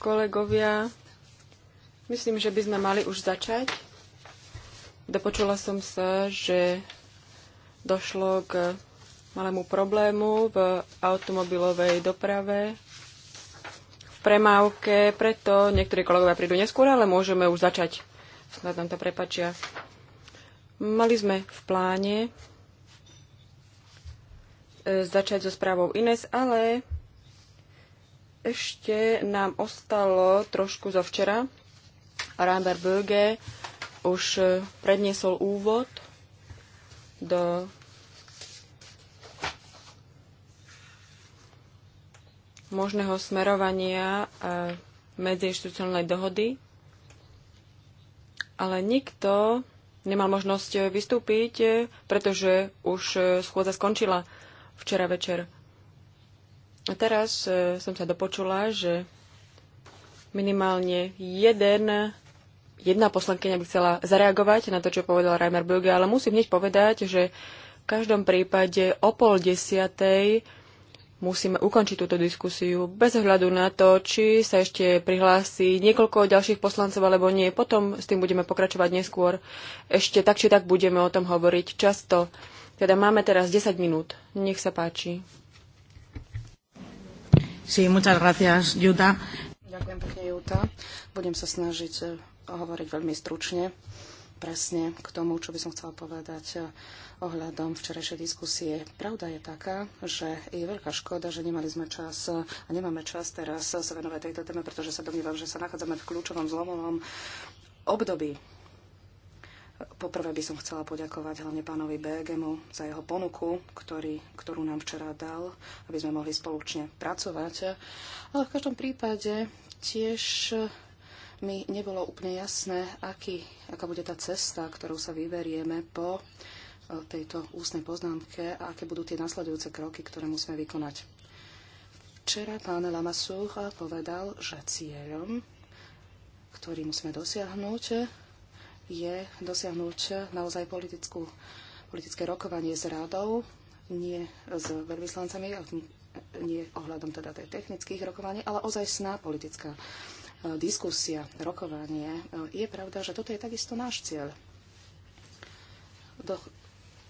kolegovia. Myslím, že by sme mali už začať. Dopočula som sa, že došlo k malému problému v automobilovej doprave v premávke, preto niektorí kolegovia prídu neskôr, ale môžeme už začať. Snad nám to prepačia. Mali sme v pláne e, začať so správou Ines, ale ešte nám ostalo trošku zo včera. Ráber Böge už e, predniesol úvod do možného smerovania e, medziinstitucionálnej dohody, ale nikto nemal možnosť vystúpiť, e, pretože už schôdza skončila včera večer. A teraz e, som sa dopočula, že minimálne jeden, jedna poslankyňa by chcela zareagovať na to, čo povedal Reimer Böge, ale musím hneď povedať, že v každom prípade o pol desiatej musíme ukončiť túto diskusiu bez ohľadu na to, či sa ešte prihlási niekoľko ďalších poslancov alebo nie. Potom s tým budeme pokračovať neskôr. Ešte tak či tak budeme o tom hovoriť často. Teda máme teraz 10 minút. Nech sa páči. Sí, muchas gracias, Juta. Ďakujem pekne, Juta. Budem sa snažiť eh, hovoriť veľmi stručne, presne k tomu, čo by som chcela povedať eh, ohľadom včerajšej diskusie. Pravda je taká, že je veľká škoda, že nemali sme čas eh, a nemáme čas teraz sa venovať tejto téme, pretože sa domnívam, že sa nachádzame v kľúčovom zlomovom období Poprvé by som chcela poďakovať hlavne pánovi Begemu za jeho ponuku, ktorý, ktorú nám včera dal, aby sme mohli spoločne pracovať. Ale v každom prípade tiež mi nebolo úplne jasné, aký, aká bude tá cesta, ktorou sa vyberieme po e, tejto ústnej poznámke a aké budú tie nasledujúce kroky, ktoré musíme vykonať. Včera pán Lamasúcha povedal, že cieľom, ktorý musíme dosiahnuť, je dosiahnuť naozaj politickú, politické rokovanie s rádou, nie s veľvyslancami, nie ohľadom teda tej technických rokovaní, ale ozaj sná politická e, diskusia, rokovanie. E, je pravda, že toto je takisto náš cieľ. Do,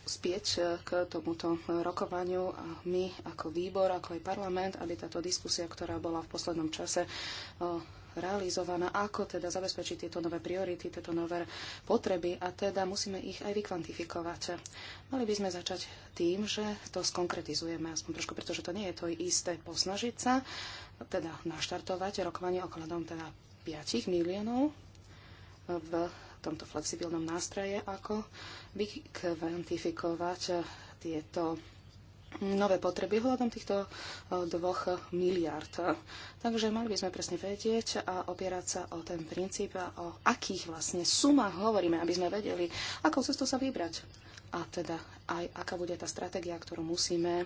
spieť e, k tomuto rokovaniu a my ako výbor, ako aj parlament, aby táto diskusia, ktorá bola v poslednom čase realizovaná, ako teda zabezpečiť tieto nové priority, tieto nové potreby a teda musíme ich aj vykvantifikovať. Mali by sme začať tým, že to skonkretizujeme aspoň trošku, pretože to nie je to isté posnažiť sa, teda naštartovať rokovanie okladom teda 5 miliónov v tomto flexibilnom nástroje, ako vykvantifikovať tieto nové potreby hľadom týchto e, dvoch miliard. Takže mali by sme presne vedieť a opierať sa o ten princíp a o akých vlastne sumách hovoríme, aby sme vedeli, akou cestou sa vybrať. A teda aj aká bude tá stratégia, ktorú musíme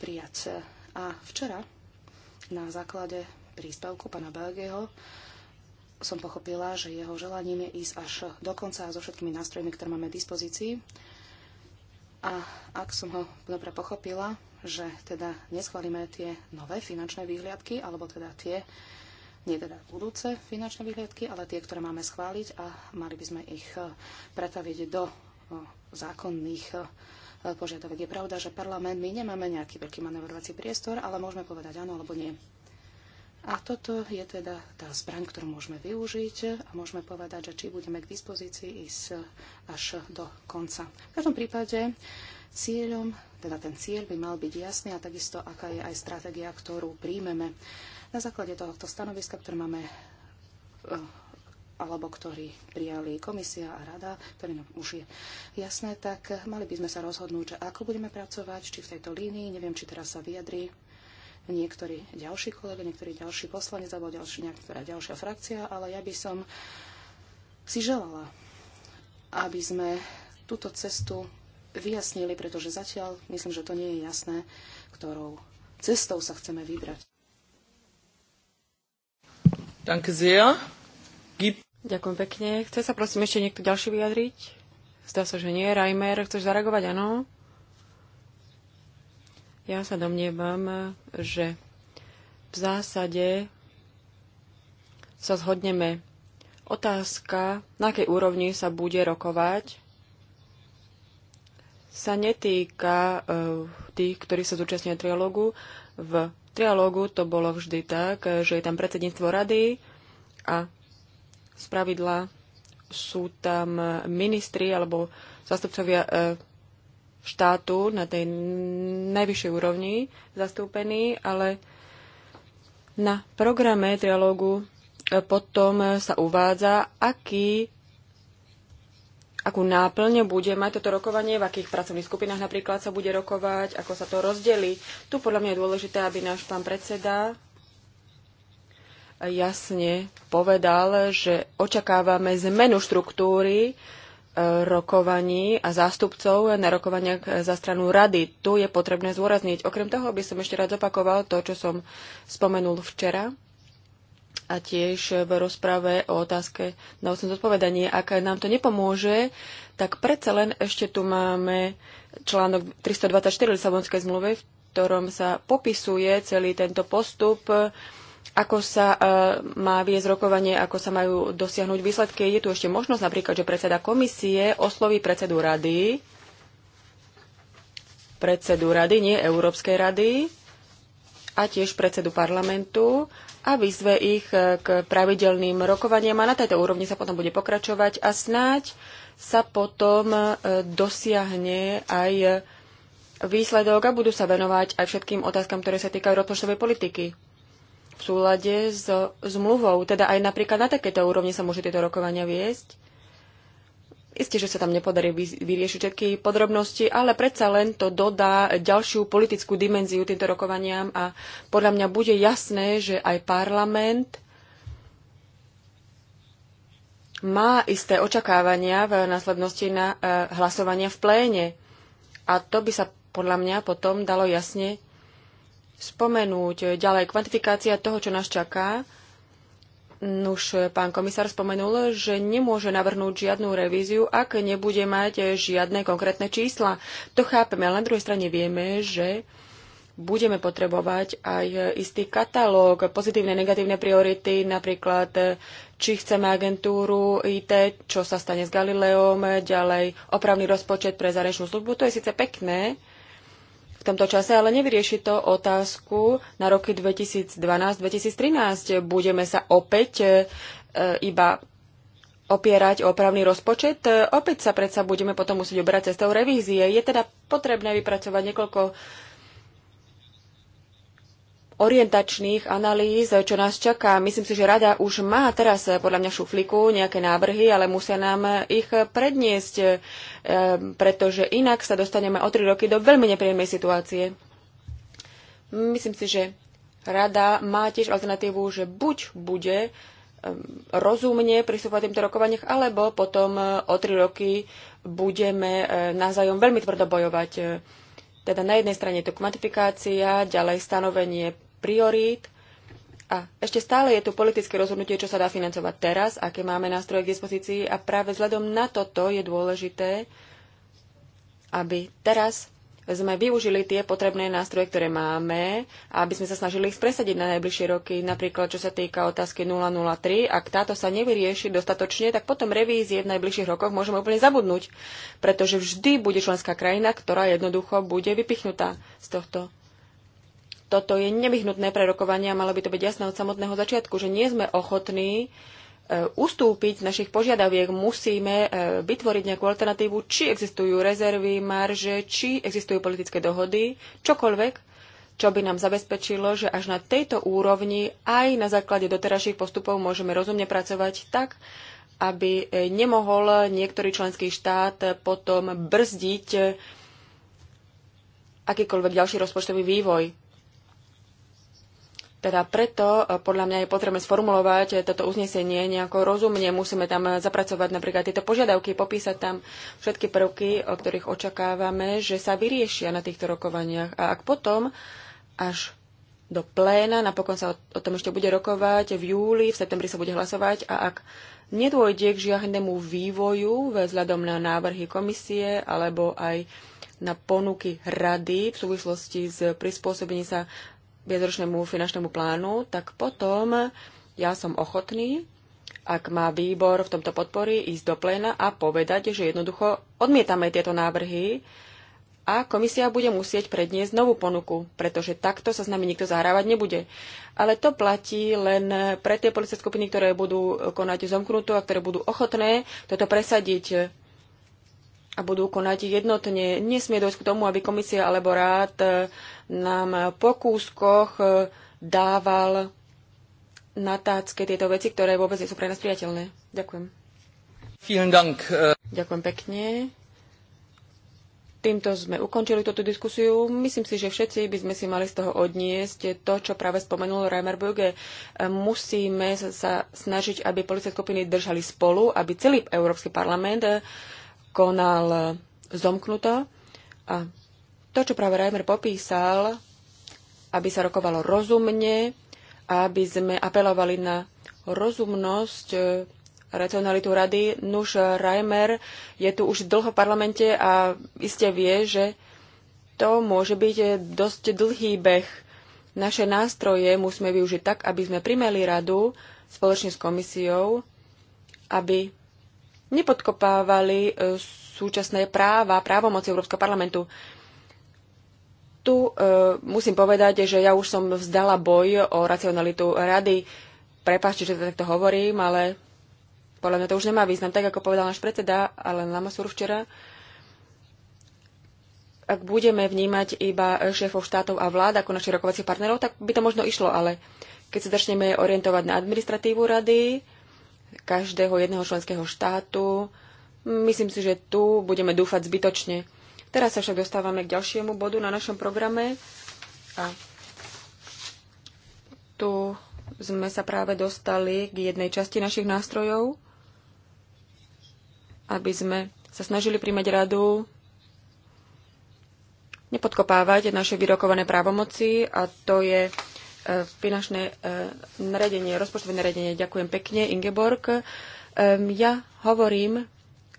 prijať. A včera na základe príspevku pana Belgeho som pochopila, že jeho želaním je ísť až do konca so všetkými nástrojmi, ktoré máme v dispozícii a ak som ho dobre pochopila, že teda neschválime tie nové finančné výhliadky, alebo teda tie, nie teda budúce finančné výhliadky, ale tie, ktoré máme schváliť a mali by sme ich e, pretaviť do e, zákonných e, požiadavek. Je pravda, že parlament, my nemáme nejaký veľký manevrovací priestor, ale môžeme povedať áno alebo nie. A toto je teda tá zbraň, ktorú môžeme využiť a môžeme povedať, že či budeme k dispozícii ísť až do konca. V každom prípade cieľom, teda ten cieľ by mal byť jasný a takisto aká je aj stratégia, ktorú príjmeme. Na základe tohto stanoviska, ktoré máme e, alebo ktorý prijali komisia a rada, ktorý nám už je jasné, tak mali by sme sa rozhodnúť, že ako budeme pracovať, či v tejto línii, neviem, či teraz sa vyjadrí niektorý ďalší kolega, niektorý ďalší poslanec alebo ďalší, niektorá ďalšia frakcia, ale ja by som si želala, aby sme túto cestu vyjasnili, pretože zatiaľ myslím, že to nie je jasné, ktorou cestou sa chceme vybrať. Ďakujem pekne. Chce sa prosím ešte niekto ďalší vyjadriť? Zdá sa, že nie. Reimer, chceš zareagovať? Áno. Ja sa domnievam, že v zásade sa zhodneme. Otázka, na akej úrovni sa bude rokovať, sa netýka e, tých, ktorí sa zúčastnia trialógu. V trialógu to bolo vždy tak, že je tam predsedníctvo rady a z pravidla sú tam ministri alebo zastupcovia e, štátu na tej najvyššej úrovni zastúpený, ale na programe trialógu e, potom sa uvádza, aký, akú náplň bude mať toto rokovanie, v akých pracovných skupinách napríklad sa bude rokovať, ako sa to rozdeli. Tu podľa mňa je dôležité, aby náš pán predseda jasne povedal, že očakávame zmenu štruktúry rokovaní a zástupcov na rokovaniach za stranu rady. Tu je potrebné zúrazniť. Okrem toho by som ešte rád zopakoval to, čo som spomenul včera a tiež v rozprave o otázke na osem zodpovedanie. Ak nám to nepomôže, tak predsa len ešte tu máme článok 324 Lisabonskej zmluvy, v ktorom sa popisuje celý tento postup ako sa e, má viesť rokovanie, ako sa majú dosiahnuť výsledky. Je tu ešte možnosť napríklad, že predseda komisie osloví predsedu rady, predsedu rady, nie Európskej rady, a tiež predsedu parlamentu a vyzve ich e, k pravidelným rokovaniam a na tejto úrovni sa potom bude pokračovať a snáď sa potom e, dosiahne aj výsledok a budú sa venovať aj všetkým otázkam, ktoré sa týkajú rozpočtovej politiky v súlade s zmluvou. Teda aj napríklad na takéto úrovni sa môžu tieto rokovania viesť. Isté, že sa tam nepodarí vyriešiť všetky podrobnosti, ale predsa len to dodá ďalšiu politickú dimenziu týmto rokovaniam a podľa mňa bude jasné, že aj parlament má isté očakávania v následnosti na eh, hlasovania v pléne. A to by sa podľa mňa potom dalo jasne spomenúť. Ďalej, kvantifikácia toho, čo nás čaká. Už pán komisár spomenul, že nemôže navrhnúť žiadnu revíziu, ak nebude mať žiadne konkrétne čísla. To chápeme, ale na druhej strane vieme, že budeme potrebovať aj istý katalóg, pozitívne, negatívne priority, napríklad či chceme agentúru IT, čo sa stane s Galileom, ďalej opravný rozpočet pre zahraničnú službu. To je síce pekné, v tomto čase, ale nevyrieši to otázku na roky 2012-2013. Budeme sa opäť e, iba opierať o právny rozpočet. E, opäť sa predsa budeme potom musieť obrať cestou revízie. Je teda potrebné vypracovať niekoľko orientačných analýz, čo nás čaká. Myslím si, že rada už má teraz podľa mňa šufliku nejaké návrhy, ale musia nám ich predniesť, eh, pretože inak sa dostaneme o tri roky do veľmi nepríjemnej situácie. Myslím si, že rada má tiež alternatívu, že buď bude eh, rozumne pristúpať týmto rokovaniach, alebo potom eh, o tri roky budeme navzájom veľmi tvrdo bojovať. Teda na jednej strane je to kvantifikácia, ďalej stanovenie priorít. A ešte stále je tu politické rozhodnutie, čo sa dá financovať teraz, aké máme nástroje k dispozícii a práve vzhľadom na toto je dôležité, aby teraz sme využili tie potrebné nástroje, ktoré máme, a aby sme sa snažili ich presadiť na najbližšie roky. Napríklad, čo sa týka otázky 003, ak táto sa nevyrieši dostatočne, tak potom revízie v najbližších rokoch môžeme úplne zabudnúť, pretože vždy bude členská krajina, ktorá jednoducho bude vypichnutá z tohto toto je nevyhnutné pre rokovania, malo by to byť jasné od samotného začiatku, že nie sme ochotní e, ustúpiť z našich požiadaviek. Musíme e, vytvoriť nejakú alternatívu, či existujú rezervy, marže, či existujú politické dohody, čokoľvek, čo by nám zabezpečilo, že až na tejto úrovni aj na základe doterajších postupov môžeme rozumne pracovať tak, aby e, nemohol niektorý členský štát potom brzdiť akýkoľvek ďalší rozpočtový vývoj. Teda preto eh, podľa mňa je potrebné sformulovať eh, toto uznesenie nejako rozumne. Musíme tam eh, zapracovať napríklad tieto požiadavky, popísať tam všetky prvky, o ktorých očakávame, že sa vyriešia na týchto rokovaniach. A ak potom až do pléna, napokon sa o, tom ešte bude rokovať v júli, v septembri sa bude hlasovať a ak nedôjde k žiadnemu vývoju vzhľadom na návrhy komisie alebo aj na ponuky rady v súvislosti s prispôsobením sa viacročnému finančnému plánu, tak potom ja som ochotný, ak má výbor v tomto podpory, ísť do pléna a povedať, že jednoducho odmietame tieto návrhy a komisia bude musieť predniesť novú ponuku, pretože takto sa s nami nikto zahrávať nebude. Ale to platí len pre tie policie skupiny, ktoré budú konať zomknutú a ktoré budú ochotné toto presadiť a budú konať jednotne. Nesmie dojsť k tomu, aby komisia alebo rád e, nám po kúskoch e, dával na tácke tieto veci, ktoré vôbec nie sú pre nás priateľné. Ďakujem. Dank. E. Ďakujem pekne. Týmto sme ukončili túto diskusiu. Myslím si, že všetci by sme si mali z toho odniesť to, čo práve spomenul Reimer Böge. Musíme sa snažiť, aby policajné skupiny držali spolu, aby celý Európsky parlament konal zomknuto a to, čo práve Reimer popísal, aby sa rokovalo rozumne a aby sme apelovali na rozumnosť, e, racionalitu rady. Nuž Reimer je tu už dlho v parlamente a iste vie, že to môže byť dosť dlhý beh. Naše nástroje musíme využiť tak, aby sme primeli radu spoločne s komisiou, aby nepodkopávali e, súčasné práva, právomoci Európskeho parlamentu. Tu e, musím povedať, že ja už som vzdala boj o racionalitu rady. Prepáčte, že to takto hovorím, ale podľa mňa to už nemá význam. Tak ako povedal náš predseda Alen Lamasur včera, ak budeme vnímať iba šéfov štátov a vlád ako našich rokovacích partnerov, tak by to možno išlo, ale keď sa začneme orientovať na administratívu rady, každého jedného členského štátu. Myslím si, že tu budeme dúfať zbytočne. Teraz sa však dostávame k ďalšiemu bodu na našom programe. A tu sme sa práve dostali k jednej časti našich nástrojov, aby sme sa snažili príjmať radu nepodkopávať naše vyrokované právomoci a to je finančné e, naredenie, rozpočtové naredenie. Ďakujem pekne, Ingeborg. E, ja hovorím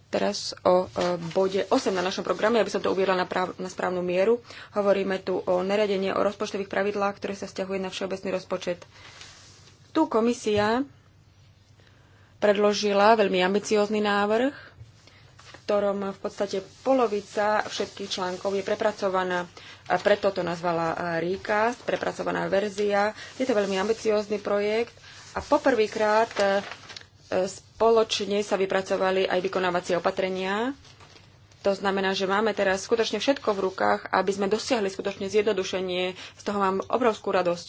teraz o e, bode 8 na našom programe, aby som to uviedla na, práv- na správnu mieru. Hovoríme tu o naredenie o rozpočtových pravidlách, ktoré sa vzťahuje na všeobecný rozpočet. Tu komisia predložila veľmi ambiciózny návrh, ktorom v podstate polovica všetkých článkov je prepracovaná. A preto to nazvala Ríka, prepracovaná verzia. Je to veľmi ambiciózny projekt a poprvýkrát e, spoločne sa vypracovali aj vykonávacie opatrenia. To znamená, že máme teraz skutočne všetko v rukách, aby sme dosiahli skutočne zjednodušenie. Z toho mám obrovskú radosť.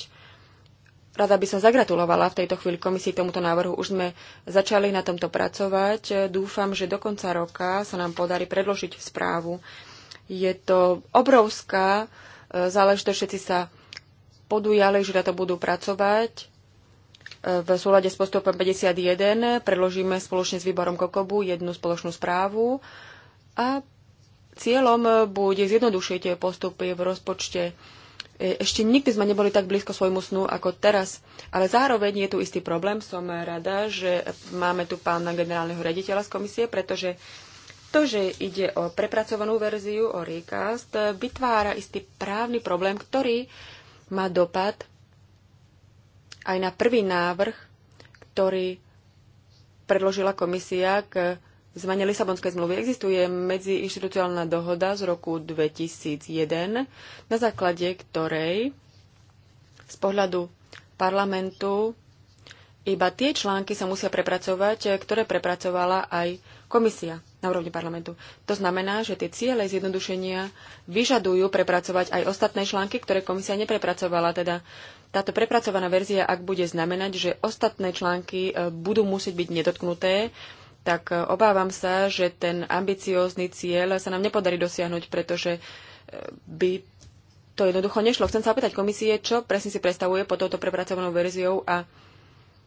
Rada by som zagratulovala v tejto chvíli komisii tomuto návrhu. Už sme začali na tomto pracovať. Dúfam, že do konca roka sa nám podarí predložiť správu. Je to obrovská e, záležitosť. Všetci sa podujali, že na to budú pracovať. E, v súlade s postupom 51 predložíme spoločne s výborom Kokobu jednu spoločnú správu a cieľom bude zjednodušiť postupy v rozpočte E, ešte nikdy sme neboli tak blízko svojmu snu ako teraz. Ale zároveň je tu istý problém. Som rada, že máme tu pána generálneho rediteľa z komisie, pretože to, že ide o prepracovanú verziu, o recast, vytvára istý právny problém, ktorý má dopad aj na prvý návrh, ktorý predložila komisia k zmene Lisabonskej zmluvy existuje medziinstitucionálna dohoda z roku 2001, na základe ktorej z pohľadu parlamentu iba tie články sa musia prepracovať, ktoré prepracovala aj komisia na úrovni parlamentu. To znamená, že tie ciele zjednodušenia vyžadujú prepracovať aj ostatné články, ktoré komisia neprepracovala. Teda táto prepracovaná verzia, ak bude znamenať, že ostatné články e, budú musieť byť nedotknuté, tak e, obávam sa, že ten ambiciózny cieľ sa nám nepodarí dosiahnuť, pretože e, by to jednoducho nešlo. Chcem sa opýtať komisie, čo presne si predstavuje pod touto prepracovanou verziou a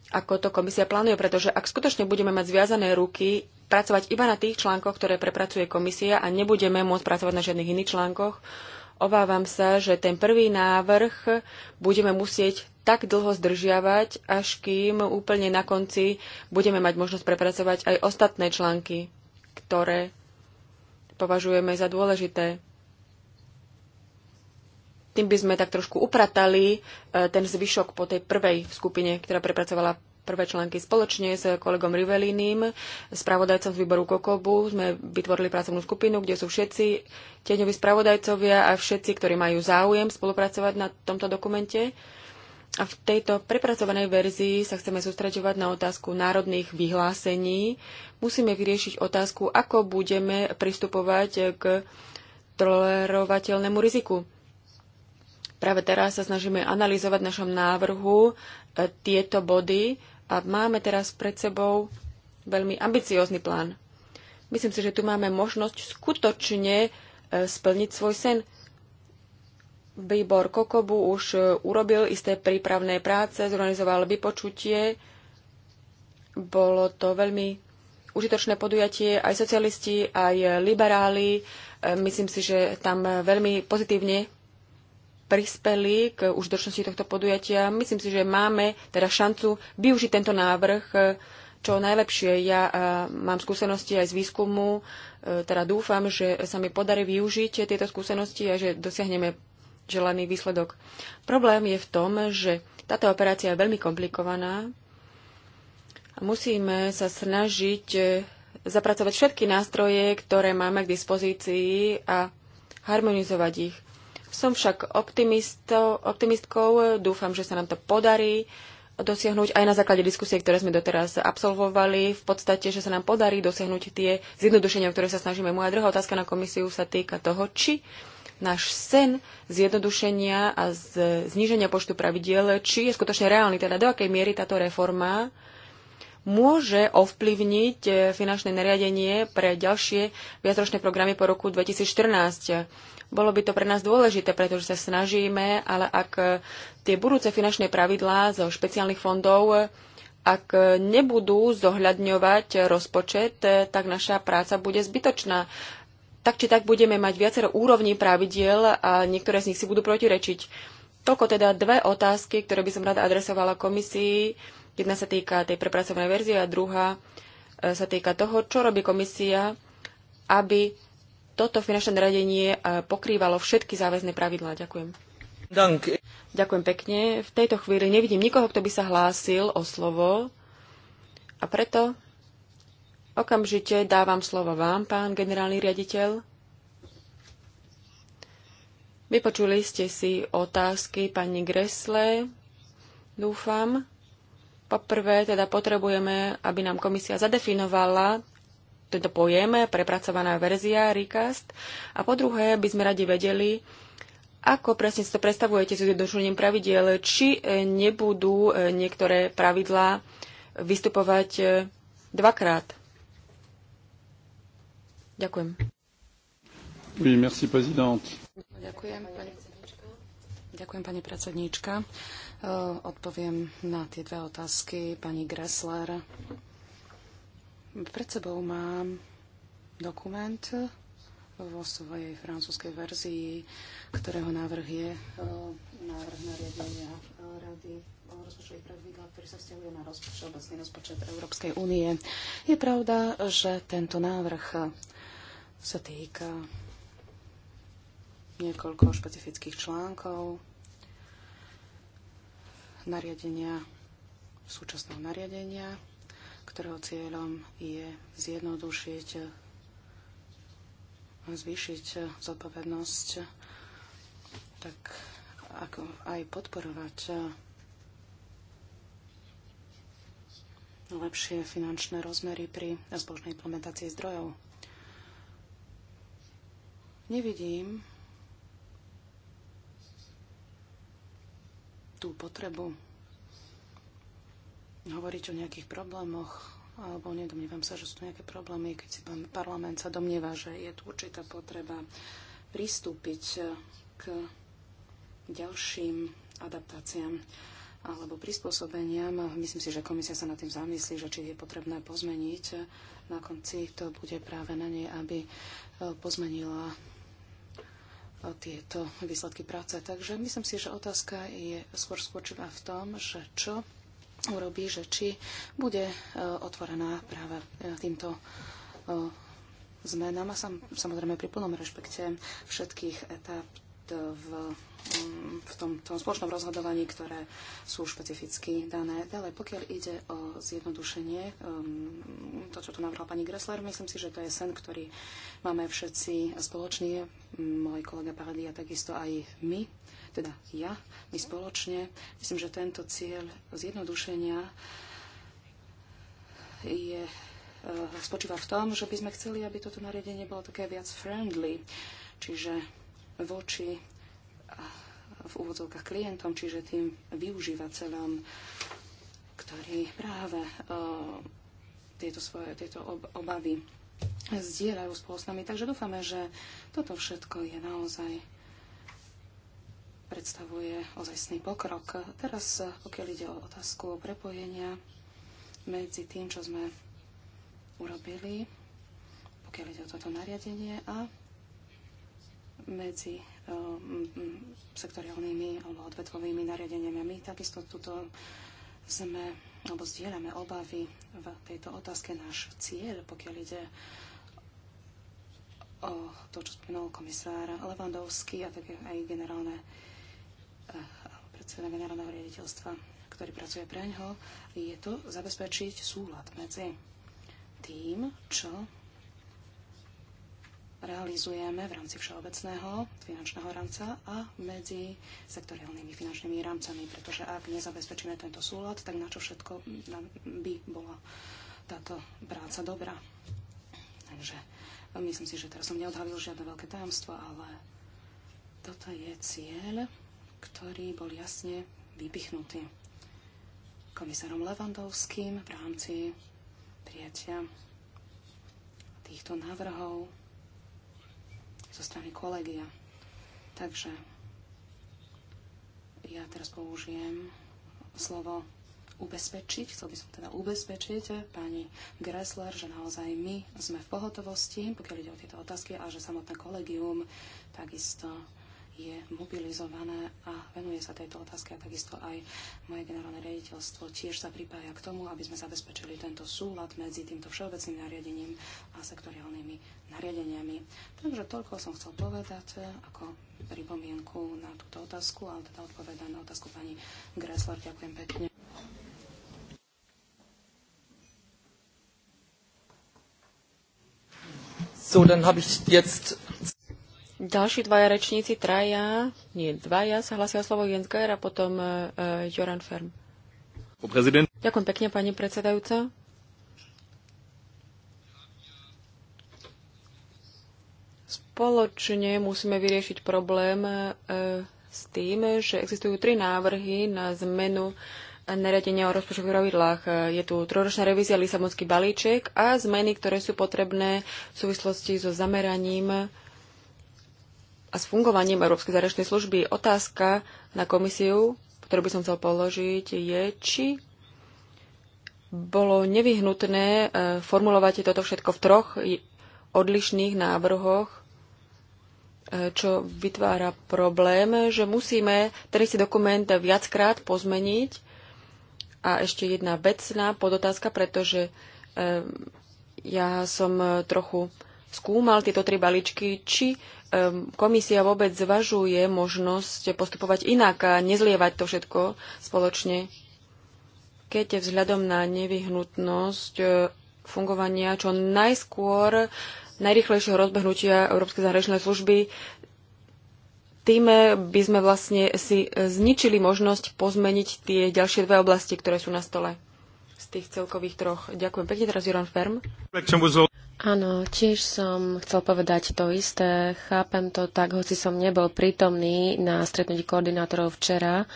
ako to komisia plánuje, pretože ak skutočne budeme mať zviazané ruky, pracovať iba na tých článkoch, ktoré prepracuje komisia a nebudeme môcť pracovať na žiadnych iných článkoch, Obávam sa, že ten prvý návrh budeme musieť tak dlho zdržiavať, až kým úplne na konci budeme mať možnosť prepracovať aj ostatné články, ktoré považujeme za dôležité. Tým by sme tak trošku upratali eh, ten zvyšok po tej prvej skupine, ktorá prepracovala prvé články spoločne s kolegom Riveliným, spravodajcom z výboru Kokobu. Sme vytvorili pracovnú skupinu, kde sú všetci tieňoví spravodajcovia a všetci, ktorí majú záujem spolupracovať na tomto dokumente. A v tejto prepracovanej verzii sa chceme sústreďovať na otázku národných vyhlásení. Musíme vyriešiť otázku, ako budeme pristupovať k tolerovateľnému riziku. Práve teraz sa snažíme analyzovať v našom návrhu e, tieto body a máme teraz pred sebou veľmi ambiciózny plán. Myslím si, že tu máme možnosť skutočne e, splniť svoj sen. Výbor Kokobu už e, urobil isté prípravné práce, zorganizoval vypočutie. Bolo to veľmi užitočné podujatie aj socialisti, aj liberáli. E, myslím si, že tam veľmi pozitívne prispeli k užitočnosti tohto podujatia. Myslím si, že máme teda šancu využiť tento návrh e, čo najlepšie. Ja e, mám skúsenosti aj z výskumu, e, teda dúfam, že sa mi podarí využiť tieto skúsenosti a že dosiahneme želaný výsledok. Problém je v tom, že táto operácia je veľmi komplikovaná a musíme sa snažiť zapracovať všetky nástroje, ktoré máme k dispozícii a harmonizovať ich. Som však optimistkou, dúfam, že sa nám to podarí dosiahnuť aj na základe diskusie, ktoré sme doteraz absolvovali, v podstate, že sa nám podarí dosiahnuť tie zjednodušenia, ktoré sa snažíme. Moja druhá otázka na komisiu sa týka toho, či náš sen zjednodušenia a zníženia počtu pravidiel, či je skutočne reálny, teda do akej miery táto reforma môže ovplyvniť eh, finančné nariadenie pre ďalšie viacročné programy po roku 2014. Bolo by to pre nás dôležité, pretože sa snažíme, ale ak e, tie budúce finančné pravidlá zo špeciálnych fondov e, ak nebudú zohľadňovať rozpočet, e, tak naša práca bude zbytočná. Tak či tak budeme mať viacero úrovní pravidiel a niektoré z nich si budú protirečiť. Toľko teda dve otázky, ktoré by som rada adresovala komisii. Jedna sa týka tej prepracovanej verzie a druhá sa týka toho, čo robí komisia, aby toto finančné nariadenie e, pokrývalo všetky záväzné pravidlá. Ďakujem. Dank. Ďakujem pekne. V tejto chvíli nevidím nikoho, kto by sa hlásil o slovo. A preto okamžite dávam slovo vám, pán generálny riaditeľ. Vypočuli ste si otázky pani Gresle, dúfam. Poprvé teda potrebujeme, aby nám komisia zadefinovala tento pojem, prepracovaná verzia recast. A po druhé, by sme radi vedeli, ako presne si to predstavujete s jednodušením pravidiel, či e, nebudú e, niektoré pravidlá vystupovať e, dvakrát. Ďakujem. Oui, merci, prezident. Ďakujem, pani predsedníčka. Ďakujem, pani predsedníčka. Odpoviem na tie dve otázky pani Gressler. Pred sebou mám dokument vo svojej francúzskej verzii, ktorého návrh je e, návrh nariadenia e, Rady o rozpočtových pravidlách, ktorý sa vzťahuje na rozpočet, obecný rozpočet Európskej únie. Je pravda, že tento návrh sa týka niekoľko špecifických článkov nariadenia, súčasného nariadenia ktorého cieľom je zjednodušiť a zvýšiť zodpovednosť, tak ako aj podporovať lepšie finančné rozmery pri zbožnej implementácii zdrojov. Nevidím tú potrebu hovoriť o nejakých problémoch, alebo nedomnievam sa, že sú tu nejaké problémy, keď si parlament sa domnieva, že je tu určitá potreba pristúpiť k ďalším adaptáciám alebo prispôsobeniam. Myslím si, že komisia sa nad tým zamyslí, že či je potrebné pozmeniť. Na konci to bude práve na nej, aby e, pozmenila e, tieto výsledky práce. Takže myslím si, že otázka je skôr skôr v tom, že čo urobí, že či bude e, otvorená práve e, týmto e, zmenám a sam, samozrejme pri plnom rešpekte všetkých etap v, mm, v tom, tom spoločnom rozhodovaní, ktoré sú špecificky dané. Ďalej, pokiaľ ide o zjednodušenie, mm, to, čo tu navrhla pani Gressler, myslím si, že to je sen, ktorý máme všetci spoločný, môj kolega Paradia, takisto aj my teda ja, my spoločne. Myslím, že tento cieľ zjednodušenia je, eh, spočíva v tom, že by sme chceli, aby toto nariadenie bolo také viac friendly, čiže voči eh, v úvodzovkách klientom, čiže tým využívateľom, ktorí práve eh, tieto, svoje, tieto obavy zdieľajú spolu s nami. Takže dúfame, že toto všetko je naozaj predstavuje ozajstný pokrok. Teraz, pokiaľ ide o otázku o prepojenia medzi tým, čo sme urobili, pokiaľ ide o toto nariadenie a medzi um, sektoriálnymi alebo odvetvovými nariadeniami. My takisto tuto sme alebo zdieľame obavy v tejto otázke. Náš cieľ, pokiaľ ide o to, čo spomenul komisár Levandovský a také aj generálne uh, predseda generálneho riaditeľstva, ktorý pracuje pre ňoho, je to zabezpečiť súlad medzi tým, čo realizujeme v rámci všeobecného finančného rámca a medzi sektoriálnymi finančnými rámcami, pretože ak nezabezpečíme tento súlad, tak na čo všetko by bola táto práca dobrá. Takže myslím si, že teraz som neodhavil žiadne veľké tajomstvo, ale toto je cieľ ktorý bol jasne vypichnutý komisárom Levandovským v rámci prijatia týchto návrhov zo strany kolegia. Takže ja teraz použijem slovo ubezpečiť, chcel by som teda ubezpečiť eh, pani Gressler, že naozaj my sme v pohotovosti, pokiaľ ide o tieto otázky a že samotné kolegium takisto je mobilizované a venuje sa tejto otázke a takisto aj moje generálne riaditeľstvo tiež sa pripája k tomu, aby sme zabezpečili tento súlad medzi týmto všeobecným nariadením a sektoriálnymi nariadeniami. Takže toľko som chcel povedať ako pripomienku na túto otázku, ale teda odpoveda na otázku pani Gressler. Ďakujem pekne. So, dann habe ich jetzt ďalší dvaja rečníci, traja, nie, dvaja sa hlasia o slovo Jens Geier a potom uh, e, Joran e, Ferm. Prezident. Ďakujem pekne, pani predsedajúca. Spoločne musíme vyriešiť problém uh, s tým, že existujú tri návrhy na zmenu nariadenia o rozpočtových pravidlách. Je tu trojročná revízia, Lisabonský balíček a zmeny, ktoré sú potrebné v súvislosti so zameraním a s fungovaním Európskej zahraničnej služby. Otázka na komisiu, ktorú by som chcel položiť, je, či bolo nevyhnutné e, formulovať toto všetko v troch odlišných návrhoch, e, čo vytvára problém, že musíme ten istý dokument viackrát pozmeniť. A ešte jedna vecná podotázka, pretože e, ja som trochu skúmal tieto tri balíčky, či komisia vôbec zvažuje možnosť postupovať inak a nezlievať to všetko spoločne, keď je vzhľadom na nevyhnutnosť e, fungovania čo najskôr najrychlejšieho rozbehnutia Európskej zahraničnej služby, tým e, by sme vlastne si e, zničili možnosť pozmeniť tie ďalšie dve oblasti, ktoré sú na stole z tých celkových troch. Ďakujem pekne, teraz Juran Ferm. Áno, tiež som chcel povedať to isté. Chápem to tak, hoci som nebol prítomný na stretnutí koordinátorov včera.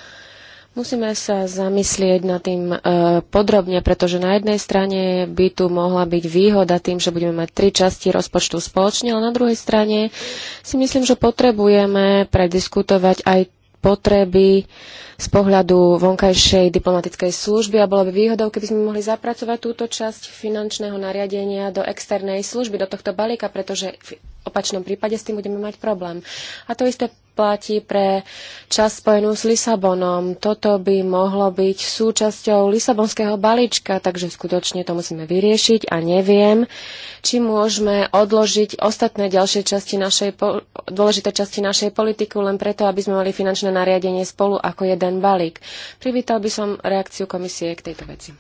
Musíme sa zamyslieť nad tým e, podrobne, pretože na jednej strane by tu mohla byť výhoda tým, že budeme mať tri časti rozpočtu spoločne, ale na druhej strane si myslím, že potrebujeme prediskutovať aj potreby z pohľadu vonkajšej diplomatickej služby a bolo by výhodou, keby sme mohli zapracovať túto časť finančného nariadenia do externej služby, do tohto balíka, pretože v opačnom prípade s tým budeme mať problém. A to isté platí pre čas spojenú s Lisabonom. Toto by mohlo byť súčasťou Lisabonského balíčka, takže skutočne to musíme vyriešiť a neviem, či môžeme odložiť ostatné ďalšie časti našej, dôležité časti našej politiky len preto, aby sme mali finančné nariadenie spolu ako jeden balík. Privítal by som reakciu komisie k tejto veci.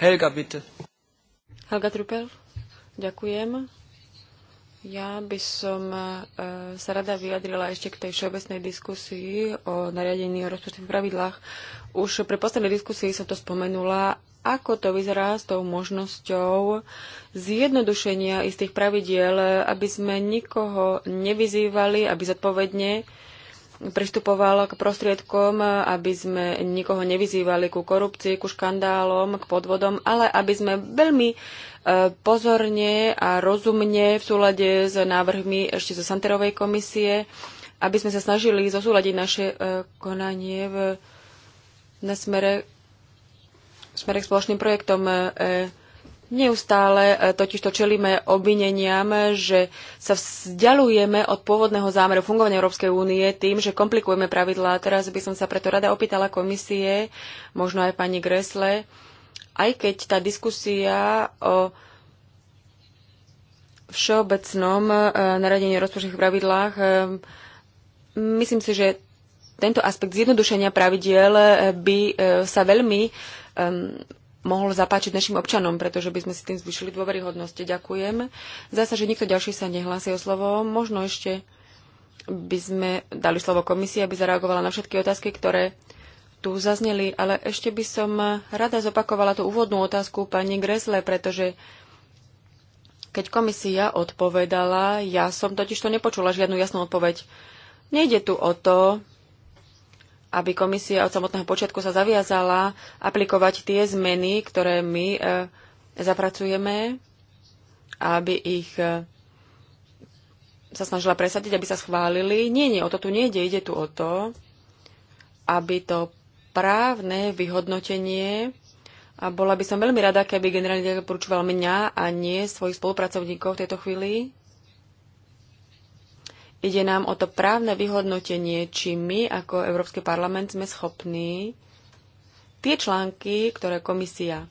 Helga, bitte. Helga Trupel, ďakujem. Ja by som e, sa rada vyjadrila ešte k tej všeobecnej diskusii o nariadení o rozpočtových pravidlách. Už pri poslednej diskusii som to spomenula, ako to vyzerá s tou možnosťou zjednodušenia istých pravidiel, aby sme nikoho nevyzývali, aby zodpovedne pristupoval k prostriedkom, aby sme nikoho nevyzývali ku korupcii, ku škandálom, k podvodom, ale aby sme veľmi e, pozorne a rozumne v súlade s návrhmi ešte zo Santerovej komisie, aby sme sa snažili zosúľadiť naše e, konanie v, na smere, smere k spoločným projektom. E, Neustále e, totiž to čelíme obvineniam, že sa vzdialujeme od pôvodného zámeru fungovania Európskej únie tým, že komplikujeme pravidlá. Teraz by som sa preto rada opýtala komisie, možno aj pani Gresle, aj keď tá diskusia o všeobecnom e, naradení rozpočtových pravidlách, e, myslím si, že tento aspekt zjednodušenia pravidiel by sa veľmi mohol zapáčiť našim občanom, pretože by sme si tým zvyšili dôveryhodnosť. Ďakujem. Zdá sa, že nikto ďalší sa nehlási o slovo. Možno ešte by sme dali slovo komisii, aby zareagovala na všetky otázky, ktoré tu zazneli, ale ešte by som rada zopakovala tú úvodnú otázku pani Gresle, pretože keď komisia odpovedala, ja som totiž to nepočula žiadnu jasnú odpoveď. Nejde tu o to, aby komisia od samotného počiatku sa zaviazala aplikovať tie zmeny, ktoré my e, zapracujeme, aby ich e, sa snažila presadiť, aby sa schválili. Nie, nie, o to tu nejde. Ide tu o to, aby to právne vyhodnotenie a bola by som veľmi rada, keby generálny riaditeľ poručoval mňa a nie svojich spolupracovníkov v tejto chvíli, Ide nám o to právne vyhodnotenie, či my ako Európsky parlament sme schopní tie články, ktoré komisia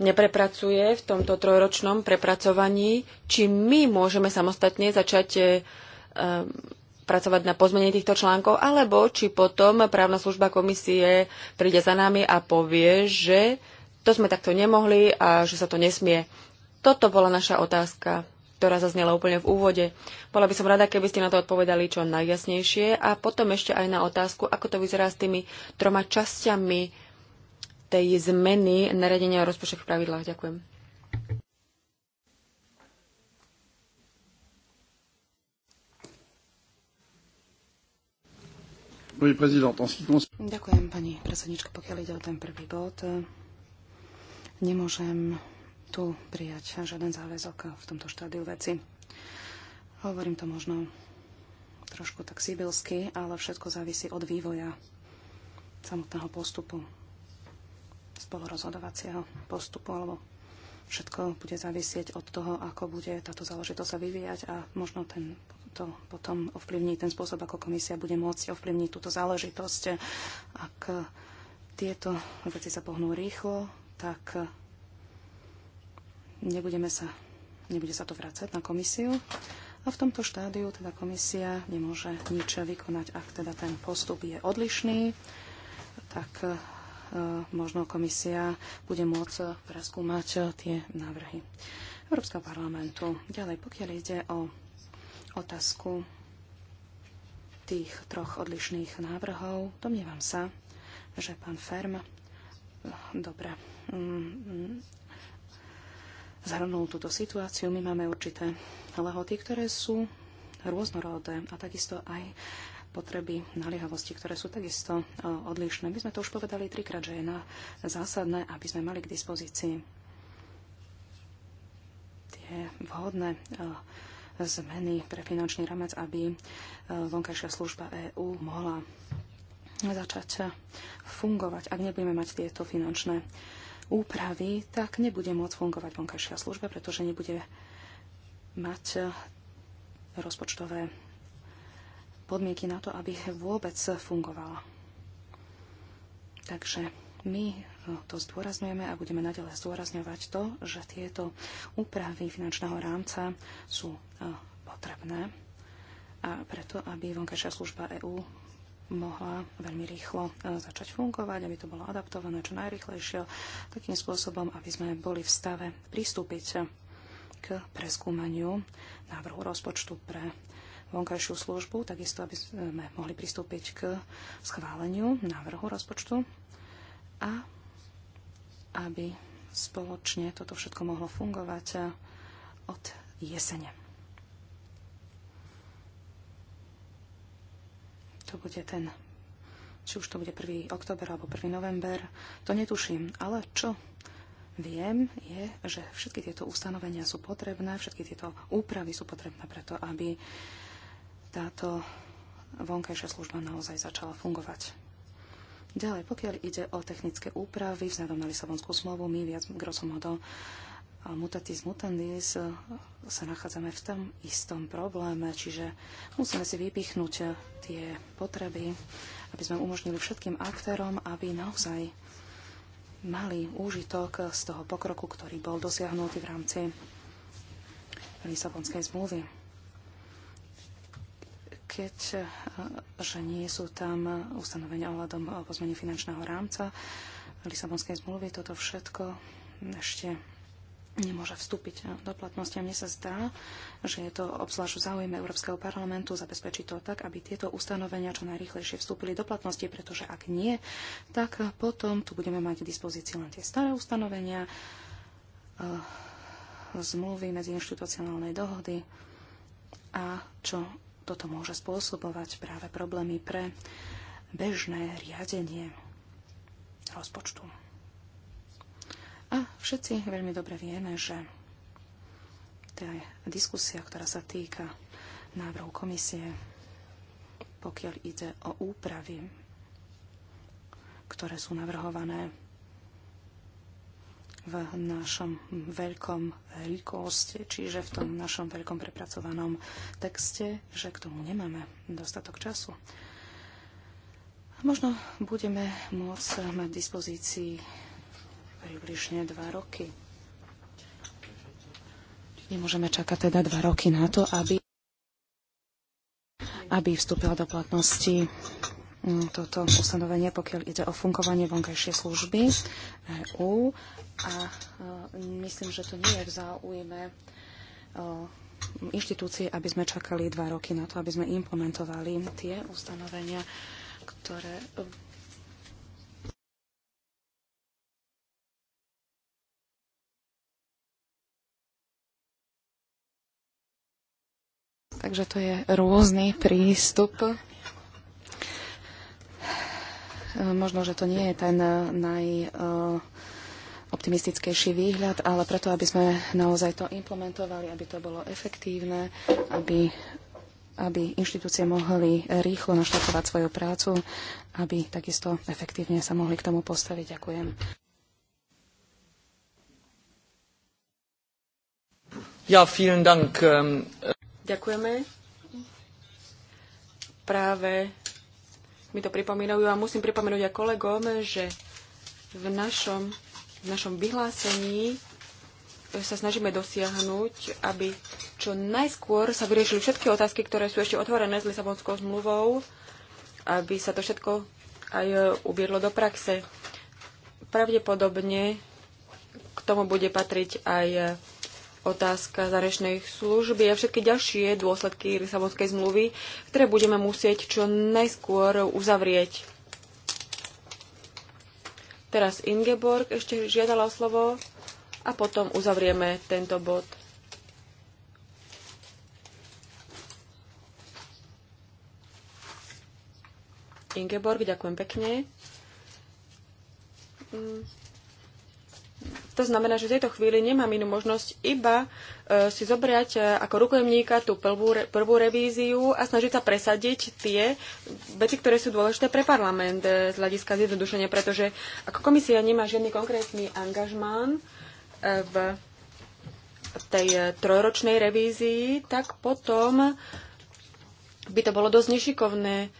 neprepracuje v tomto trojročnom prepracovaní, či my môžeme samostatne začať e, pracovať na pozmene týchto článkov, alebo či potom právna služba komisie príde za nami a povie, že to sme takto nemohli a že sa to nesmie. Toto bola naša otázka ktorá zaznela úplne v úvode. Bola by som rada, keby ste na to odpovedali čo najjasnejšie a potom ešte aj na otázku, ako to vyzerá s tými troma časťami tej zmeny naredenia rozpočtových pravidlách. Ďakujem. Ďakujem, pani predsednička, pokiaľ ide o ten prvý bod. Nemôžem tu prijať žiaden záväzok v tomto štádiu veci. Hovorím to možno trošku tak sibilsky, ale všetko závisí od vývoja samotného postupu, spolorozhodovacieho postupu, alebo všetko bude závisieť od toho, ako bude táto záležitosť sa vyvíjať a možno ten, to potom ovplyvní ten spôsob, ako komisia bude môcť ovplyvniť túto záležitosť. Ak tieto veci sa pohnú rýchlo, tak Nebudeme sa, nebude sa to vrácať na komisiu. A v tomto štádiu teda komisia nemôže nič vykonať, ak teda ten postup je odlišný, tak e, možno komisia bude môcť preskúmať e, tie návrhy Európskeho parlamentu. Ďalej, pokiaľ ide o otázku tých troch odlišných návrhov, domnievam sa, že pán Ferm e, dobre mm, mm, zhrnul túto situáciu. My máme určité lehoty, ktoré sú rôznorodé a takisto aj potreby naliehavosti, ktoré sú takisto e, odlišné. My sme to už povedali trikrát, že je na zásadné, aby sme mali k dispozícii tie vhodné e, zmeny pre finančný ramec, aby e, vonkajšia služba EÚ mohla začať fungovať, ak nebudeme mať tieto finančné úpravy, tak nebude môcť fungovať vonkajšia služba, pretože nebude mať e, rozpočtové podmienky na to, aby vôbec fungovala. Takže my e, to zdôrazňujeme a budeme naďalej zdôrazňovať to, že tieto úpravy finančného rámca sú e, potrebné a preto, aby vonkajšia služba EÚ mohla veľmi rýchlo e, začať fungovať, aby to bolo adaptované čo najrychlejšie, takým spôsobom, aby sme boli v stave pristúpiť k preskúmaniu návrhu rozpočtu pre vonkajšiu službu, takisto aby sme mohli pristúpiť k schváleniu návrhu rozpočtu a aby spoločne toto všetko mohlo fungovať od jesene. to bude ten, či už to bude 1. október alebo 1. november, to netuším. Ale čo Viem je, že všetky tieto ustanovenia sú potrebné, všetky tieto úpravy sú potrebné preto, aby táto vonkajšia služba naozaj začala fungovať. Ďalej, pokiaľ ide o technické úpravy vzhľadom na Lisabonskú zmluvu, my viac grosso mutatis mutandis eh, sa nachádzame v tom istom probléme, čiže musíme si vypichnúť eh, tie potreby, aby sme umožnili všetkým aktérom, aby naozaj mali úžitok eh, z toho pokroku, ktorý bol dosiahnutý v rámci Lisabonskej zmluvy. Keď že nie sú tam ustanovenia ohľadom o pozmene finančného rámca Lisabonskej zmluvy, toto všetko ešte nemôže vstúpiť e, do platnosti. A mne sa zdá, že je to obzvlášť v záujme Európskeho parlamentu zabezpečiť to tak, aby tieto ustanovenia čo najrychlejšie vstúpili do platnosti, pretože ak nie, tak potom tu budeme mať k dispozícii len tie staré ustanovenia, e, zmluvy medzi inštitucionálnej dohody a čo toto môže spôsobovať práve problémy pre bežné riadenie rozpočtu. A všetci veľmi dobre vieme, že tá diskusia, ktorá sa týka návrhu komisie, pokiaľ ide o úpravy, ktoré sú navrhované v našom veľkom rýkoste, čiže v tom našom veľkom prepracovanom texte, že k tomu nemáme dostatok času. Možno budeme môcť mať dispozícii približne dva roky. Nemôžeme čakať teda dva roky na to, aby, aby vstúpila do platnosti mm, toto ustanovenie, pokiaľ ide o fungovanie vonkajšej služby EÚ. A e, myslím, že to nie je v záujme e, inštitúcie, aby sme čakali dva roky na to, aby sme implementovali tie ustanovenia, ktoré Takže to je rôzny prístup. Možno, že to nie je ten najoptimistickejší eh, výhľad, ale preto, aby sme naozaj to implementovali, aby to bolo efektívne, aby, aby inštitúcie mohli rýchlo naštartovať svoju prácu, aby takisto efektívne sa mohli k tomu postaviť. Ďakujem. Ja, vielen Dank. Ähm, Ďakujeme. Práve mi to pripomínajú a musím pripomenúť aj kolegom, že v našom, v našom vyhlásení sa snažíme dosiahnuť, aby čo najskôr sa vyriešili všetky otázky, ktoré sú ešte otvorené s Lisabonskou zmluvou, aby sa to všetko aj uviedlo do praxe. Pravdepodobne k tomu bude patriť aj otázka zarešnej služby a všetky ďalšie dôsledky Lisabonskej zmluvy, ktoré budeme musieť čo najskôr uzavrieť. Teraz Ingeborg ešte žiadala o slovo a potom uzavrieme tento bod. Ingeborg, ďakujem pekne mm. To znamená, že v tejto chvíli nemám inú možnosť iba e, si zobrať e, ako rukojemníka tú prvú, prvú revíziu a snažiť sa presadiť tie veci, ktoré sú dôležité pre parlament e, z hľadiska zjednodušenia, pretože ako komisia nemá žiadny konkrétny angažmán v tej trojročnej revízii, tak potom by to bolo dosť nešikovné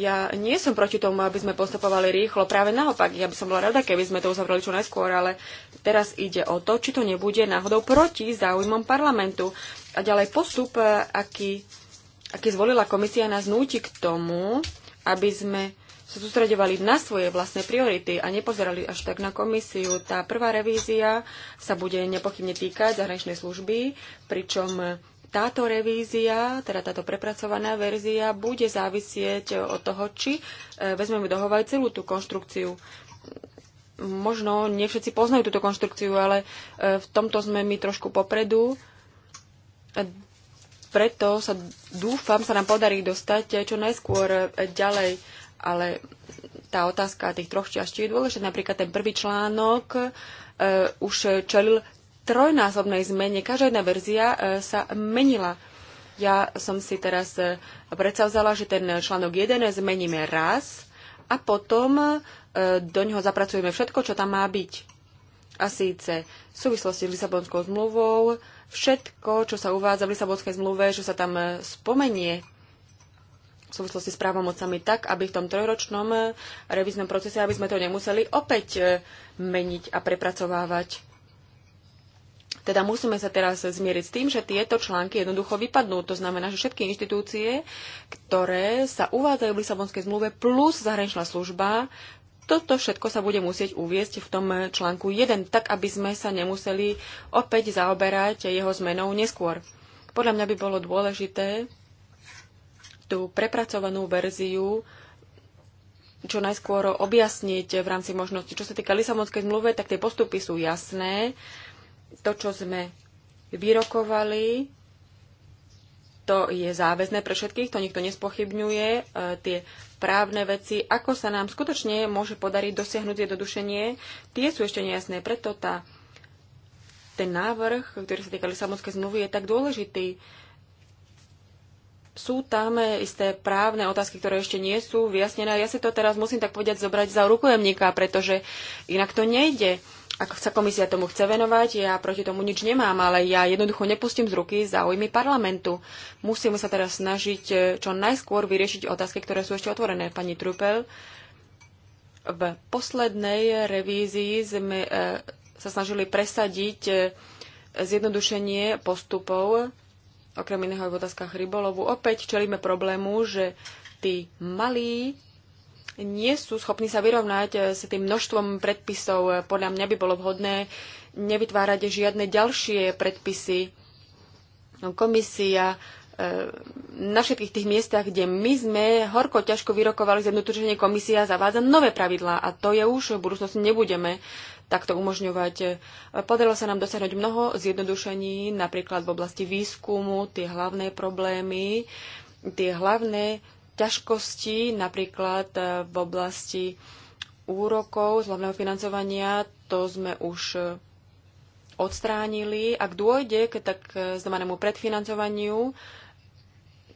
ja nie som proti tomu, aby sme postupovali rýchlo. Práve naopak, ja by som bola rada, keby sme to uzavreli čo najskôr, ale teraz ide o to, či to nebude náhodou proti záujmom parlamentu. A ďalej postup, aký, aký zvolila komisia, nás núti k tomu, aby sme sa sústredovali na svoje vlastné priority a nepozerali až tak na komisiu. Tá prvá revízia sa bude nepochybne týkať zahraničnej služby, pričom táto revízia, teda táto prepracovaná verzia, bude závisieť od toho, či e, vezmeme do hovaj celú tú konštrukciu. Možno nie všetci poznajú túto konštrukciu, ale e, v tomto sme my trošku popredu e, preto sa dúfam, sa nám podarí dostať čo najskôr ďalej. Ale tá otázka tých troch čiastí je dôležitá. Napríklad ten prvý článok už čelil trojnásobnej zmene. Každá jedna verzia e, sa menila. Ja som si teraz e, predsavzala, že ten článok 1 zmeníme raz a potom e, do ňoho zapracujeme všetko, čo tam má byť. A síce v súvislosti s Lisabonskou zmluvou, všetko, čo sa uvádza v Lisabonskej zmluve, čo sa tam spomenie v súvislosti s právomocami tak, aby v tom trojročnom revíznom procese, aby sme to nemuseli opäť meniť a prepracovávať. Teda musíme sa teraz zmieriť s tým, že tieto články jednoducho vypadnú. To znamená, že všetky inštitúcie, ktoré sa uvádzajú v Lisabonskej zmluve plus zahraničná služba, toto všetko sa bude musieť uviesť v tom článku 1, tak aby sme sa nemuseli opäť zaoberať jeho zmenou neskôr. Podľa mňa by bolo dôležité tú prepracovanú verziu čo najskôr objasniť v rámci možnosti. Čo sa týka Lisabonskej zmluve, tak tie postupy sú jasné to, čo sme vyrokovali, to je záväzné pre všetkých, to nikto nespochybňuje. E, tie právne veci, ako sa nám skutočne môže podariť dosiahnuť jednodušenie, tie sú ešte nejasné. Preto tá, ten návrh, ktorý sa týka Lisabonskej zmluvy, je tak dôležitý. Sú tam isté právne otázky, ktoré ešte nie sú vyjasnené. Ja si to teraz musím tak povedať zobrať za rukojemníka, pretože inak to nejde. Ak sa komisia tomu chce venovať, ja proti tomu nič nemám, ale ja jednoducho nepustím z ruky záujmy parlamentu. Musíme sa teraz snažiť e, čo najskôr vyriešiť otázky, ktoré sú ešte otvorené. Pani Trupel, v poslednej revízii sme e, sa snažili presadiť e, zjednodušenie postupov, okrem iného aj v otázkach rybolovu. Opäť čelíme problému, že tí malí nie sú schopní sa vyrovnať eh, s tým množstvom predpisov. Podľa mňa by bolo vhodné nevytvárať žiadne ďalšie predpisy. Komisia eh, na všetkých tých miestach, kde my sme horko ťažko vyrokovali zjednotučenie komisia zavádza nové pravidlá a to je už v budúcnosti nebudeme takto umožňovať. Eh, podarilo sa nám dosiahnuť mnoho zjednodušení, napríklad v oblasti výskumu, tie hlavné problémy, tie hlavné ťažkostí, napríklad e, v oblasti úrokov z hlavného financovania, to sme už e, odstránili. Ak dôjde k tak e, znamenému predfinancovaniu,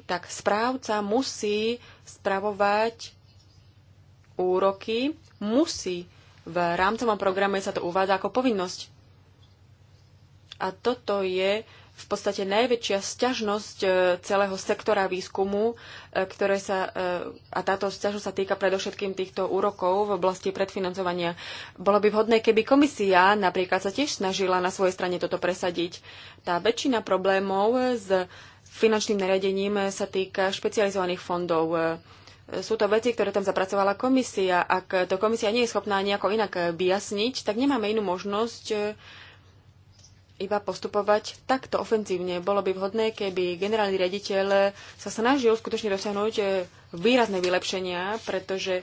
tak správca musí spravovať úroky, musí. V rámcovom programe sa to uvádza ako povinnosť. A toto je v podstate najväčšia sťažnosť e, celého sektora výskumu, e, ktoré sa, e, a táto sťažnosť sa týka predovšetkým týchto úrokov v oblasti predfinancovania. Bolo by vhodné, keby komisia napríklad sa tiež snažila na svojej strane toto presadiť. Tá väčšina problémov s finančným nariadením sa týka špecializovaných fondov. Sú to veci, ktoré tam zapracovala komisia. Ak to komisia nie je schopná nejako inak vyjasniť, tak nemáme inú možnosť, iba postupovať takto ofenzívne. Bolo by vhodné, keby generálny riaditeľ sa snažil skutočne dosiahnuť e, výrazné vylepšenia, pretože e,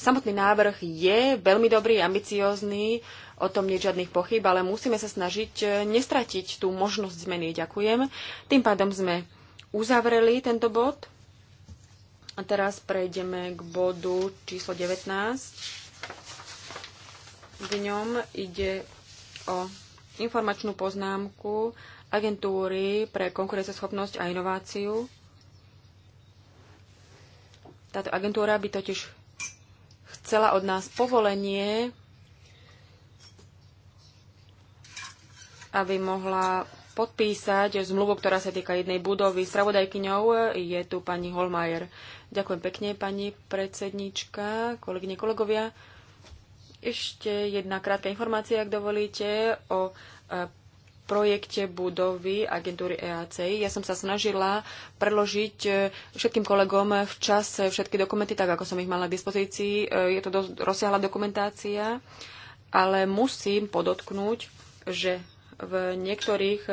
samotný návrh je veľmi dobrý, ambiciózny, o tom nie je žiadnych pochyb, ale musíme sa snažiť e, nestratiť tú možnosť zmeny. Ďakujem. Tým pádom sme uzavreli tento bod. A teraz prejdeme k bodu číslo 19. V ňom ide o informačnú poznámku agentúry pre konkurenceschopnosť a inováciu. Táto agentúra by totiž chcela od nás povolenie, aby mohla podpísať zmluvu, ktorá sa týka jednej budovy. Spravodajkyňou je tu pani Holmajer. Ďakujem pekne, pani predsednička, kolegyne, kolegovia. Ešte jedna krátka informácia, ak dovolíte, o e, projekte budovy agentúry EAC. Ja som sa snažila preložiť e, všetkým kolegom v čase všetky dokumenty, tak ako som ich mala k dispozícii. E, je to dosť rozsiahla dokumentácia, ale musím podotknúť, že v niektorých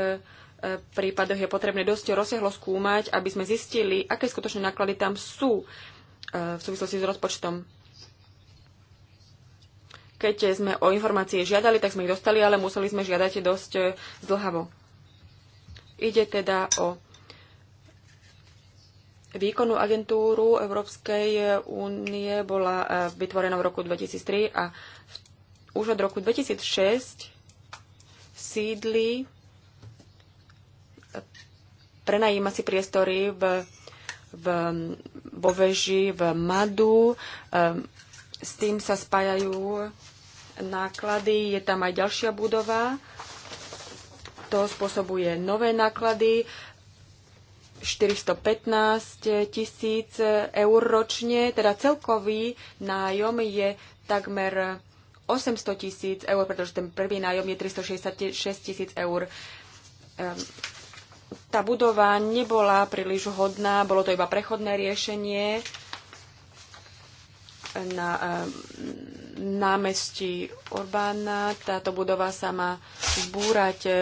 prípadoch je potrebné dosť rozsiahlo skúmať, aby sme zistili, aké skutočné náklady tam sú v súvislosti s rozpočtom keď sme o informácie žiadali, tak sme ich dostali, ale museli sme žiadať dosť e, zlhavo. Ide teda o výkonnú agentúru Európskej e, únie bola e, vytvorená v roku 2003 a už od roku 2006 sídli, prenajíma si priestory v, v, vo veži v Madu. S tým sa spájajú náklady. Je tam aj ďalšia budova. To spôsobuje nové náklady. 415 tisíc eur ročne, teda celkový nájom je takmer 800 tisíc eur, pretože ten prvý nájom je 366 tisíc eur. Ehm, tá budova nebola príliš hodná, bolo to iba prechodné riešenie na eh, námestí Orbána. Táto budova sa má zbúrať. Eh,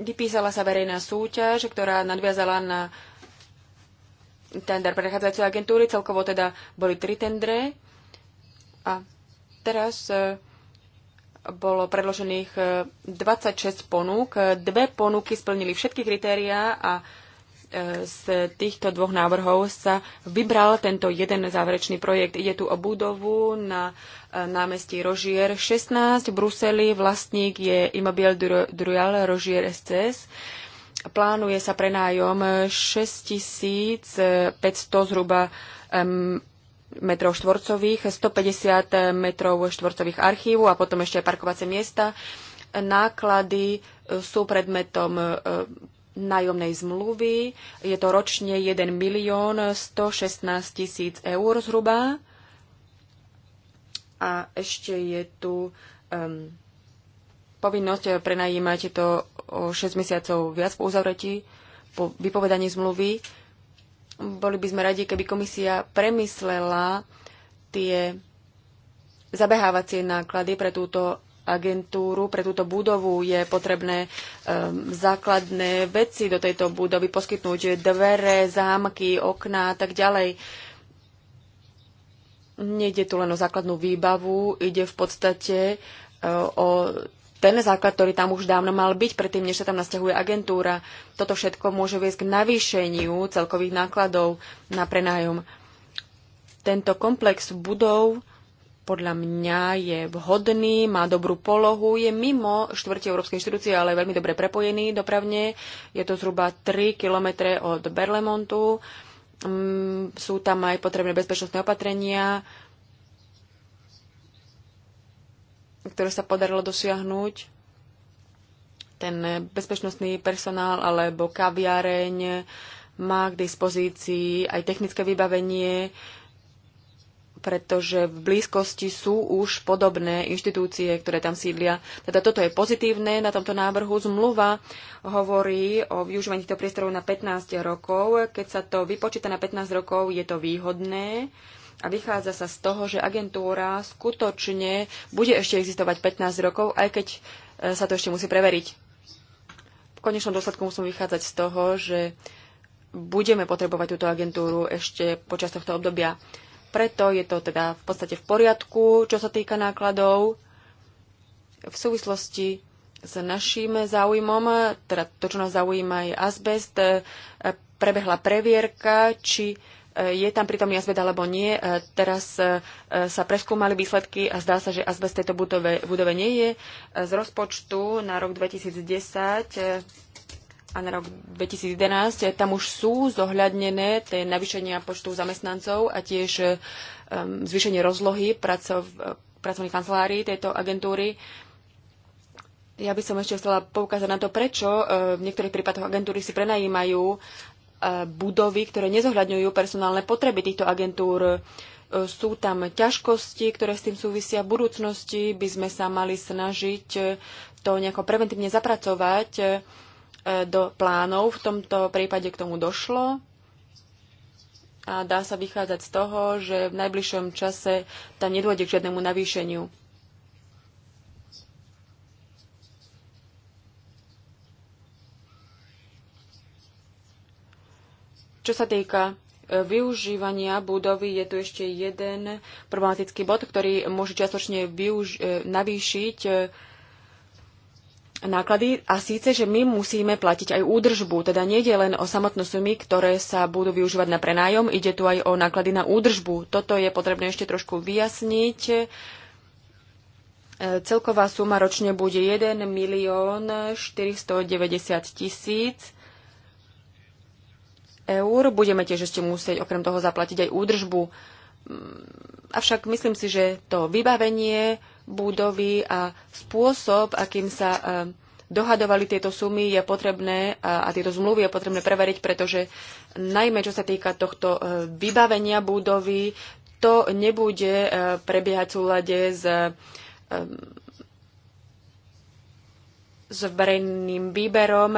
vypísala sa verejná súťaž, ktorá nadviazala na tender prechádzajúcej agentúry. Celkovo teda boli tri tendre. A teraz eh, bolo predložených 26 ponúk. Dve ponuky splnili všetky kritériá a z týchto dvoch návrhov sa vybral tento jeden záverečný projekt. Ide tu o budovu na e, námestí Rožier 16 v Bruseli. Vlastník je Immobil Druel Rožier SCS. Plánuje sa prenájom 6500 zhruba metrov štvorcových, 150 metrov štvorcových archívu a potom ešte aj parkovacie miesta. Náklady e, sú predmetom e, nájomnej zmluvy. Je to ročne 1 milión 116 tisíc eur zhruba. A ešte je tu um, povinnosť prenajímať to o 6 mesiacov viac po uzavretí, po vypovedaní zmluvy. Boli by sme radi, keby komisia premyslela tie zabehávacie náklady pre túto agentúru. Pre túto budovu je potrebné um, základné veci do tejto budovy poskytnúť dvere, zámky, okná a tak ďalej. Nejde tu len o základnú výbavu, ide v podstate uh, o ten základ, ktorý tam už dávno mal byť, predtým, než sa tam nasťahuje agentúra. Toto všetko môže viesť k navýšeniu celkových nákladov na prenájom. Tento komplex budov podľa mňa je vhodný, má dobrú polohu, je mimo štvrte Európskej inštitúcie, ale je veľmi dobre prepojený dopravne. Je to zhruba 3 kilometre od Berlemontu. Mm, sú tam aj potrebné bezpečnostné opatrenia, ktoré sa podarilo dosiahnuť. Ten bezpečnostný personál alebo kaviareň má k dispozícii aj technické vybavenie, pretože v blízkosti sú už podobné inštitúcie, ktoré tam sídlia. Teda toto je pozitívne na tomto návrhu. Zmluva hovorí o využívaní týchto priestorov na 15 rokov. Keď sa to vypočíta na 15 rokov, je to výhodné a vychádza sa z toho, že agentúra skutočne bude ešte existovať 15 rokov, aj keď e, sa to ešte musí preveriť. V konečnom dôsledku musím vychádzať z toho, že budeme potrebovať túto agentúru ešte počas tohto obdobia preto je to teda v podstate v poriadku, čo sa týka nákladov. V súvislosti s našim záujmom, teda to, čo nás zaujíma je azbest, e, prebehla previerka, či e, je tam pritom azbest alebo nie. E, teraz sa preskúmali výsledky a zdá sa, že azbest tejto budove, budove nie je. Z rozpočtu na rok 2010 a na rok 2011. Eh, tam už sú zohľadnené tie navýšenia počtu zamestnancov a tiež um, zvýšenie rozlohy pracov, eh, pracovných kancelárií tejto agentúry. Ja by som ešte chcela poukázať na to, prečo uh, v niektorých prípadoch agentúry si prenajímajú uh, budovy, ktoré nezohľadňujú personálne potreby týchto agentúr. Uh, sú tam ťažkosti, ktoré s tým súvisia. V budúcnosti by sme sa mali snažiť to nejako preventívne zapracovať E, do plánov. V tomto prípade k tomu došlo a dá sa vychádzať z toho, že v najbližšom čase tam nedôjde k žiadnemu navýšeniu. Čo sa týka e, využívania budovy, je tu ešte jeden problematický bod, ktorý môže čiastočne e, navýšiť náklady a síce, že my musíme platiť aj údržbu. Teda nejde len o samotné sumy, ktoré sa budú využívať na prenájom, ide tu aj o náklady na údržbu. Toto je potrebné ešte trošku vyjasniť. E, celková suma ročne bude 1 milión 490 tisíc eur. Budeme tiež ešte musieť okrem toho zaplatiť aj údržbu. Avšak myslím si, že to vybavenie budovy a spôsob, akým sa e, dohadovali tieto sumy, je potrebné a, tieto zmluvy je potrebné preveriť, pretože najmä čo sa týka tohto e, vybavenia budovy, to nebude e, prebiehať v súlade s, s verejným výberom.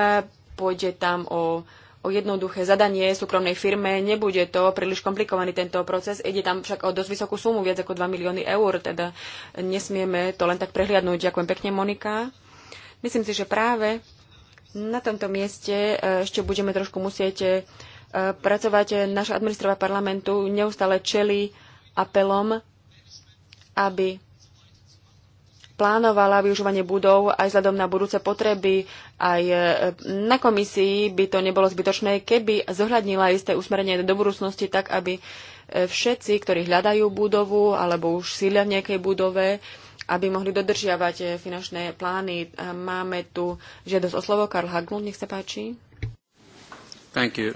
Pôjde tam o o jednoduché zadanie súkromnej firme. Nebude to príliš komplikovaný tento proces. Ide tam však o dosť vysokú sumu, viac ako 2 milióny eur, teda nesmieme to len tak prehliadnúť. Ďakujem pekne, Monika. Myslím si, že práve na tomto mieste e, ešte budeme trošku musieť e, pracovať. Naša administrova parlamentu neustále čeli apelom, aby plánovala využívanie budov aj vzhľadom na budúce potreby. Aj e, na komisii by to nebolo zbytočné, keby zohľadnila isté usmerenie do budúcnosti tak, aby e, všetci, ktorí hľadajú budovu alebo už sídlia v nejakej budove, aby mohli dodržiavať e, finančné plány. Máme tu žiadosť o slovo. Karl Haglund, nech sa páči. Thank you,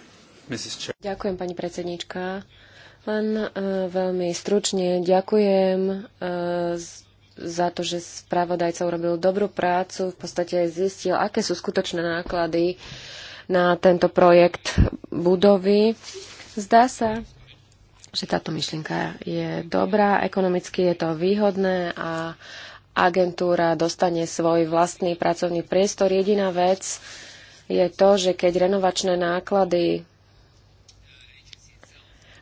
Mrs. Chair. Ďakujem, pani predsedníčka. Len uh, veľmi stručne ďakujem uh, za to, že spravodajca urobil dobrú prácu, v podstate zistil, aké sú skutočné náklady na tento projekt budovy. Zdá sa, že táto myšlienka je dobrá, ekonomicky je to výhodné a agentúra dostane svoj vlastný pracovný priestor. Jediná vec je to, že keď renovačné náklady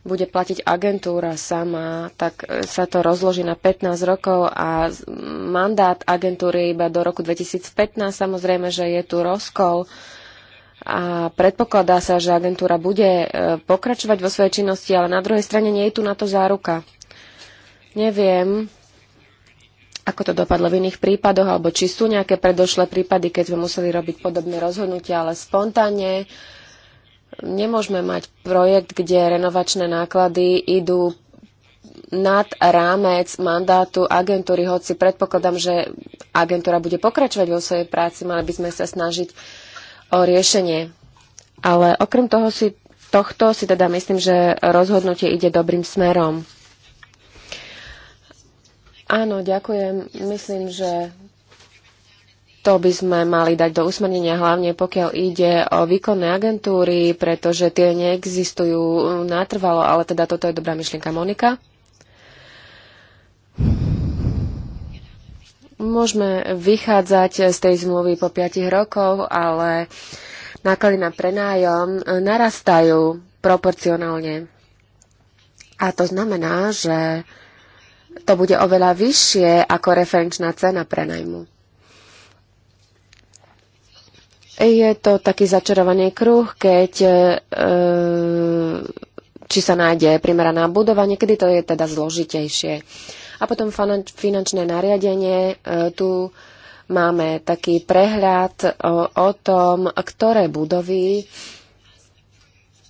bude platiť agentúra sama, tak e, sa to rozloží na 15 rokov a mandát agentúry iba do roku 2015. Samozrejme, že je tu rozkol a predpokladá sa, že agentúra bude e, pokračovať vo svojej činnosti, ale na druhej strane nie je tu na to záruka. Neviem, ako to dopadlo v iných prípadoch, alebo či sú nejaké predošlé prípady, keď sme museli robiť podobné rozhodnutia, ale spontánne uh, Nemôžeme mať projekt, kde renovačné náklady idú nad rámec mandátu agentúry, hoci predpokladám, že agentúra bude pokračovať vo svojej práci, mali by sme sa snažiť o riešenie. Ale okrem toho si, tohto si teda myslím, že rozhodnutie ide dobrým smerom. Áno, ďakujem. Myslím, že to by sme mali dať do usmernenia, hlavne pokiaľ ide o výkonné agentúry, pretože tie neexistujú natrvalo, ale teda toto je dobrá myšlienka Monika. Môžeme vychádzať z tej zmluvy po 5 rokov, ale náklady na prenájom narastajú proporcionálne. A to znamená, že to bude oveľa vyššie ako referenčná cena prenajmu je to taký začarovaný kruh, keď e, či sa nájde primeraná budova, niekedy to je teda zložitejšie. A potom finančné nariadenie, e, tu máme taký prehľad o, o tom, ktoré budovy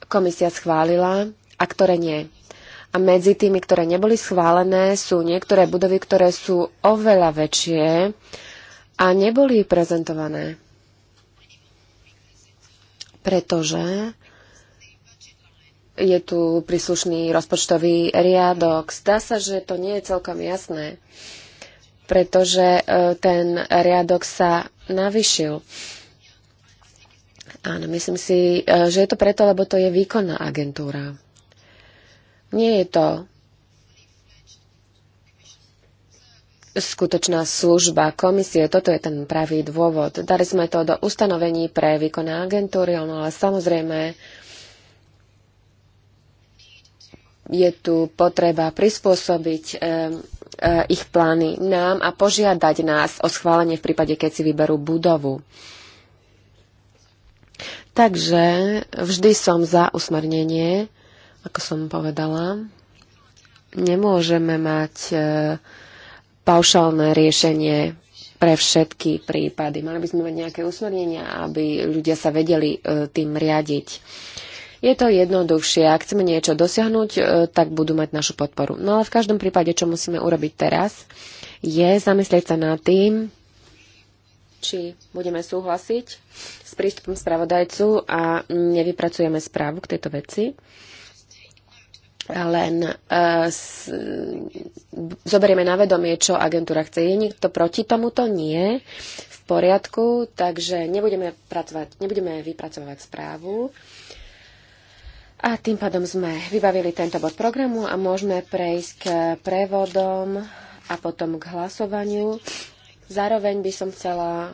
komisia schválila a ktoré nie. A medzi tými, ktoré neboli schválené, sú niektoré budovy, ktoré sú oveľa väčšie a neboli prezentované pretože je tu príslušný rozpočtový riadok. Zdá sa, že to nie je celkom jasné, pretože e, ten riadok sa navyšil. Áno, myslím si, e, že je to preto, lebo to je výkonná agentúra. Nie je to skutočná služba komisie. Toto je ten pravý dôvod. Dali sme to do ustanovení pre výkonné agentúry, no ale samozrejme je tu potreba prispôsobiť e, e, ich plány nám a požiadať nás o schválenie v prípade, keď si vyberú budovu. Takže vždy som za usmernenie, ako som povedala. Nemôžeme mať e, paušálne riešenie pre všetky prípady. Mali by sme mať nejaké usmernenia, aby ľudia sa vedeli e, tým riadiť. Je to jednoduchšie. Ak chceme niečo dosiahnuť, e, tak budú mať našu podporu. No ale v každom prípade, čo musíme urobiť teraz, je zamyslieť sa nad tým, či budeme súhlasiť s prístupom spravodajcu a nevypracujeme správu k tejto veci len uh, s, zoberieme na vedomie, čo agentúra chce. Je niekto proti tomuto? Nie. V poriadku, takže nebudeme, pracovať, nebudeme vypracovať správu. A tým pádom sme vybavili tento bod programu a môžeme prejsť k prevodom a potom k hlasovaniu. Zároveň by som chcela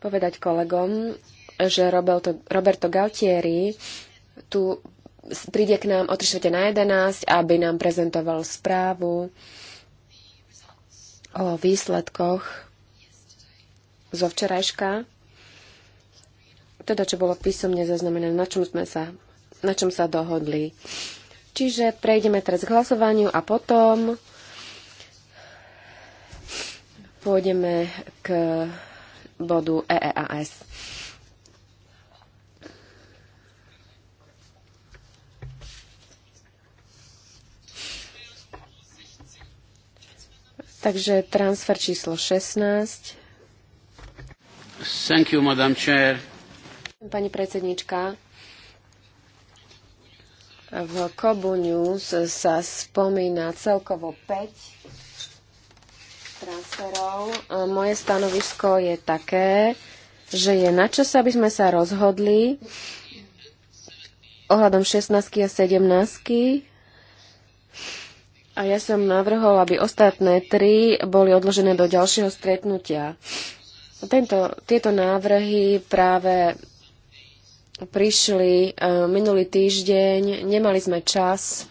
povedať kolegom, že Roberto, Roberto Galtieri tu príde k nám o 3 na 11, aby nám prezentoval správu o výsledkoch zo včerajška, teda čo bolo písomne zaznamenané, na čom sme sa, na čom sa dohodli. Čiže prejdeme teraz k hlasovaniu a potom pôjdeme k bodu EEAS. Takže transfer číslo 16. Thank you, Madam Chair. Pani predsednička, v Kobu News sa spomína celkovo 5 transferov. Moje stanovisko je také, že je na čase, aby sme sa rozhodli ohľadom 16 a 17 a ja som navrhol, aby ostatné tri boli odložené do ďalšieho stretnutia. Tento, tieto návrhy práve prišli e, minulý týždeň, nemali sme čas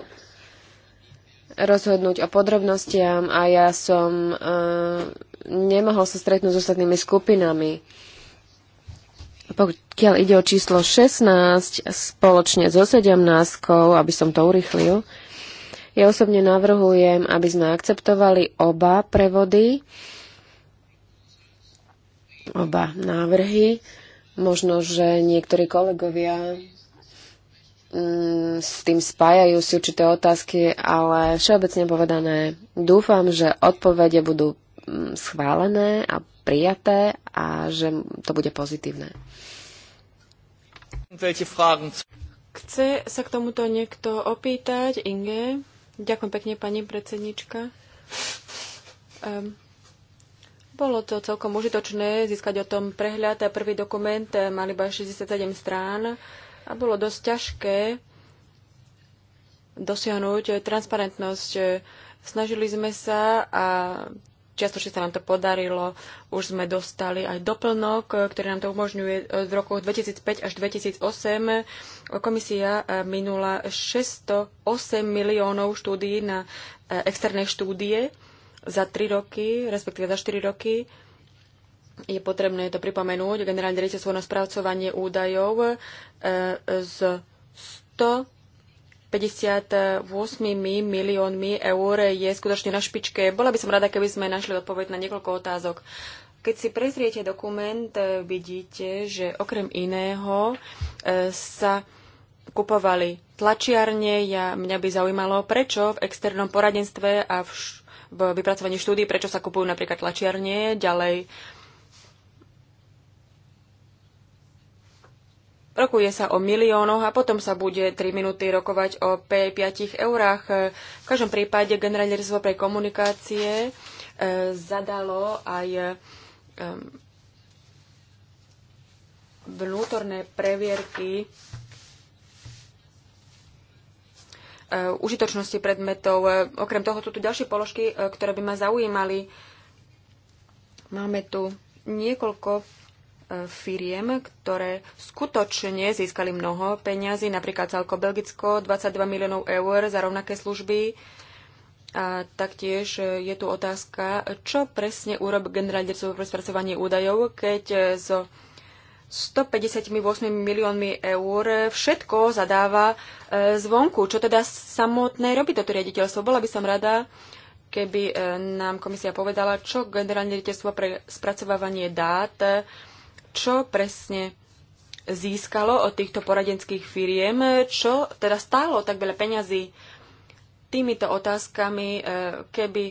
rozhodnúť o podrobnostiam a ja som e, nemohol sa stretnúť s ostatnými skupinami. Pokiaľ ide o číslo 16 spoločne so 17, aby som to urychlil, ja osobne navrhujem, aby sme akceptovali oba prevody, oba návrhy. Možno, že niektorí kolegovia mm, s tým spájajú si určité otázky, ale všeobecne povedané dúfam, že odpovede budú mm, schválené a prijaté a že to bude pozitívne. Chce sa k tomuto niekto opýtať, Inge? Ďakujem pekne, pani predsednička. Um, bolo to celkom užitočné získať o tom prehľad. Prvý dokument mal iba 67 strán a bolo dosť ťažké dosiahnuť transparentnosť. Snažili sme sa a Čiastočne sa nám to podarilo. Už sme dostali aj doplnok, ktorý nám to umožňuje v rokoch 2005 až 2008. Komisia e, minula 608 miliónov štúdií na e, externé štúdie za 3 roky, respektíve za 4 roky. Je potrebné to pripomenúť. Generálne riaditeľstvo na správcovanie údajov e, z 100 58 miliónmi eur je skutočne na špičke. Bola by som rada, keby sme našli odpoveď na niekoľko otázok. Keď si prezriete dokument, vidíte, že okrem iného e, sa kupovali tlačiarne. Ja, mňa by zaujímalo, prečo v externom poradenstve a v, v vypracovaní štúdí, prečo sa kupujú napríklad tlačiarne, ďalej Rokuje sa o miliónoch a potom sa bude 3 minúty rokovať o 5 eurách. V každom prípade generálne rezervo pre komunikácie eh, zadalo aj ehm, vnútorné previerky eh, užitočnosti predmetov. Okrem toho sú tu ďalšie položky, eh, ktoré by ma zaujímali. Máme tu niekoľko firiem, ktoré skutočne získali mnoho peňazí, napríklad celko Belgicko 22 miliónov eur za rovnaké služby. A taktiež je tu otázka, čo presne urob generálne pre spracovanie údajov, keď so 158 miliónmi eur všetko zadáva e, zvonku. Čo teda samotné robí toto riaditeľstvo? Bola by som rada, keby e, nám komisia povedala, čo generálne riaditeľstvo pre spracovávanie dát čo presne získalo od týchto poradenských firiem, čo teda stálo tak veľa peňazí týmito otázkami, e, keby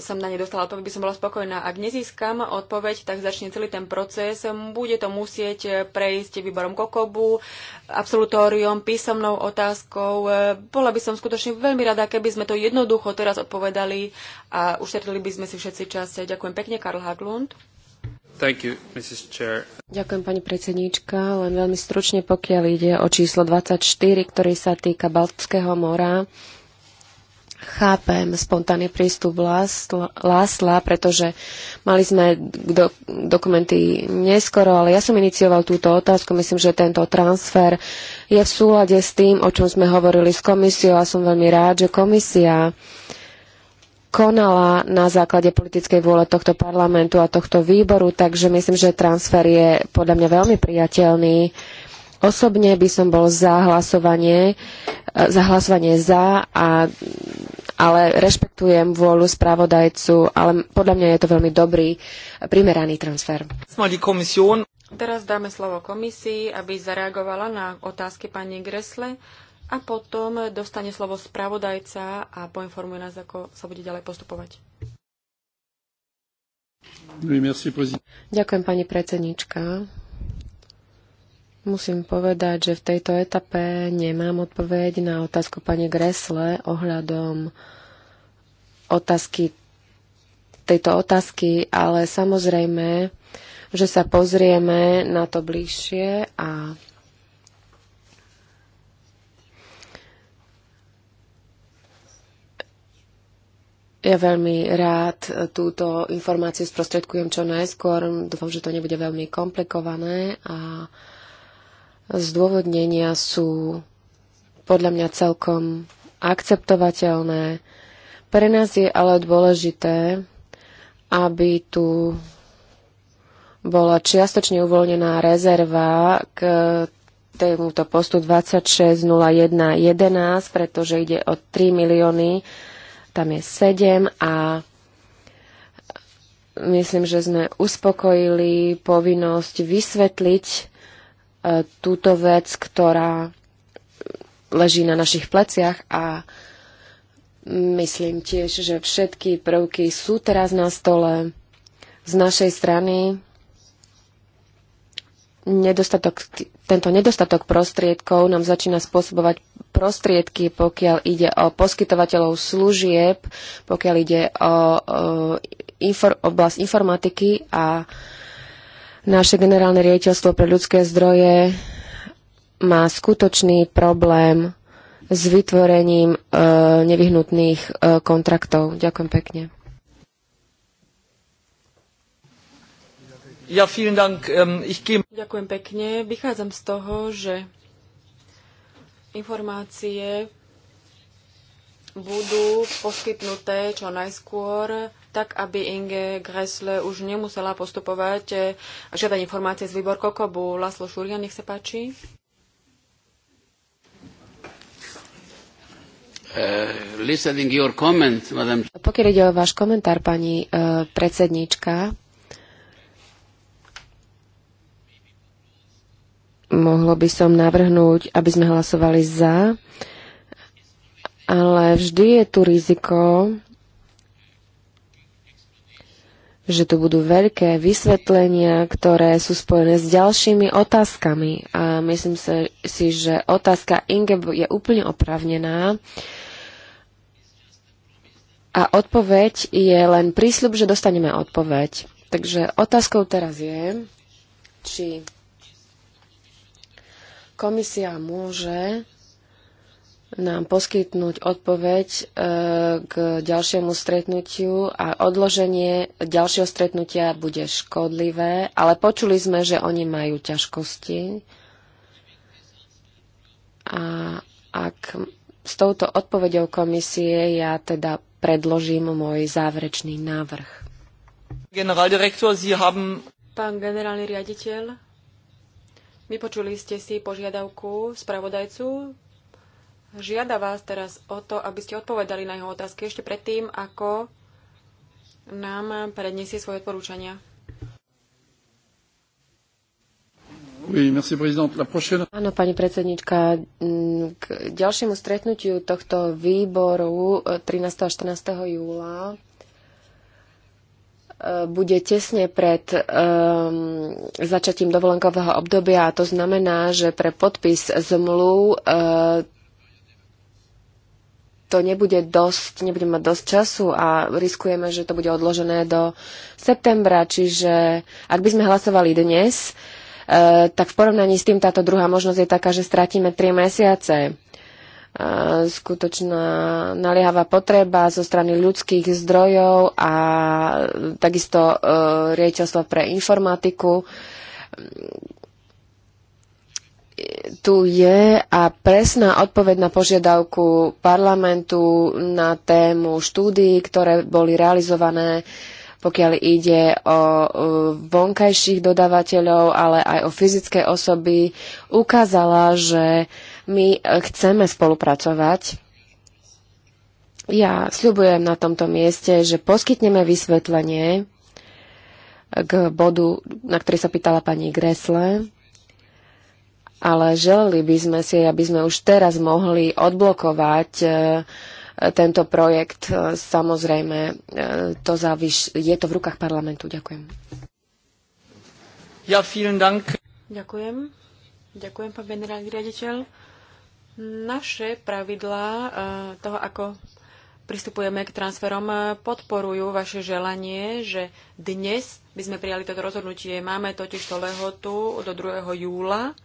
som na ne dostala odpoveď, by som bola spokojná. Ak nezískam odpoveď, tak začne celý ten proces. Bude to musieť prejsť výborom Kokobu, absolutóriom, písomnou otázkou. E, bola by som skutočne veľmi rada, keby sme to jednoducho teraz odpovedali a ušetrili by sme si všetci čas. Ďakujem pekne, Karl Haglund. You, Ďakujem, pani predsedníčka. Len veľmi stručne, pokiaľ ide o číslo 24, ktorý sa týka Baltského mora, chápem spontánny prístup Lásla, pretože mali sme do, dokumenty neskoro, ale ja som inicioval túto otázku. Myslím, že tento transfer je v súlade s tým, o čom sme hovorili s komisiou a som veľmi rád, že komisia konala na základe politickej vôle tohto parlamentu a tohto výboru, takže myslím, že transfer je podľa mňa veľmi priateľný. Osobne by som bol za hlasovanie, e, za hlasovanie za, a, ale rešpektujem vôľu spravodajcu, ale podľa mňa je to veľmi dobrý, e, primeraný transfer. Teraz dáme slovo komisii, aby zareagovala na otázky pani Gresle a potom dostane slovo spravodajca a poinformuje nás, ako sa bude ďalej postupovať. Ďakujem, pani predsednička. Musím povedať, že v tejto etape nemám odpoveď na otázku pani Gresle ohľadom otázky tejto otázky, ale samozrejme, že sa pozrieme na to bližšie a Ja veľmi rád e, túto informáciu sprostredkujem čo najskôr. Dúfam, že to nebude veľmi komplikované a zdôvodnenia sú podľa mňa celkom akceptovateľné. Pre nás je ale dôležité, aby tu bola čiastočne uvoľnená rezerva k tomuto postu 26.01.11, pretože ide o 3 milióny tam je 7 a myslím, že sme uspokojili povinnosť vysvetliť e, túto vec, ktorá leží na našich pleciach a myslím tiež, že všetky prvky sú teraz na stole z našej strany nedostatok, tento nedostatok prostriedkov nám začína spôsobovať prostriedky, pokiaľ ide o poskytovateľov služieb, pokiaľ ide o, o oblasť informatiky a naše generálne riaditeľstvo pre ľudské zdroje má skutočný problém s vytvorením e, nevyhnutných e, kontraktov. Ďakujem pekne. Ja, vielen Dank. Um, ich Ďakujem pekne. Vychádzam z toho, že informácie budú poskytnuté čo najskôr, tak aby Inge Gressle už nemusela postupovať a eh, žiadať informácie z výbor Kokobu. Laslo Šurian, nech sa páči. Uh, comment, Pokiaľ ide o váš komentár, pani uh, eh, predsedníčka, mohlo by som navrhnúť, aby sme hlasovali za, ale vždy je tu riziko, že tu budú veľké vysvetlenia, ktoré sú spojené s ďalšími otázkami. A myslím si, že otázka Inge je úplne opravnená. A odpoveď je len prísľub, že dostaneme odpoveď. Takže otázkou teraz je, či Komisia môže nám poskytnúť odpoveď e, k ďalšiemu stretnutiu a odloženie ďalšieho stretnutia bude škodlivé, ale počuli sme, že oni majú ťažkosti a ak s touto odpoveďou komisie ja teda predložím môj záverečný návrh. Pán generálny riaditeľ, Vypočuli ste si požiadavku spravodajcu. Žiada vás teraz o to, aby ste odpovedali na jeho otázky ešte predtým, ako nám predniesie svoje odporúčania. Oui, merci, prochaine... Áno, pani predsednička, mm, k ďalšiemu stretnutiu tohto výboru eh, 13. a 14. júla bude tesne pred um, začatím dovolenkového obdobia a to znamená, že pre podpis zmluv uh, to nebude dosť, nebudeme mať dosť času a riskujeme, že to bude odložené do septembra, čiže ak by sme hlasovali dnes, uh, tak v porovnaní s tým táto druhá možnosť je taká, že stratíme 3 mesiace skutočná naliehavá potreba zo strany ľudských zdrojov a takisto e, riaditeľstva pre informatiku tu je a presná odpoveď na požiadavku parlamentu na tému štúdií, ktoré boli realizované, pokiaľ ide o e, vonkajších dodávateľov, ale aj o fyzické osoby, ukázala, že my e, chceme spolupracovať. Ja sľubujem na tomto mieste, že poskytneme vysvetlenie k bodu, na ktorý sa pýtala pani Gresle, ale želeli by sme si, aby sme už teraz mohli odblokovať e, tento projekt. E, samozrejme, to záviš, je to v rukách parlamentu. Ďakujem. Ja, vielen Dank. Ďakujem. Ďakujem, pán generálny riaditeľ. Naše pravidlá eh, toho, ako pristupujeme k transferom, eh, podporujú vaše želanie, že dnes by sme prijali toto rozhodnutie. Máme totiž to lehotu do 2. júla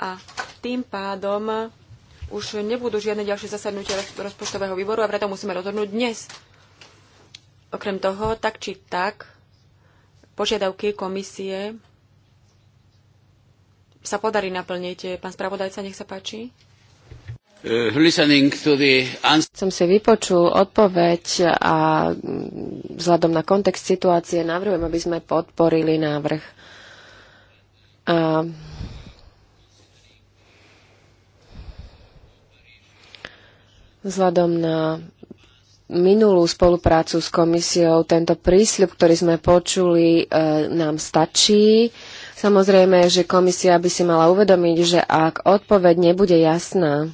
a tým pádom už nebudú žiadne ďalšie zasadnutia rozpočtového výboru a preto musíme rozhodnúť dnes. Okrem toho, tak či tak, požiadavky komisie sa podarí naplniť. Pán spravodajca, nech sa páči. Uh, Som si vypočul odpoveď a mm, vzhľadom na kontext situácie navrhujem, aby sme podporili návrh. A vzhľadom na minulú spoluprácu s komisiou, tento prísľub, ktorý sme počuli, e, nám stačí. Samozrejme, že komisia by si mala uvedomiť, že ak odpoveď nebude jasná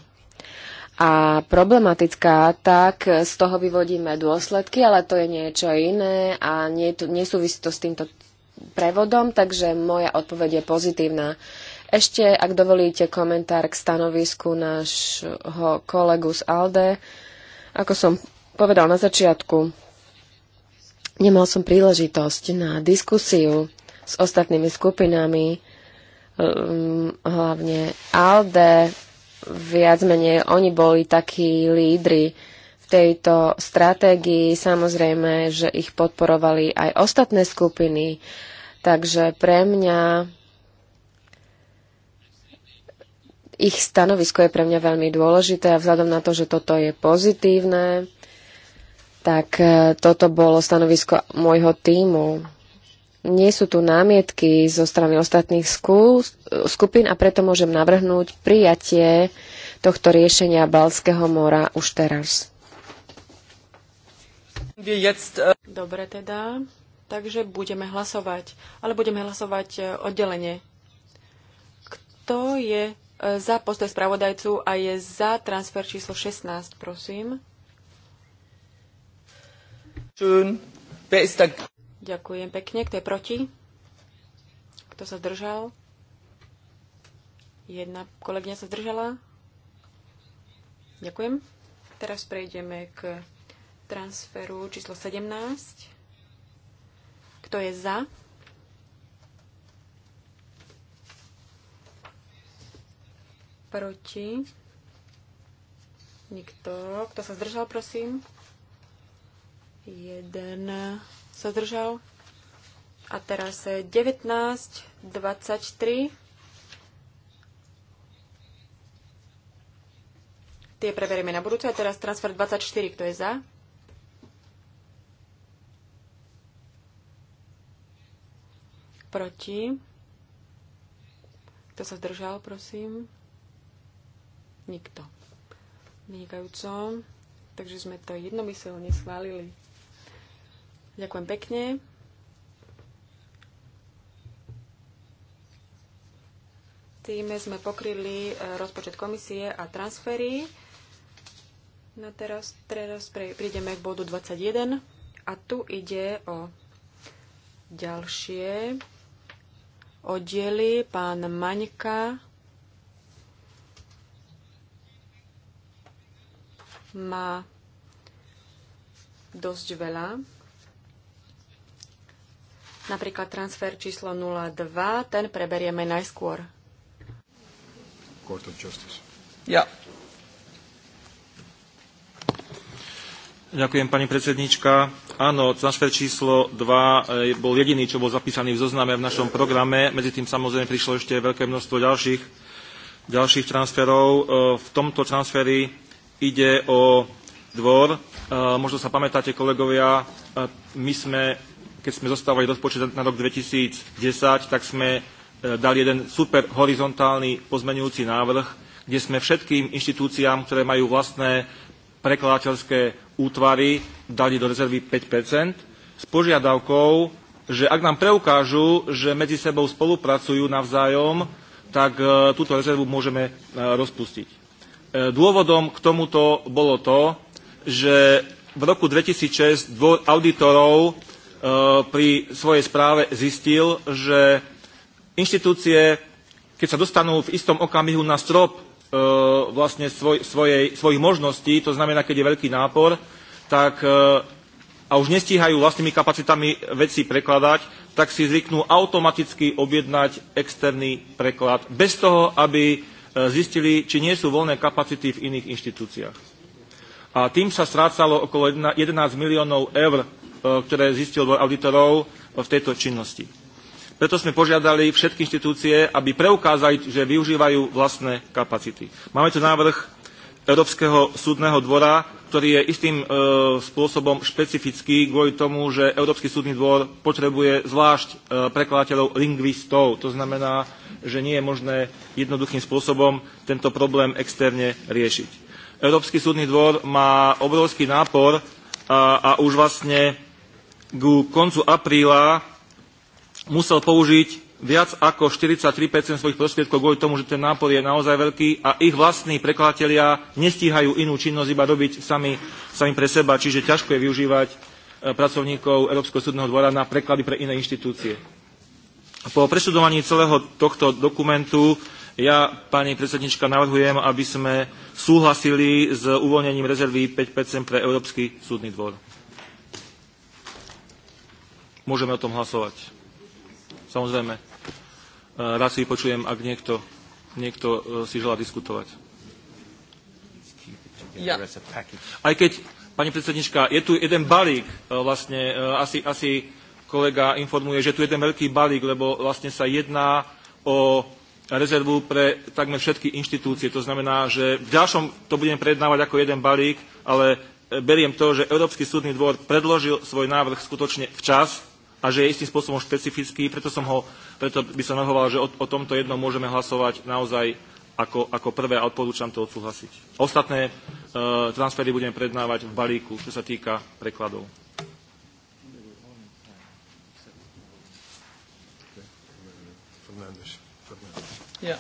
a problematická, tak z toho vyvodíme dôsledky, ale to je niečo iné a nie, nesúvisí to s týmto prevodom, takže moja odpoveď je pozitívna. Ešte, ak dovolíte, komentár k stanovisku nášho kolegu z ALDE. Ako som povedal na začiatku, nemal som príležitosť na diskusiu s ostatnými skupinami, um, hlavne ALDE, viac menej oni boli takí lídry v tejto stratégii. Samozrejme, že ich podporovali aj ostatné skupiny. Takže pre mňa ich stanovisko je pre mňa veľmi dôležité a vzhľadom na to, že toto je pozitívne, tak e, toto bolo stanovisko môjho týmu nie sú tu námietky zo strany ostatných skupín a preto môžem navrhnúť prijatie tohto riešenia Balského mora už teraz. E, Dobre teda, takže budeme hlasovať, ale budeme hlasovať e, oddelenie. Kto je e, za postoj spravodajcu a je za transfer číslo 16, prosím? Schön. Wer ist da? Ďakujem pekne. Kto je proti? Kto sa zdržal? Jedna kolegyňa sa zdržala. Ďakujem. Teraz prejdeme k transferu číslo 17. Kto je za? Proti? Nikto. Kto sa zdržal, prosím? Jeden sa držal. A teraz je 19, 23. Tie preberieme na budúce. A teraz transfer 24, kto je za? Proti. Kto sa zdržal, prosím? Nikto. Vynikajúco. Takže sme to jednomyselne schválili. Ďakujem pekne. Tým sme pokryli e, rozpočet komisie a transfery. No teraz, teraz prídeme k bodu 21 a tu ide o ďalšie oddiely. Pán Maňka má dosť veľa Napríklad transfer číslo 02, ten preberieme najskôr. Court of Justice. Ja. Ďakujem, pani predsednička. Áno, transfer číslo 2 eh, bol jediný, čo bol zapísaný v zozname v našom programe. Medzi tým samozrejme prišlo ešte veľké množstvo ďalších, ďalších transferov. Eh, v tomto transferi ide o dvor. Eh, možno sa pamätáte, kolegovia, my sme keď sme zostávali rozpočet na rok 2010, tak sme e, dali jeden super horizontálny pozmenujúci návrh, kde sme všetkým inštitúciám, ktoré majú vlastné prekladateľské útvary, dali do rezervy 5 s požiadavkou, že ak nám preukážu, že medzi sebou spolupracujú navzájom, tak e, túto rezervu môžeme e, rozpustiť. Dôvodom k tomuto bolo to, že v roku 2006 dvor auditorov E, pri svojej správe zistil, že inštitúcie, keď sa dostanú v istom okamihu na strop e, vlastne svoj, svojej, svojich možností, to znamená, keď je veľký nápor, tak e, a už nestíhajú vlastnými kapacitami veci prekladať, tak si zvyknú automaticky objednať externý preklad, bez toho, aby zistili, či nie sú voľné kapacity v iných inštitúciách. A tým sa strácalo okolo 11 miliónov eur E, ktoré zistil dvor auditorov e, v tejto činnosti. Preto sme požiadali všetky inštitúcie, aby preukázali, že využívajú vlastné kapacity. Máme tu návrh Európskeho súdneho dvora, ktorý je istým e, spôsobom špecifický kvôli tomu, že Európsky súdny dvor potrebuje zvlášť e, prekladateľov lingvistov. To znamená, že nie je možné jednoduchým spôsobom tento problém externe riešiť. Európsky súdny dvor má obrovský nápor a, a už vlastne ku koncu apríla musel použiť viac ako 43 svojich prostriedkov kvôli tomu, že ten nápor je naozaj veľký a ich vlastní prekladatelia nestíhajú inú činnosť iba robiť sami, sami pre seba, čiže ťažko je využívať e, pracovníkov Európskeho súdneho dvora na preklady pre iné inštitúcie. Po presudovaní celého tohto dokumentu ja, pani predsednička, navrhujem, aby sme súhlasili s uvoľnením rezervy 5% pre Európsky súdny dvor môžeme o tom hlasovať. Samozrejme, e, rád si vypočujem, ak niekto, niekto e, si želá diskutovať. Ja. Aj keď, pani predsednička, je tu jeden balík, e, vlastne asi, asi kolega informuje, že tu je ten veľký balík, lebo vlastne sa jedná o rezervu pre takmer všetky inštitúcie. To znamená, že v ďalšom to budem prednávať ako jeden balík, ale beriem to, že Európsky súdny dvor predložil svoj návrh skutočne včas a že je istým spôsobom špecifický, preto, som ho, preto by som nahoval, že o, o tomto jednom môžeme hlasovať naozaj ako, ako prvé a odporúčam to odsúhlasiť. Ostatné e, transfery budem prednávať v balíku, čo sa týka prekladov. E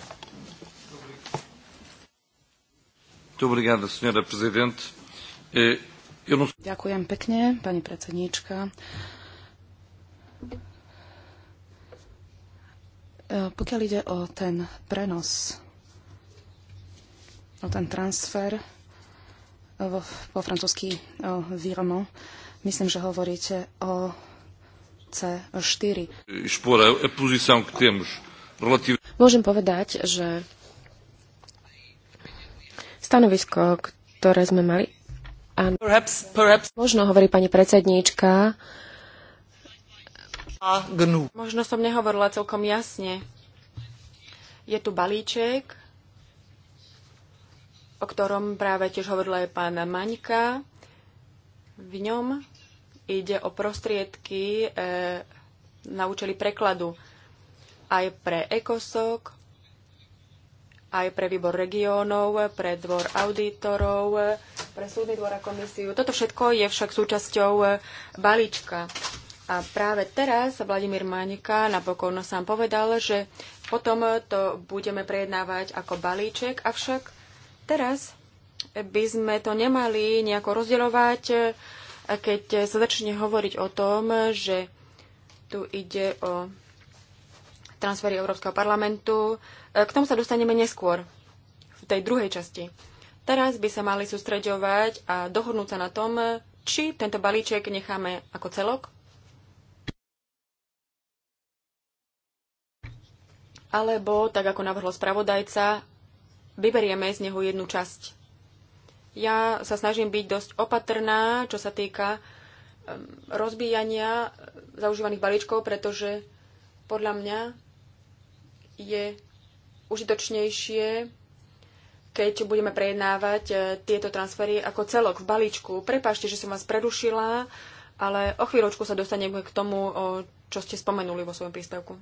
Ďakujem pekne, pani predsedníčka. E, pokiaľ ide o ten prenos, o ten transfer e, vo, po francúzsky e, výromo, myslím, že hovoríte o C4. Môžem povedať, že stanovisko, ktoré sme mali, možno hovorí pani predsedníčka, Možno som nehovorila celkom jasne. Je tu balíček, o ktorom práve tiež hovorila aj pána Maňka. V ňom ide o prostriedky e, na účely prekladu aj pre ECOSOC, aj pre výbor regiónov, pre dvor auditorov, e, pre súdny dvor a komisiu. Toto všetko je však súčasťou e, balíčka. A práve teraz Vladimír Manika napokon sám povedal, že potom to budeme prejednávať ako balíček, avšak teraz by sme to nemali nejako rozdeľovať, keď sa začne hovoriť o tom, že tu ide o transfery Európskeho parlamentu. K tomu sa dostaneme neskôr, v tej druhej časti. Teraz by sa mali sústreďovať a dohodnúť sa na tom, či tento balíček necháme ako celok alebo, tak ako navrhol spravodajca, vyberieme z neho jednu časť. Ja sa snažím byť dosť opatrná, čo sa týka rozbíjania eh, zaužívaných balíčkov, pretože podľa mňa je užitočnejšie, keď budeme prejednávať eh, tieto transfery ako celok v balíčku. Prepášte, že som vás prerušila, ale o chvíľočku sa dostaneme k tomu, čo ste spomenuli vo svojom príspevku.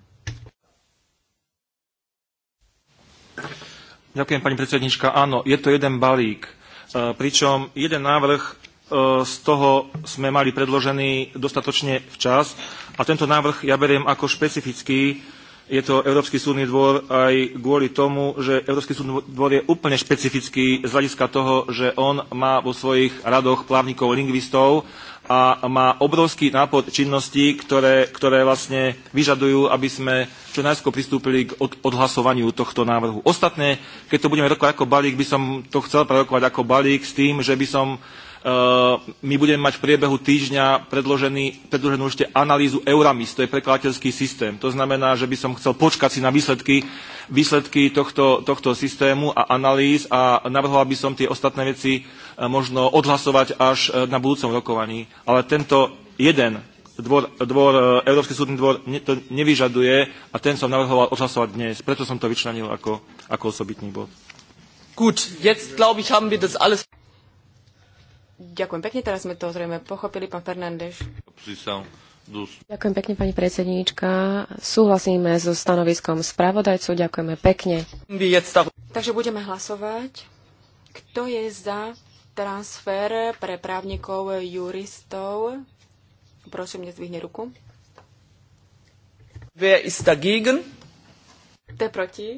Ďakujem, pani predsednička. Áno, je to jeden balík. E, pričom jeden návrh e, z toho sme mali predložený dostatočne včas a tento návrh ja beriem ako špecifický, je to Európsky súdny dvor aj kvôli tomu, že Európsky súdny dvor je úplne špecifický z hľadiska toho, že on má vo svojich radoch právnikov, lingvistov a má obrovský nápor činností, ktoré, ktoré vlastne vyžadujú, aby sme čo najskôr pristúpili k odhlasovaniu tohto návrhu. Ostatné, keď to budeme rokovať ako balík, by som to chcel prerokovať ako balík s tým, že by som my budeme mať v priebehu týždňa predloženú ešte analýzu Euramis, to je prekladateľský systém. To znamená, že by som chcel počkať si na výsledky, výsledky tohto, tohto systému a analýz a navrhoval by som tie ostatné veci e, možno odhlasovať až e, na budúcom rokovaní. Ale tento jeden dvor, dvor e, Európsky súdny dvor ne, to nevyžaduje a ten som navrhoval odhlasovať dnes. Preto som to vyčlenil ako, ako osobitný bod. Gut, jetzt glaube ich, haben wir das alles... Ďakujem pekne, teraz sme to zrejme pochopili, pán Fernández. Ďakujem pekne, pani predsedníčka. Súhlasíme so stanoviskom spravodajcu, ďakujeme pekne. Takže budeme hlasovať. Kto je za transfer pre právnikov, juristov? Prosím, nezvihne ruku. Wer ist dagegen? Kto je proti?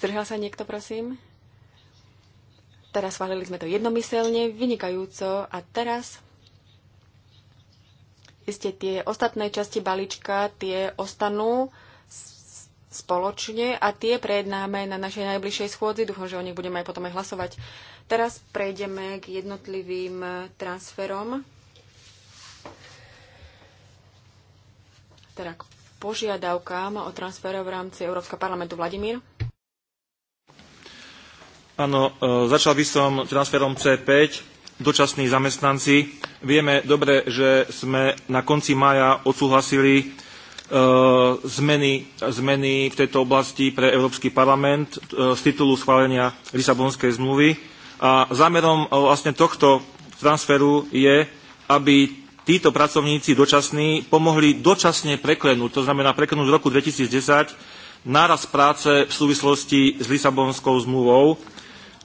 Zdržal sa niekto, prosím? Teraz schválili sme to jednomyselne, vynikajúco a teraz iste tie ostatné časti balíčka, tie ostanú spoločne a tie prejednáme na našej najbližšej schôdzi. Dúfam, že o nich budeme aj potom aj hlasovať. Teraz prejdeme k jednotlivým transferom. Teda k požiadavkám o transfere v rámci Európskeho parlamentu Vladimír. Áno, e, začal by som transferom C5, dočasní zamestnanci. Vieme dobre, že sme na konci mája odsúhlasili e, zmeny, zmeny v tejto oblasti pre Európsky parlament e, z titulu schválenia Lisabonskej zmluvy. A zámerom vlastne tohto transferu je, aby títo pracovníci dočasní pomohli dočasne preklenúť, to znamená preklenúť v roku 2010 náraz práce v súvislosti s Lisabonskou zmluvou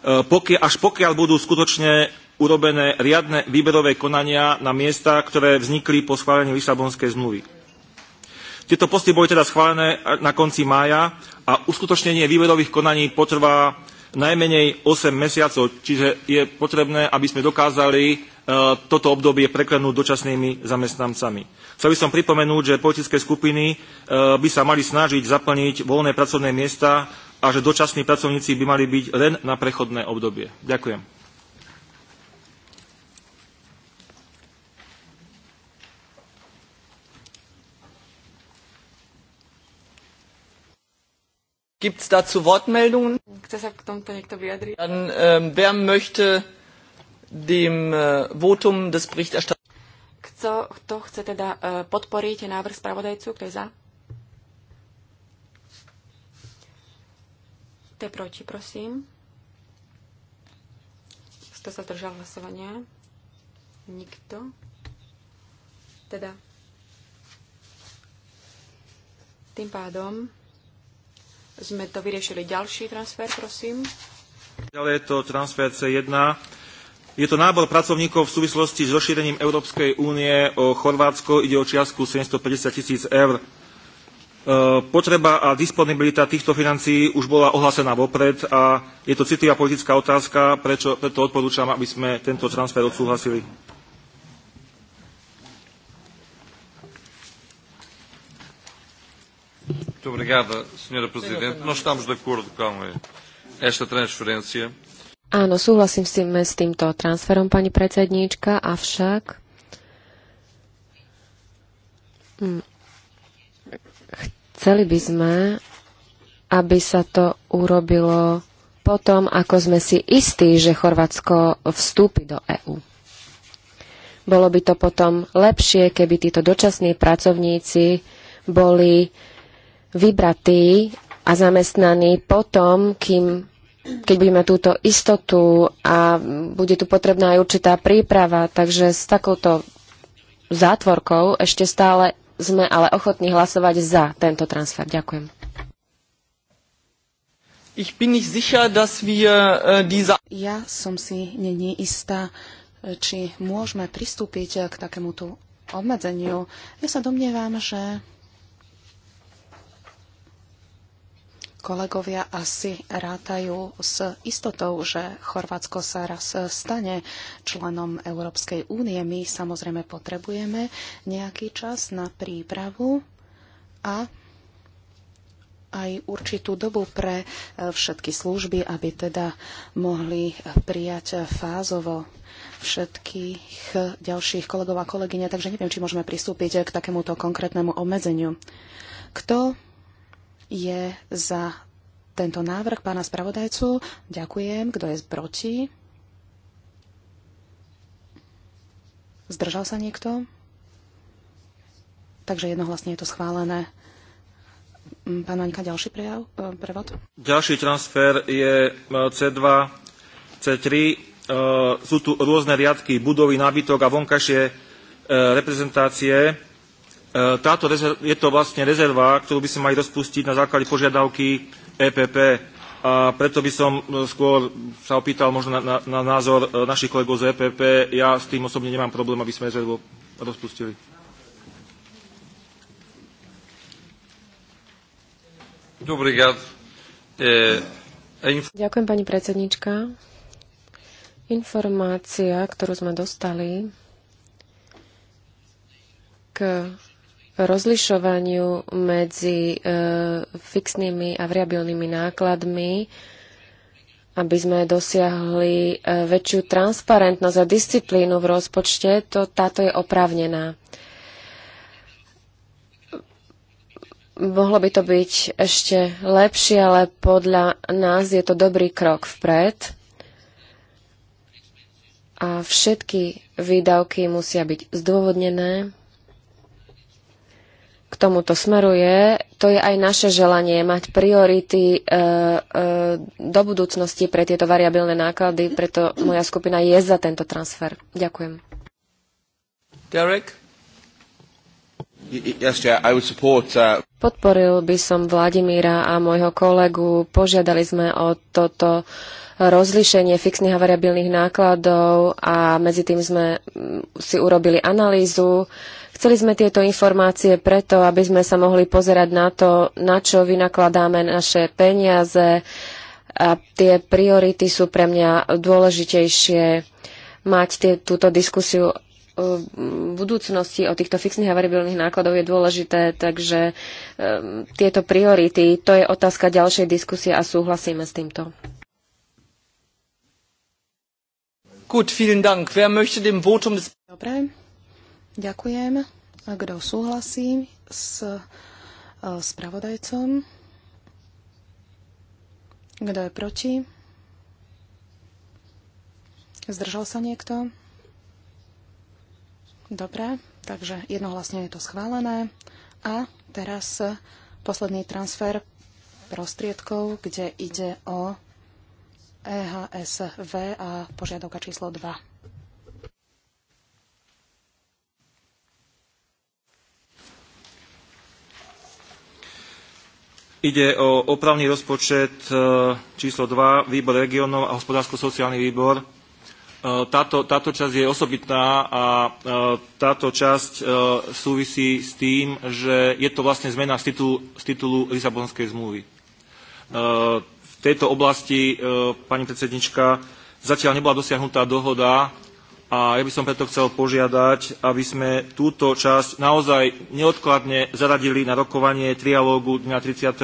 E, až pokiaľ budú skutočne urobené riadne výberové konania na miesta, ktoré vznikli po schválení Lisabonskej zmluvy. Tieto posty boli teda schválené na konci mája a uskutočnenie výberových konaní potrvá najmenej 8 mesiacov, čiže je potrebné, aby sme dokázali e, toto obdobie preklenúť dočasnými zamestnancami. Chcel by som pripomenúť, že politické skupiny e, by sa mali snažiť zaplniť voľné pracovné miesta a že dočasní pracovníci by mali byť len na prechodné obdobie. Ďakujem. Gibt es dazu Wortmeldungen? Dann, ähm, wer möchte dem äh, Votum des Berichterstatters... Kto, kto chce teda äh, podporiť návrh spravodajcu? Kto je za? Te je proti, prosím. Kto sa držal hlasovania? Nikto. Teda tým pádom sme to vyriešili. Ďalší transfer, prosím. Ďalej je to transfer C1. Je to nábor pracovníkov v súvislosti s rozšírením Európskej únie o Chorvátsko. Ide o čiastku 750 tisíc eur. E, potreba a disponibilita týchto financií už bola ohlásená vopred a je to citlivá politická otázka, prečo, preto odporúčam, aby sme tento transfer odsúhlasili. obrigada, Presidente. Nós estamos de acordo com esta transferência. Áno, súhlasím s, tým, s týmto transferom, pani predsedníčka, avšak... Hm. Chceli by sme, aby sa to urobilo potom, ako sme si istí, že Chorvátsko vstúpi do EÚ. Bolo by to potom lepšie, keby títo dočasní pracovníci boli vybratí a zamestnaní potom, kým, keď budeme túto istotu a bude tu potrebná aj určitá príprava. Takže s takouto zátvorkou ešte stále sme ale ochotní hlasovať za tento transfer. Ďakujem. Ich bin nicht sicher, dass wir, äh, diese... Ja som si není istá, äh, či môžeme pristúpiť äh, k takémuto obmedzeniu. Ja sa domnievam, že kolegovia asi rátajú s istotou, že Chorvátsko sa raz stane členom Európskej únie. My samozrejme potrebujeme nejaký čas na prípravu a aj určitú dobu pre e, všetky služby, aby teda mohli prijať fázovo všetkých ďalších kolegov a kolegyne, takže neviem, či môžeme pristúpiť k takémuto konkrétnemu obmedzeniu. Kto je za tento návrh pána spravodajcu. Ďakujem. Kto je proti? Zdržal sa niekto? Takže jednohlasne je to schválené. Mm, pán Maňka, ďalší prejav, e, prevod? Ďalší transfer je C2, e, C3. E, sú tu rôzne riadky, budovy, nábytok a vonkajšie reprezentácie E, táto rezerv, je to vlastne rezerva, ktorú by sme mali rozpustiť na základe požiadavky EPP. A preto by som e, skôr sa opýtal možno na, na, na názor e, našich kolegov z EPP. Ja s tým osobne nemám problém, aby sme rezervu rozpustili. Ďakujem, pani predsednička. Informácia, ktorú sme dostali k rozlišovaniu medzi e, fixnými a variabilnými nákladmi, aby sme dosiahli e, väčšiu transparentnosť a disciplínu v rozpočte, to, táto je oprávnená. Mohlo by to byť ešte lepšie, ale podľa nás je to dobrý krok vpred a všetky výdavky musia byť zdôvodnené k tomuto smeruje. To je aj naše želanie mať priority e, e, do budúcnosti pre tieto variabilné náklady, preto moja skupina je za tento transfer. Ďakujem. Derek? Uh, Podporil by som Vladimíra a môjho kolegu. Požiadali sme o toto rozlíšenie fixných a variabilných nákladov a medzi tým sme mm, si urobili analýzu. Uh, Chceli sme tieto informácie preto, aby sme sa mohli pozerať na to, na čo vynakladáme naše peniaze a tie priority sú pre mňa dôležitejšie mať tie, túto diskusiu e, v budúcnosti o týchto fixných a variabilných nákladov je dôležité, takže um, tieto priority, to je otázka ďalšej diskusie a súhlasíme s týmto. Gut, vielen Dank. Wer möchte dem Votum des... Dobre. Ďakujem. kto súhlasí s e, spravodajcom? Kto je proti? Zdržal sa niekto? Dobre, takže jednohlasne je to schválené. A teraz posledný transfer prostriedkov, kde ide o EHSV a požiadavka číslo 2. Ide o opravný rozpočet e, číslo 2, výbor regionov a hospodársko-sociálny výbor. E, táto, táto časť je osobitná a e, táto časť súvisí s tým, že je to vlastne zmena z titulu, z titulu Lisabonskej zmluvy. V tejto oblasti, pani predsednička, zatiaľ nebola dosiahnutá dohoda a ja by som preto chcel požiadať, aby sme túto časť naozaj neodkladne zaradili na rokovanie trialógu dňa 30.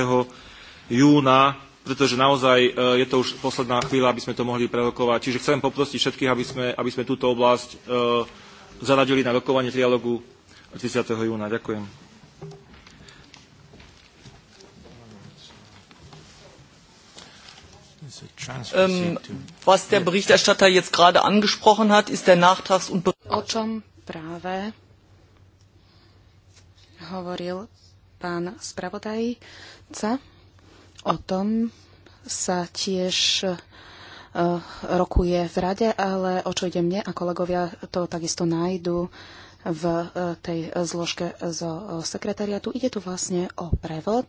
júna, pretože naozaj e, je to už posledná chvíľa, aby sme to mohli prerokovať. Čiže chcem poprosiť všetkých, aby sme, aby sme túto oblasť e, zaradili na rokovanie trialógu 30. júna. Ďakujem. Ähm, was der Berichterstatter jetzt gerade angesprochen hat, ist der Nachtrags- und O eh, rokuje v rade, ale o čo ide mne a kolegovia to takisto nájdu v eh, tej zložke zo sekretariatu. Ide tu vlastne o prevod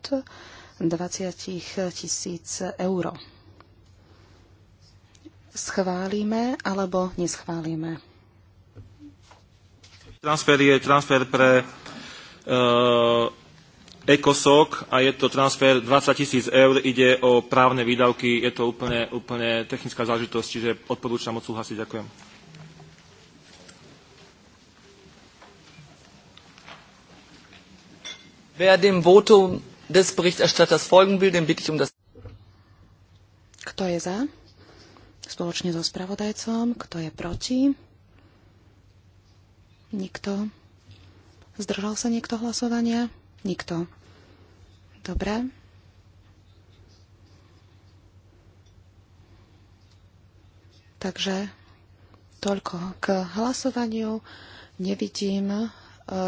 20 tisíc eur schválime alebo neschválime. Transfer je transfer pre uh, eh, ECOSOC a je to transfer 20 tisíc eur, ide o právne výdavky, je to úplne, úplne technická záležitosť, čiže odporúčam odsúhlasiť. Ďakujem. Um Kto je za? spoločne so spravodajcom. Kto je proti? Nikto. Zdržal sa niekto hlasovania? Nikto. Dobre. Takže toľko k hlasovaniu. Nevidím eh,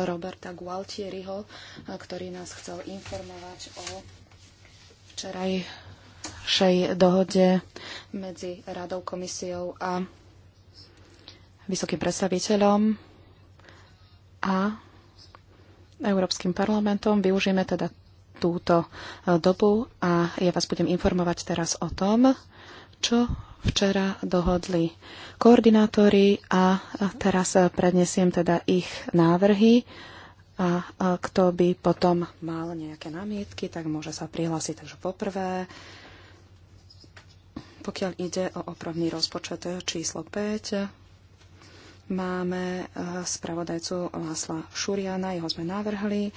Roberta Gualtieriho, eh, ktorý nás chcel informovať o včeraj našej dohode medzi Radou, komisiou a vysokým predstaviteľom a Európskym parlamentom. Využijeme teda túto e, dobu a ja vás budem informovať teraz o tom, čo včera dohodli koordinátori a teraz e, prednesiem teda ich návrhy a e, kto by potom mal nejaké námietky, tak môže sa prihlásiť. Takže poprvé pokiaľ ide o opravný rozpočet eh, číslo 5, máme eh, spravodajcu Lásla Šuriana, jeho sme navrhli,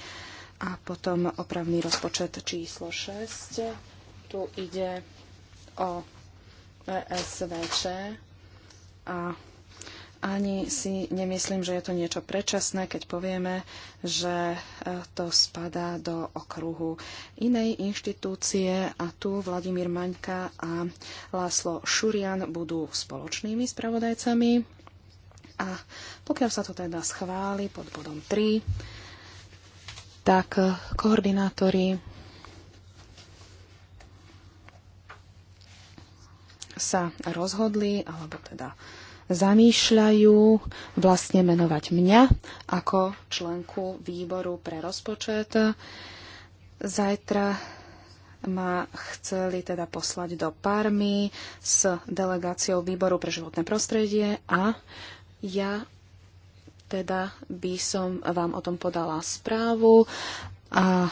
a potom opravný rozpočet číslo 6. Tu ide o ESVČ a ani si nemyslím, že je to niečo predčasné, keď povieme, že e, to spadá do okruhu inej inštitúcie a tu Vladimír Maňka a Láslo Šurian budú spoločnými spravodajcami. A pokiaľ sa to teda schváli pod bodom 3, tak e, koordinátori sa rozhodli, alebo teda zamýšľajú vlastne menovať mňa ako členku výboru pre rozpočet. Zajtra ma chceli teda poslať do Parmy s delegáciou výboru pre životné prostredie a ja teda by som vám o tom podala správu a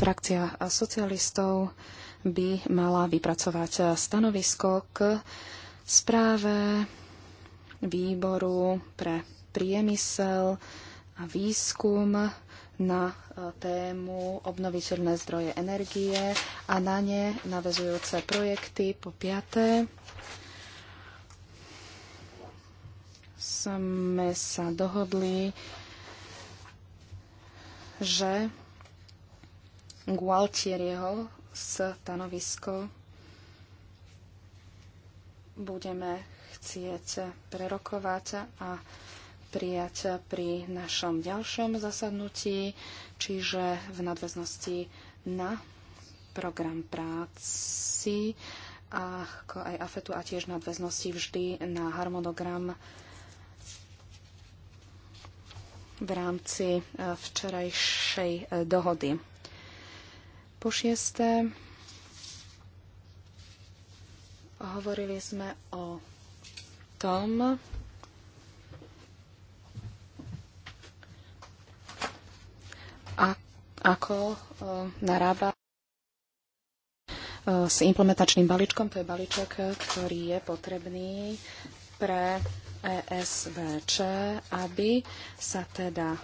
frakcia socialistov by mala vypracovať stanovisko k správe výboru pre priemysel a výskum na e, tému obnoviteľné zdroje energie a na ne navezujúce projekty. Po piaté sme sa dohodli, že Gualtierieho stanovisko budeme chcieť prerokovať a prijať pri našom ďalšom zasadnutí, čiže v nadväznosti na program práci, ako aj AFETu a tiež nadväznosti vždy na harmonogram v rámci e, včerajšej e, dohody. Po šiesté, hovorili sme o potom a, ako e, narába e, s implementačným balíčkom. To je balíček, ktorý je potrebný pre ESVČ, aby sa teda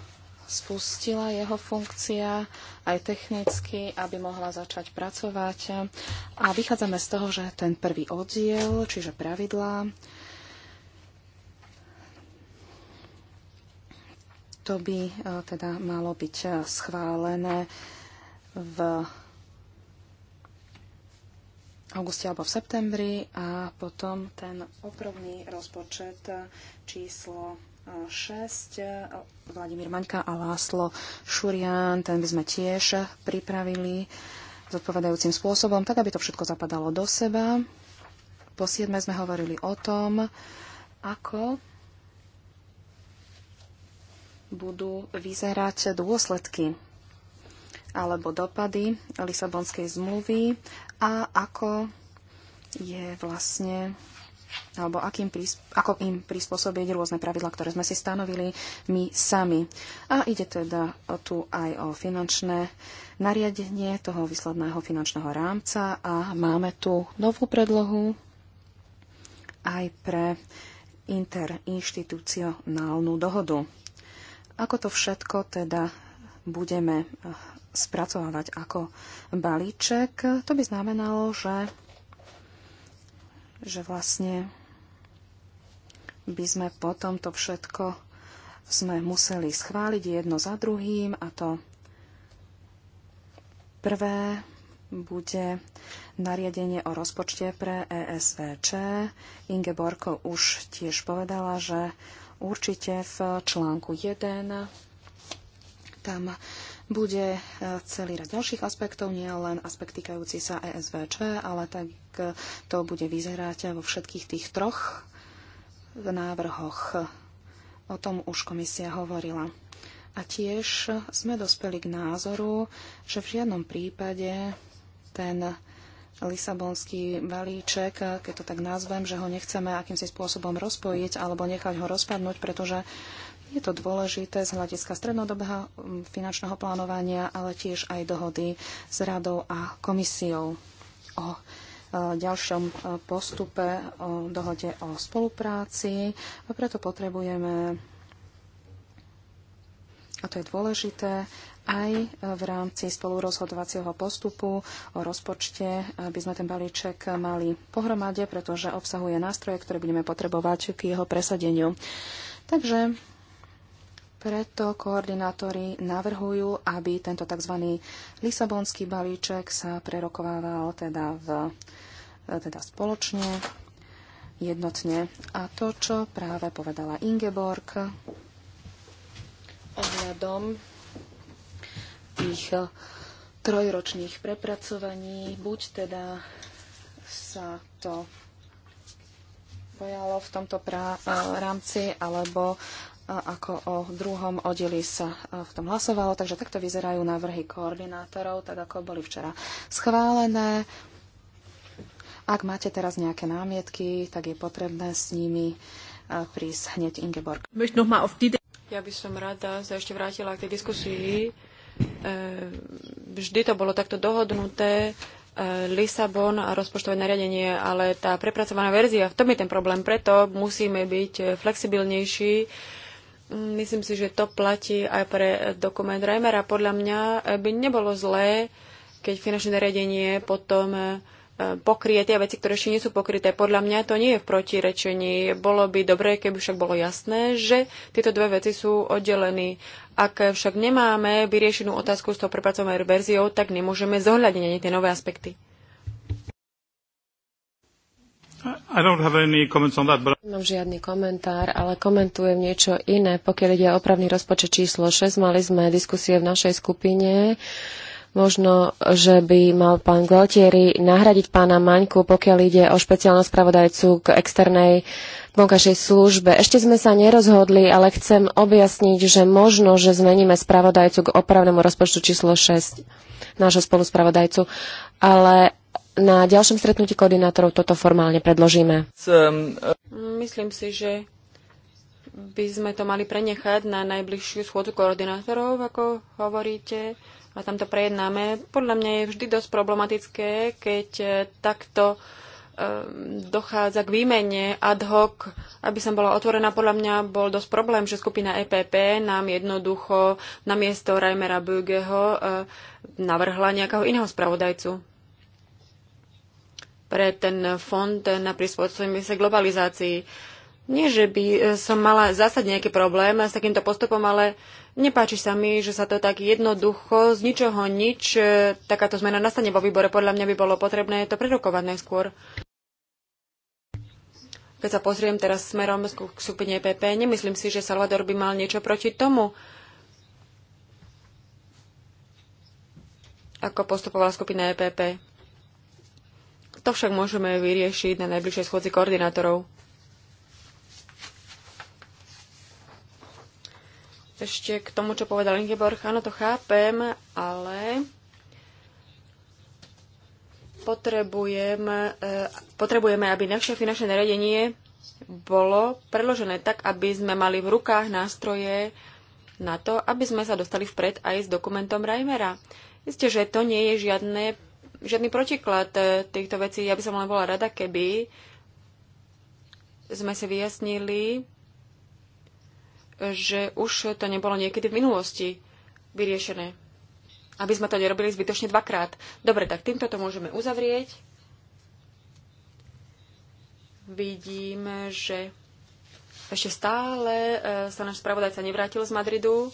spustila jeho funkcia aj technicky, aby mohla začať pracovať. A vychádzame z toho, že ten prvý oddiel, čiže pravidlá, To by e, teda malo byť e, schválené v auguste alebo v septembri a potom ten opravný rozpočet e, číslo 6, Vladimír Maňka a Láslo Šurian, ten by sme tiež pripravili zodpovedajúcim spôsobom, tak aby to všetko zapadalo do seba. Po 7 sme hovorili o tom, ako budú vyzerať dôsledky alebo dopady Lisabonskej zmluvy a ako je vlastne alebo akým, ako im prispôsobiť rôzne pravidla, ktoré sme si stanovili my sami. A ide teda tu aj o finančné nariadenie toho výsledného finančného rámca a máme tu novú predlohu aj pre interinštitucionálnu dohodu. Ako to všetko teda budeme eh, spracovávať ako balíček, to by znamenalo, že, že vlastne by sme potom to všetko sme museli schváliť jedno za druhým a to prvé bude nariadenie o rozpočte pre ESVČ. Ingeborko už tiež povedala, že určite v článku 1. Tam bude e, celý rad ďalších aspektov, nie len aspekt týkajúci sa ESVČ, ale tak e, to bude vyzerať vo všetkých tých troch návrhoch. O tom už komisia hovorila. A tiež sme dospeli k názoru, že v žiadnom prípade ten Lisabonský balíček, keď to tak nazvem, že ho nechceme akýmsi spôsobom rozpojiť alebo nechať ho rozpadnúť, pretože je to dôležité z hľadiska strednodobého finančného plánovania, ale tiež aj dohody s radou a komisiou o e, ďalšom e, postupe, o dohode o spolupráci. A preto potrebujeme, a to je dôležité, aj e, v rámci spolurozhodovacieho postupu o rozpočte by sme ten balíček mali pohromade, pretože obsahuje nástroje, ktoré budeme potrebovať k jeho presadeniu. Takže preto koordinátori navrhujú, aby tento tzv. Lisabonský balíček sa prerokovával teda, v, e, teda spoločne, jednotne. A to, čo práve povedala Ingeborg ohľadom tých e, trojročných prepracovaní, buď teda sa to pojalo v tomto e, rámci, alebo e, ako o druhom oddeli sa v tom hlasovalo. Takže takto vyzerajú návrhy koordinátorov, tak ako boli včera schválené. Ak máte teraz nejaké námietky, tak je potrebné s nimi prísť hneď Ingeborg. Ja by som rada sa ešte vrátila k tej diskusii Eh, vždy to bolo takto dohodnuté, eh, Lisabon a rozpočtové nariadenie, ale tá prepracovaná verzia, v tom je ten problém, preto musíme byť eh, flexibilnejší. Mm, myslím si, že to platí aj pre dokument Reimera. Podľa mňa by nebolo zlé, keď finančné nariadenie potom pokrie tie veci, ktoré ešte nie sú pokryté. Podľa mňa to nie je v protirečení. Bolo by dobré, keby však bolo jasné, že tieto dve veci sú oddelené. Ak však nemáme vyriešenú otázku s tou prepracovanou verziou, tak nemôžeme zohľadniť ani tie nové aspekty. I don't have any comments on that, but... Nemám žiadny komentár, ale komentujem niečo iné. Pokiaľ ide o opravný rozpočet číslo 6, mali sme diskusie v našej skupine. Možno, že by mal pán Galtieri nahradiť pána Maňku, pokiaľ ide o špeciálnu spravodajcu k externej uh, vonkajšej službe. Ešte sme sa nerozhodli, ale chcem objasniť, že možno, že zmeníme spravodajcu k opravnému rozpočtu číslo 6, nášho spoluspravodajcu, ale na ďalšom stretnutí koordinátorov toto formálne predložíme. E- Myslím si, že by sme to mali prenechať na najbližšiu schôdzu koordinátorov, ako hovoríte, a tam to prejednáme. Podľa mňa je vždy dosť problematické, keď e, takto uh, Ehm, dochádza k výmene ad hoc, aby som bola otvorená, podľa mňa bol dosť problém, že skupina EPP nám jednoducho na miesto Reimera Bögeho ehm, navrhla nejakého iného spravodajcu pre ten fond eh, na prispôsobenie sa globalizácii. Nie, že by eh, som mala zásadne nejaký problém s takýmto postupom, ale nepáči sa mi, že sa to tak jednoducho z ničoho nič eh, takáto zmena nastane vo výbore. Podľa mňa by bolo potrebné to prerokovať najskôr. Keď sa pozriem teraz smerom k skupine EPP, nemyslím si, že Salvador by mal niečo proti tomu, ako postupovala skupina EPP. To však môžeme vyriešiť na najbližšej schôdzi koordinátorov. Ešte k tomu, čo povedal Ingeborg, áno, to chápem, ale potrebujeme, e, potrebujeme, aby naše finančné nariadenie bolo predložené tak, aby sme mali v rukách nástroje na to, aby sme sa dostali vpred aj s dokumentom Reimera. Isté, že to nie je žiadne, žiadny protiklad e, týchto vecí. Ja by som len bola rada, keby sme si vyjasnili, že už to nebolo niekedy v minulosti vyriešené aby sme to nerobili zbytočne dvakrát. Dobre, tak týmto to môžeme uzavrieť. Vidím, že ešte stále e, sa náš spravodajca nevrátil z Madridu.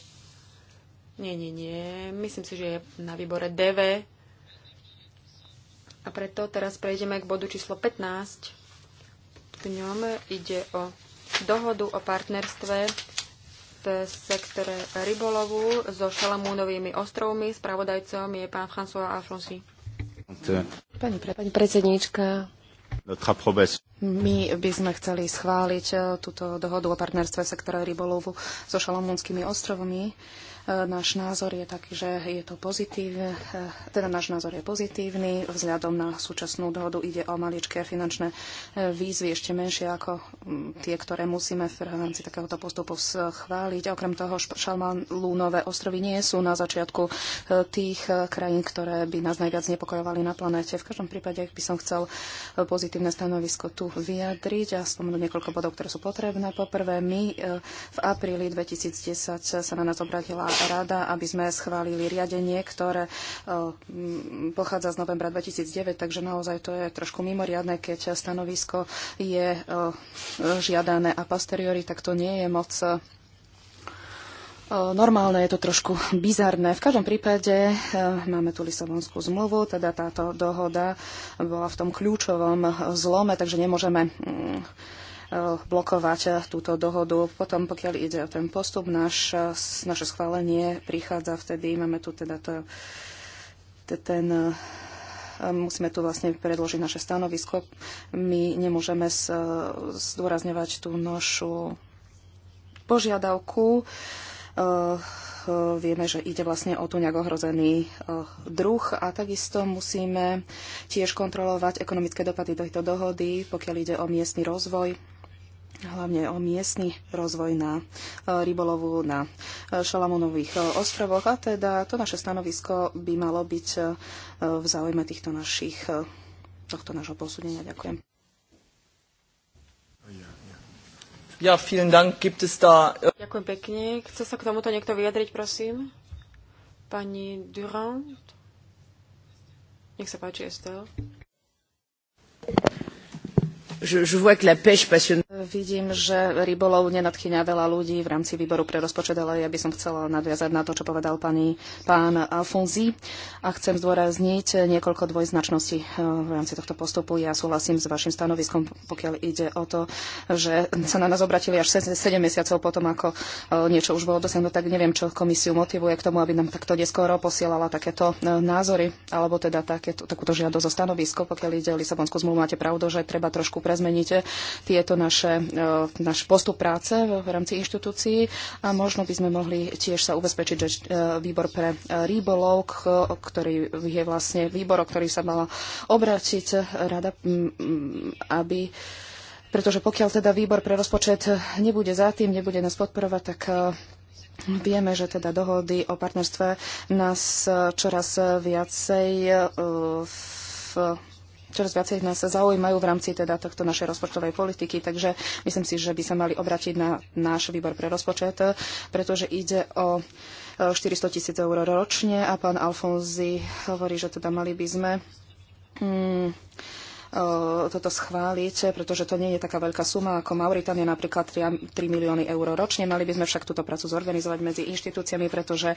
Nie, nie, nie. Myslím si, že je na výbore DV. A preto teraz prejdeme k bodu číslo 15. V ňom ide o dohodu o partnerstve v sektore rybolovu so Šalamúnovými ostrovmi. Spravodajcom je pán François Alfonsi. Pani, pre, pani predsedníčka, my by sme chceli schváliť eh, túto dohodu o partnerstve sektora rybolovu so Šalamúnskymi ostrovmi. E, náš názor je taký, že je to pozitívne, teda náš názor je pozitívny. Vzhľadom na súčasnú dohodu ide o maličké finančné e, výzvy, ešte menšie ako tie, ktoré musíme v rámci takéhoto postupu schváliť. A okrem toho, Šalmalúnové ostrovy nie sú na začiatku e, tých krajín, ktoré by nás najviac nepokojovali na planéte. V každom prípade by som chcel pozitívne stanovisko tu vyjadriť a spomenúť niekoľko bodov, ktoré sú potrebné. Poprvé, my v apríli 2010 sa na nás obratila rada, aby sme schválili riadenie, ktoré eh, pochádza z novembra 2009, takže naozaj to je trošku mimoriadne, keď stanovisko je eh, žiadané a posteriori, tak to nie je moc eh, normálne, je to trošku bizarné. V každom prípade máme tu Lisabonskú zmluvu, teda táto dohoda bola v tom kľúčovom zlome, takže nemôžeme mm, Eh, blokovať eh, túto dohodu. Potom, pokiaľ ide o ten postup, naš, eh, naše schválenie prichádza vtedy, máme tu teda to, ten musíme tu vlastne predložiť naše stanovisko. My nemôžeme zdôrazňovať tú našu požiadavku. Vieme, že ide vlastne o tu nejak ohrozený druh a takisto musíme tiež kontrolovať ekonomické dopady tejto dohody, pokiaľ ide o miestny rozvoj hlavne o miestny rozvoj na e, rybolovu na e, Šalamunových e, ostrovoch. A teda to naše stanovisko by malo byť v záujme týchto našich, tohto nášho posúdenia. Ďakujem. Ja, vielen Dank. Gibt es da... Ďakujem pekne. Chce sa k tomuto niekto vyjadriť, prosím? Pani Durand? Nech sa páči, Estelle. Je, je vois que la pêche passionne Vidím, že rybolov nenadchýňa veľa ľudí v rámci výboru pre rozpočet, ale ja by som chcela nadviazať na to, čo povedal pani, pán Alfonzi a chcem zdôrazniť niekoľko dvojznačností eh, v rámci tohto postupu. Ja súhlasím s vašim stanoviskom, pokiaľ ide o to, že sa na nás obratili až 7 mesiacov potom, ako eh, niečo už bolo dosiahnuté, tak neviem, čo komisiu motivuje k tomu, aby nám takto neskoro posielala takéto eh, názory, alebo teda takéto, takúto žiadosť o stanovisko, pokiaľ ide o Lisabonskú zmluvu. Máte pravdu, že treba trošku prezmeniť tieto naše E, náš postup práce v, v rámci inštitúcií a možno by sme mohli tiež sa ubezpečiť, že e, výbor pre e, rýbolov, ktorý je vlastne výbor, o ktorý sa mala obrátiť rada, aby pretože pokiaľ teda výbor pre rozpočet nebude za tým, nebude nás podporovať, tak Vieme, že teda dohody o partnerstve nás čoraz viacej v čoraz viacej nás zaujímajú v rámci teda tohto našej rozpočtovej politiky, takže myslím si, že by sa mali obrátiť na náš výbor pre rozpočet, pretože ide o 400 tisíc eur ročne a pán Alfonzi hovorí, že teda mali by sme mm, E, toto schváliť, pretože to nie je taká veľká suma ako Mauritania, napríklad 3, 3 milióny eur ročne. Mali by sme však túto prácu zorganizovať medzi inštitúciami, pretože e,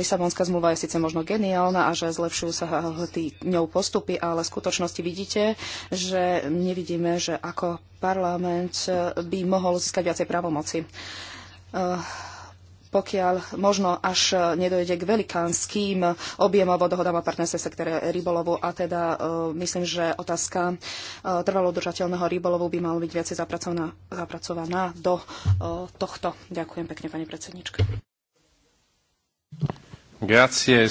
Lisabonská zmluva je síce možno geniálna a že zlepšujú sa tí ňou postupy, ale v skutočnosti vidíte, že nevidíme, že ako parlament e, by mohol získať viacej právomoci pokiaľ možno až e, nedojde k velikánským objemovo dohodám a partnerstve sektore rybolovu a teda e, myslím, že otázka e, trvalo udržateľného rybolovu by mal byť viacej zapracovaná, zapracovaná do tohto. Ďakujem pekne, pani predsednička. Grazie,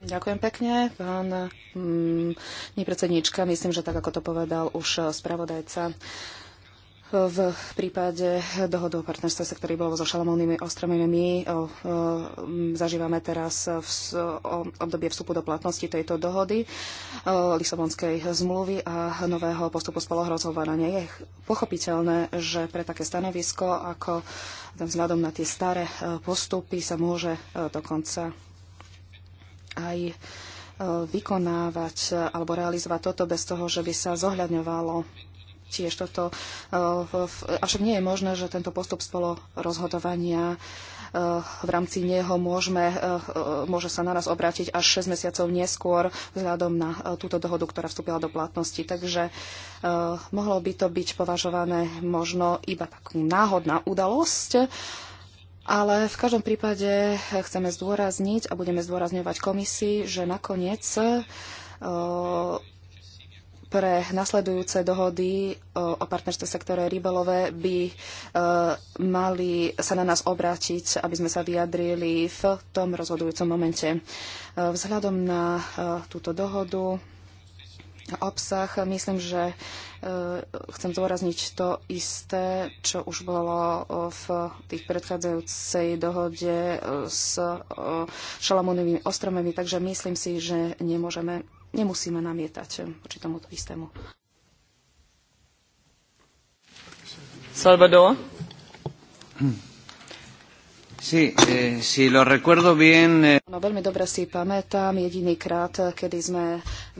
Ďakujem pekne, pán mm, predsednička. Myslím, že tak, ako to povedal už spravodajca, v prípade dohody o partnerstve, ktorý bol so šalamovnými ostrovmi, my zažívame teraz v obdobie vstupu do platnosti tejto dohody Lisabonskej zmluvy a nového postupu spolohrozovania. Je pochopiteľné, že pre také stanovisko, ako tam vzhľadom na tie staré postupy, sa môže dokonca aj vykonávať alebo realizovať toto bez toho, že by sa zohľadňovalo tiež toto. E, avšak nie je možné, že tento postup spolo rozhodovania e, v rámci neho môžeme, e, môže sa naraz obrátiť až 6 mesiacov neskôr vzhľadom na túto dohodu, ktorá vstúpila do platnosti. Takže mohlo by to byť považované možno iba takú náhodná udalosť, ale v každom prípade chceme zdôrazniť a budeme zdôrazňovať komisii, že nakoniec pre nasledujúce dohody o, partnerstve sektore rybolové by e, mali sa na nás obrátiť, aby sme sa vyjadrili v tom rozhodujúcom momente. E, vzhľadom na e, túto dohodu obsah, myslím, že chcem zdôrazniť to isté, čo už bolo v tých predchádzajúcej dohode s Šalamúnovými ostrovami, takže myslím si, že nemôžeme nemusíme namietať eh, voči tomuto istému. Salvador. Sí, eh, si lo recuerdo bien... Eh... No, veľmi dobre si pamätám jediný krát, eh, kedy sme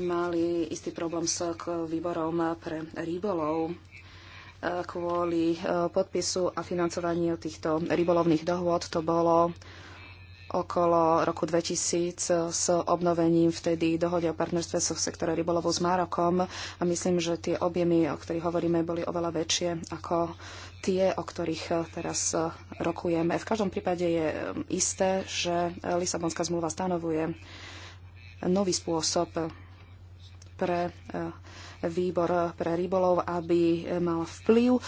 mali istý problém s výborom eh, pre rybolov kvôli podpisu a financovaniu týchto rybolovných dohôd. To bolo okolo roku 2000 s obnovením vtedy dohody o partnerstve v sektore rybolovu s Marokom a myslím, že tie objemy, o ktorých hovoríme, boli oveľa väčšie ako tie, o ktorých teraz rokujeme. V každom prípade je um, isté, že Lisabonská zmluva stanovuje nový spôsob pre uh, výbor pre rybolov, aby mal vplyv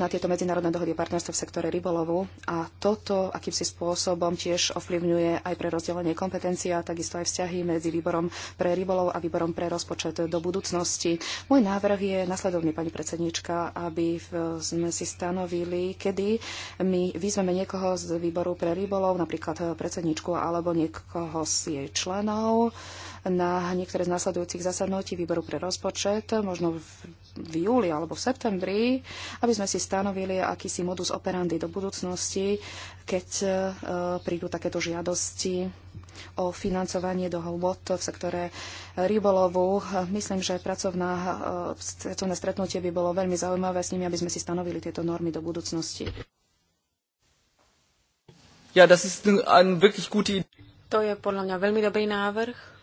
na tieto medzinárodné dohody o partnerstve v sektore rybolovu. A toto akýmsi spôsobom tiež ovplyvňuje aj pre rozdelenie kompetencií a takisto aj vzťahy medzi výborom pre rybolov a výborom pre rozpočet do budúcnosti. Môj návrh je nasledovný, pani predsednička, aby sme si stanovili, kedy my vyzveme niekoho z výboru pre rybolov, napríklad predsedničku alebo niekoho z jej členov, na niektoré z následujúcich zasadnutí výboru pre rozpočet, možno v, júli alebo v septembri, aby sme si stanovili akýsi modus operandi do budúcnosti, keď e, prídu takéto žiadosti o financovanie do hĺbot v sektore rybolovu. Myslím, že pracovná, e, pracovné stretnutie by bolo veľmi zaujímavé s nimi, aby sme si stanovili tieto normy do budúcnosti. Ja, das ist ein wirklich gute To je podľa mňa veľmi dobrý návrh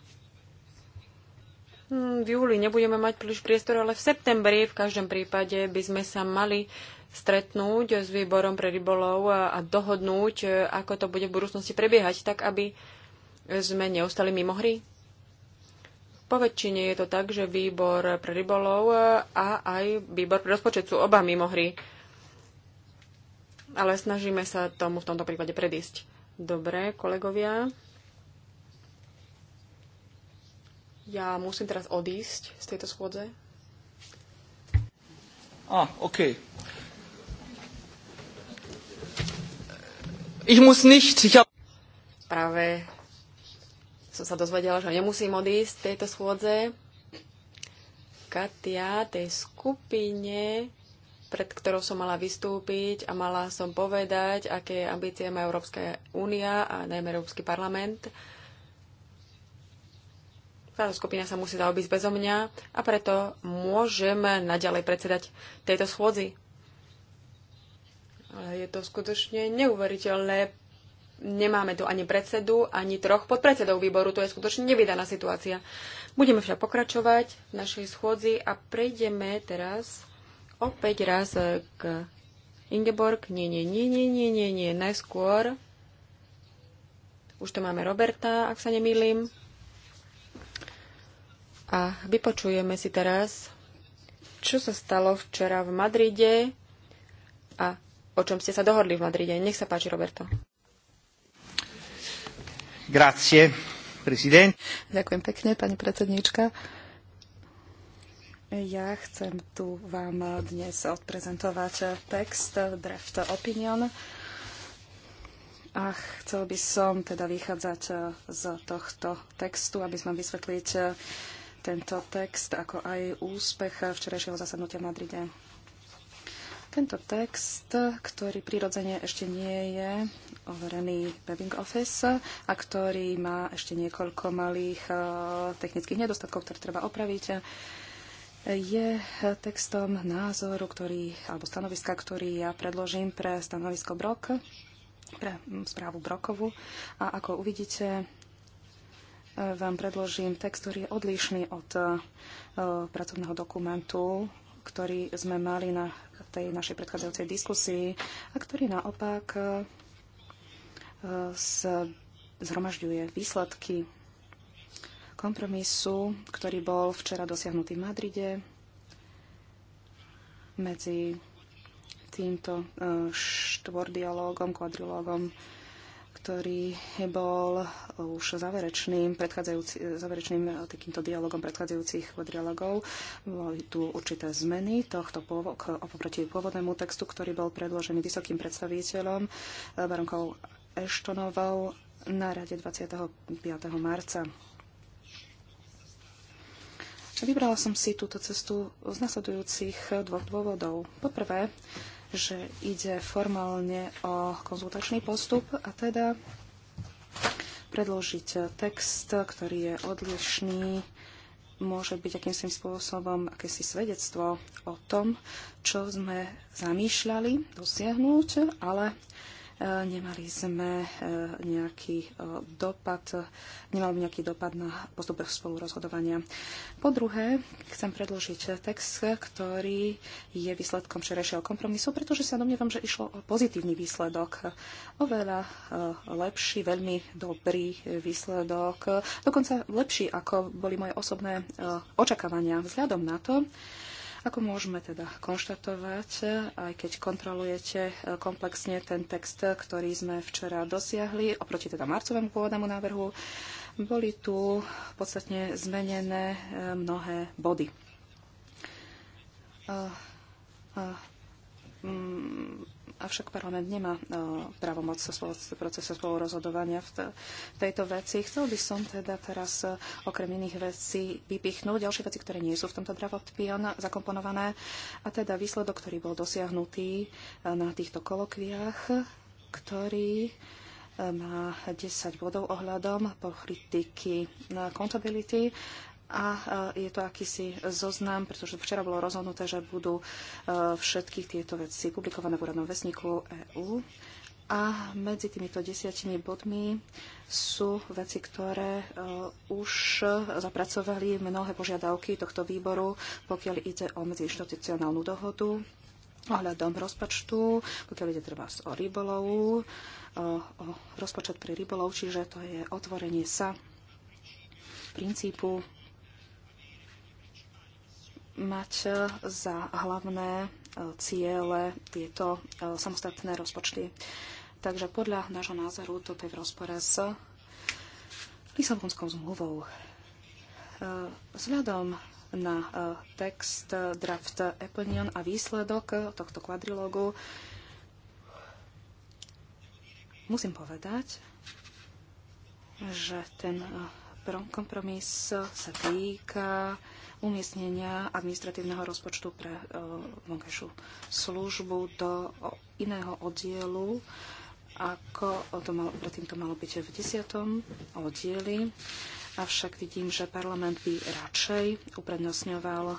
Hm, v júli nebudeme mať príliš priestor, ale v septembri v každom prípade by sme sa mali stretnúť s výborom pre rybolov a dohodnúť, e, ako to bude v budúcnosti prebiehať, tak aby sme neostali mimo hry. Po väčšine je to tak, že výbor pre rybolov e, a aj výbor pre rozpočet sú oba mimo hry. Ale snažíme sa tomu v tomto prípade predísť. Dobre, kolegovia. Ja musím teraz odísť z tejto schôdze. Ah, OK. Ich muss nicht. Ich hab... Práve som sa dozvedela, že nemusím odísť z tejto schôdze. Katia, tej skupine, pred ktorou som mala vystúpiť a mala som povedať, aké ambície má Európska únia a najmä Európsky parlament. Uh, táto skupina sa musí zaobísť bezo mňa a preto môžeme naďalej predsedať tejto schôdzi. Ale je to skutočne neuveriteľné. Nemáme tu ani predsedu, ani troch podpredsedov výboru. To je skutočne nevydaná situácia. Budeme však pokračovať v našej schôdzi a prejdeme teraz opäť raz k Ingeborg. Nie, nie, nie, nie, nie, nie, nie. Najskôr už tu máme Roberta, ak sa nemýlim. A vypočujeme si teraz, čo sa stalo včera v Madride a o čom ste sa dohodli v Madride. Nech sa páči, Roberto. Grazie, prezident. Ďakujem pekne, pani predsedníčka. Ja chcem tu vám dnes odprezentovať text Draft Opinion a chcel by som teda vychádzať z tohto textu, aby sme vysvetliť tento text, ako aj úspech včerajšieho zasadnutia v Madride. Tento text, ktorý prirodzene ešte nie je overený Webbing Office a ktorý má ešte niekoľko malých e, technických nedostatkov, ktoré treba opraviť, je textom názoru, ktorý, alebo stanoviska, ktorý ja predložím pre stanovisko Brok, pre správu Brokovu. A ako uvidíte, vám predložím text, ktorý je odlišný od e, pracovného dokumentu, ktorý sme mali na tej našej predchádzajúcej diskusii a ktorý naopak e, zhromažďuje výsledky kompromisu, ktorý bol včera dosiahnutý v Madride medzi týmto e, štvordialógom, kvadrilógom ktorý bol už záverečným, záverečným e, takýmto dialogom predchádzajúcich dialogov. Boli tu určité zmeny tohto oproti pôvodnému textu, ktorý bol predložený vysokým predstaviteľom e, baronkou Eštonovou na rade 25. marca. Vybrala som si túto cestu z nasledujúcich dvoch dôvodov. Poprvé, že ide formálne o konzultačný postup a teda predložiť text, ktorý je odlišný, môže byť akýmsi spôsobom akési svedectvo o tom, čo sme zamýšľali dosiahnuť, ale Nemali sme e, nejaký e, dopad, nemal nejaký dopad na postup spolurozhodovania. Po druhé, chcem predložiť text, ktorý je výsledkom širejšieho kompromisu, pretože sa domnievam, že išlo o pozitívny výsledok. Oveľa e, lepší, veľmi dobrý výsledok, dokonca lepší, ako boli moje osobné očakávania vzhľadom na to, ako môžeme teda konštatovať, aj keď kontrolujete e, komplexne ten text, ktorý sme včera dosiahli, oproti teda marcovému pôvodnému návrhu, boli tu podstatne zmenené e, mnohé body. mm, Avšak parlament nemá e, právomoc procesu spolurozhodovania v tejto veci. Chcel by som teda teraz e, okrem iných vecí vypichnúť ďalšie veci, ktoré nie sú v tomto dravopion zakomponované. A teda výsledok, ktorý bol dosiahnutý e, na týchto kolokviách, ktorý má 10 bodov ohľadom po na accountability a e, je to akýsi zoznam, pretože včera bolo rozhodnuté, že budú e, všetky tieto veci publikované v úradnom vesníku EÚ. A medzi týmito desiatimi bodmi sú veci, ktoré e, už zapracovali mnohé požiadavky tohto výboru, pokiaľ ide o medziinstitucionálnu dohodu ohľadom rozpočtu, pokiaľ ide treba o rybolovu, o rozpočet pre rybolov, čiže to je otvorenie sa princípu mať e, za hlavné e, ciele tieto e, samostatné rozpočty. Takže podľa nášho názoru toto je v rozpore s Lisabonskou zmluvou. Vzhľadom na text draft Eponion a výsledok tohto kvadrilógu musím povedať, že ten kompromis sa týka umiestnenia administratívneho rozpočtu pre e, vonkajšiu službu do iného oddielu, ako to malo, predtým to malo byť v desiatom oddieli. Avšak vidím, že parlament by radšej uprednostňoval e,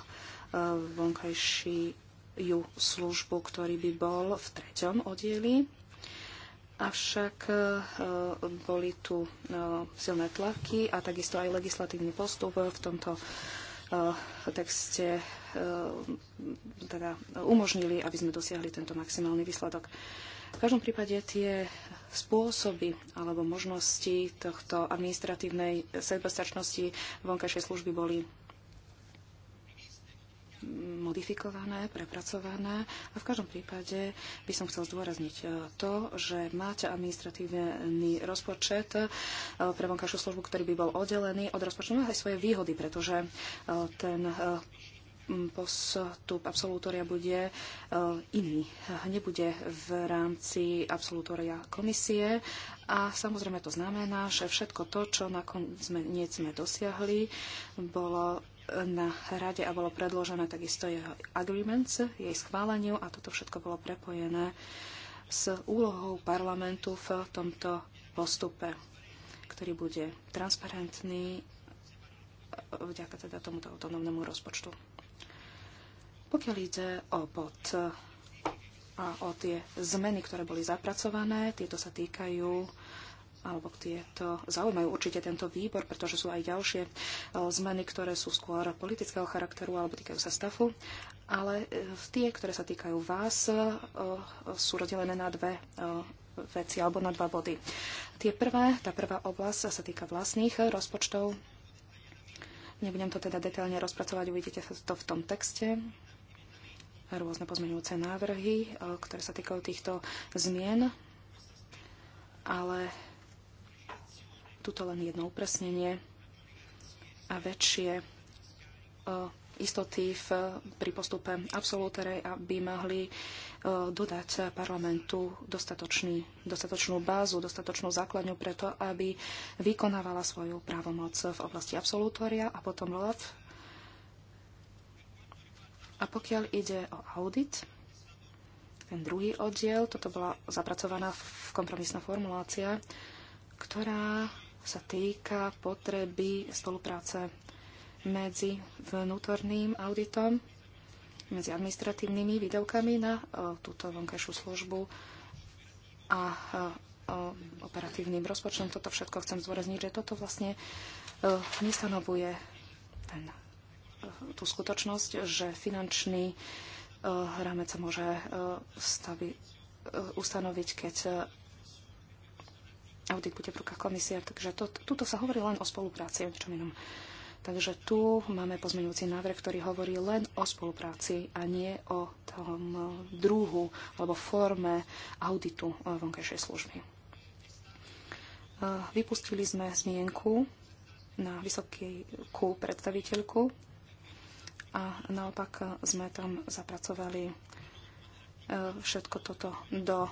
vonkajšiu službu, ktorý by bol v treťom oddieli. Avšak e, boli tu silné tlaky a takisto aj legislatívny postup v tomto ste eh, eh, teda umožnili, aby sme dosiahli tento maximálny výsledok. V každom prípade tie spôsoby alebo možnosti tohto administratívnej sebestačnosti vonkajšej služby boli modifikované, prepracované a v každom prípade by som chcel zdôrazniť e, to, že máte administratívny rozpočet e, pre vonkajšiu službu, ktorý by bol oddelený od rozpočtu. Má aj svoje výhody, pretože e, ten postup absolútoria bude iný. Nebude v rámci absolútoria komisie a samozrejme to znamená, že všetko to, čo nakoniec sme, sme dosiahli, bolo na rade a bolo predložené takisto jeho agreements, jej schváleniu a toto všetko bolo prepojené s úlohou parlamentu v tomto postupe, ktorý bude transparentný vďaka teda tomuto autonómnemu rozpočtu. Pokiaľ ide o bod a o tie zmeny, ktoré boli zapracované, tieto sa týkajú alebo tieto zaujímajú určite tento výbor, pretože sú aj ďalšie e, zmeny, ktoré sú skôr politického charakteru alebo týkajú sa stafu. Ale e, tie, ktoré sa týkajú vás, e, sú rozdelené na dve veci alebo na dva body. Tie prvé, tá prvá oblasť sa týka vlastných rozpočtov. Nebudem to teda detailne rozpracovať, uvidíte to v tom texte rôzne pozmeňujúce návrhy, ktoré sa týkajú týchto zmien ale Tuto len jedno upresnenie a väčšie e, istoty v, pri postupe absolútorej, aby mohli e, dodať parlamentu dostatočný, dostatočnú bázu, dostatočnú základňu preto, aby vykonávala svoju právomoc v oblasti absolútória a potom LOV. A pokiaľ ide o audit, ten druhý oddiel, toto bola zapracovaná v kompromisná formulácia, ktorá sa týka potreby spolupráce medzi vnútorným auditom, medzi administratívnymi výdavkami na e, túto vonkajšiu službu a e, operatívnym rozpočtom. Toto všetko chcem zdôrazniť, že toto vlastne e, nestanovuje ten, tú skutočnosť, že finančný rámec sa môže stavi, ustanoviť, keď audit bude v rukách komisie, takže to, tuto sa hovorí len o spolupráci, o ničom inom. Takže tu máme pozmeňujúci návrh, ktorý hovorí len o spolupráci a nie o tom druhu alebo forme auditu eh, vonkajšej služby. Eh, vypustili sme zmienku na vysokú predstaviteľku a naopak sme tam zapracovali eh, všetko toto do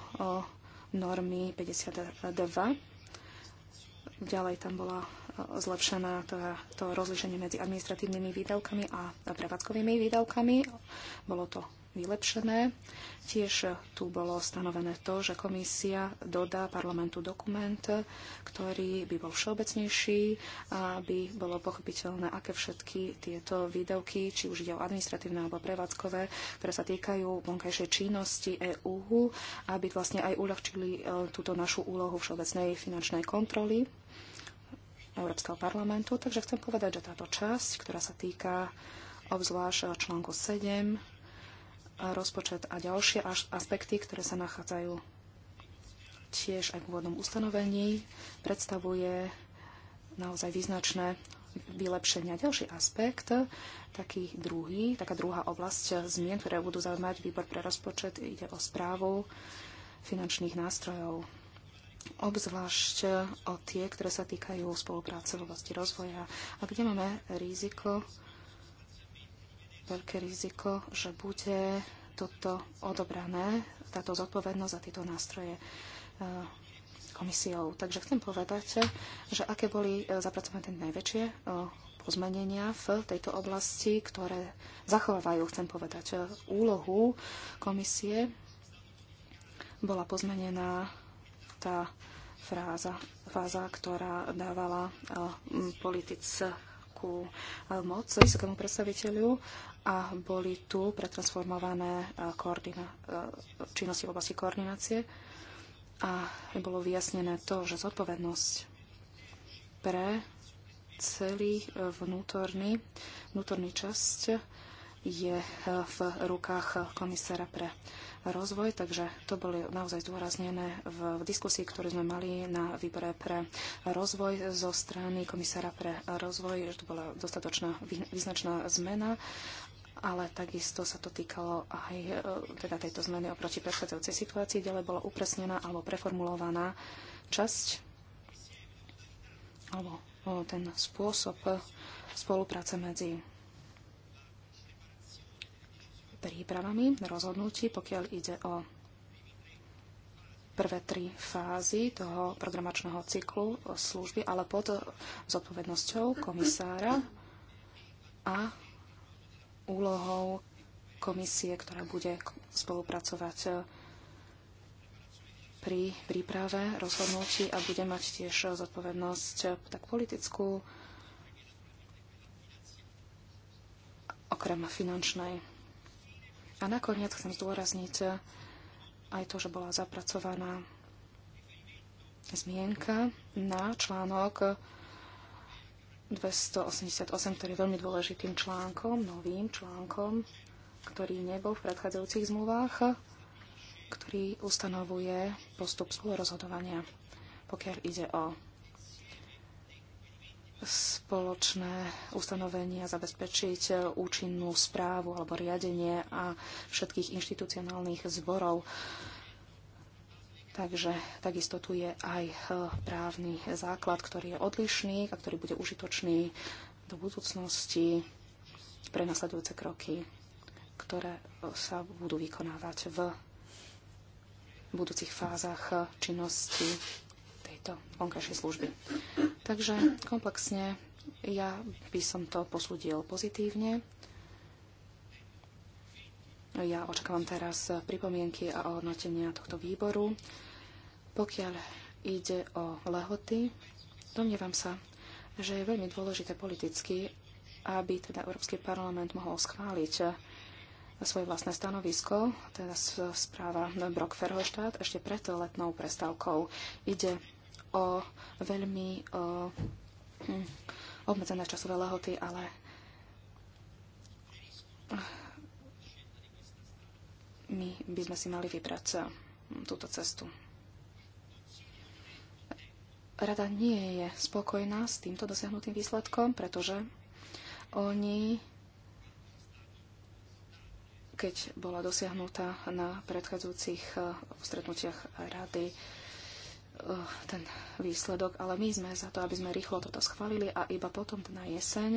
normy 52. Ďalej tam bola e, zlepšená to, to rozlišenie medzi administratívnymi výdavkami a prevádzkovými výdavkami. Bolo to vylepšené. Tiež tu bolo stanovené to, že komisia dodá parlamentu dokument, ktorý by bol všeobecnejší, aby bolo pochopiteľné, aké všetky tieto výdavky, či už ide o administratívne alebo prevádzkové, ktoré sa týkajú vonkajšej činnosti EÚ, aby vlastne aj uľahčili e, túto našu úlohu všeobecnej finančnej kontroly Európskeho parlamentu. Takže chcem povedať, že táto časť, ktorá sa týka obzvlášť článku 7 rozpočet a ďalšie aspekty, ktoré sa nachádzajú tiež aj v úvodnom ustanovení, predstavuje naozaj význačné vylepšenia. Ďalší aspekt, taký druhý, taká druhá oblasť zmien, ktoré budú zaujímať výbor pre rozpočet, ide o správu finančných nástrojov. Obzvlášť o tie, ktoré sa týkajú spolupráce v oblasti rozvoja a kde máme riziko veľké riziko, že bude toto odobrané, táto zodpovednosť za tieto nástroje e, komisiou. Takže chcem povedať, že aké boli e, zapracované najväčšie e, pozmenenia v tejto oblasti, ktoré zachovávajú, chcem povedať, úlohu komisie. Bola pozmenená tá fráza, fáza, ktorá dávala politické vysokú e, moc, vysokému predstaviteľu a boli tu pretransformované e, e, činnosti v oblasti koordinácie a bolo vyjasnené to, že zodpovednosť pre celý vnútorný, vnútorný časť je v rukách komisára pre rozvoj, takže to boli naozaj zdôraznené v, diskusii, ktorú sme mali na výbore pre rozvoj zo strany komisára pre rozvoj, že to bola dostatočná význačná zmena ale takisto sa to týkalo aj e, teda tejto zmeny oproti predchádzajúcej situácii, ďalej bola upresnená alebo preformulovaná časť alebo ten spôsob spolupráce medzi prípravami rozhodnutí, pokiaľ ide o prvé tri fázy toho programačného cyklu služby, ale pod zodpovednosťou komisára a úlohou komisie, ktorá bude spolupracovať pri príprave rozhodnutí a bude mať tiež zodpovednosť tak politickú, okrem finančnej. A nakoniec chcem zdôrazniť aj to, že bola zapracovaná zmienka na článok 288, ktorý je veľmi dôležitým článkom, novým článkom, ktorý nebol v predchádzajúcich zmluvách, ktorý ustanovuje postup spolurozhodovania, pokiaľ ide o spoločné ustanovenia zabezpečiť účinnú správu alebo riadenie a všetkých inštitucionálnych zborov. Takže takisto tu je aj e, právny základ, ktorý je odlišný a ktorý bude užitočný do budúcnosti pre nasledujúce kroky, ktoré e, sa budú vykonávať v budúcich fázach e, činnosti tejto vonkajšie služby. Takže komplexne ja by som to posúdil pozitívne. Ja očakávam teraz pripomienky a ohodnotenia tohto výboru. Pokiaľ ide o lehoty, domnievam sa, že je veľmi dôležité politicky, aby teda Európsky parlament mohol schváliť svoje vlastné stanovisko, teda správa Brock Ferhoštát ešte preto letnou prestávkou. Ide o veľmi o, hm, obmedzené časové lehoty, ale my by sme si mali vybrať hm, túto cestu. Rada nie je spokojná s týmto dosiahnutým výsledkom, pretože oni, keď bola dosiahnutá na predchádzajúcich hm, stretnutiach rady, Eh, ten výsledok, ale my sme za to, aby sme rýchlo toto schválili a iba potom na jeseň,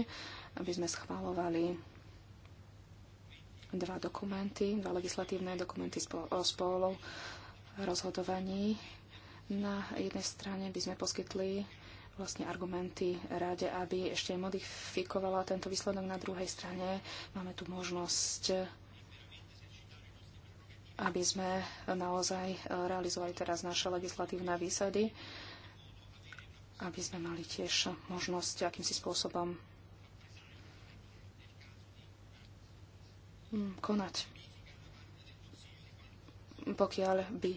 aby sme schválovali dva dokumenty, dva legislatívne dokumenty o spolu rozhodovaní. Na jednej strane by sme poskytli vlastne argumenty rade, aby ešte modifikovala tento výsledok. Na druhej strane máme tu možnosť aby sme naozaj e, realizovali teraz naše legislatívne výsady, aby sme mali tiež možnosť akýmsi spôsobom mm, konať pokiaľ by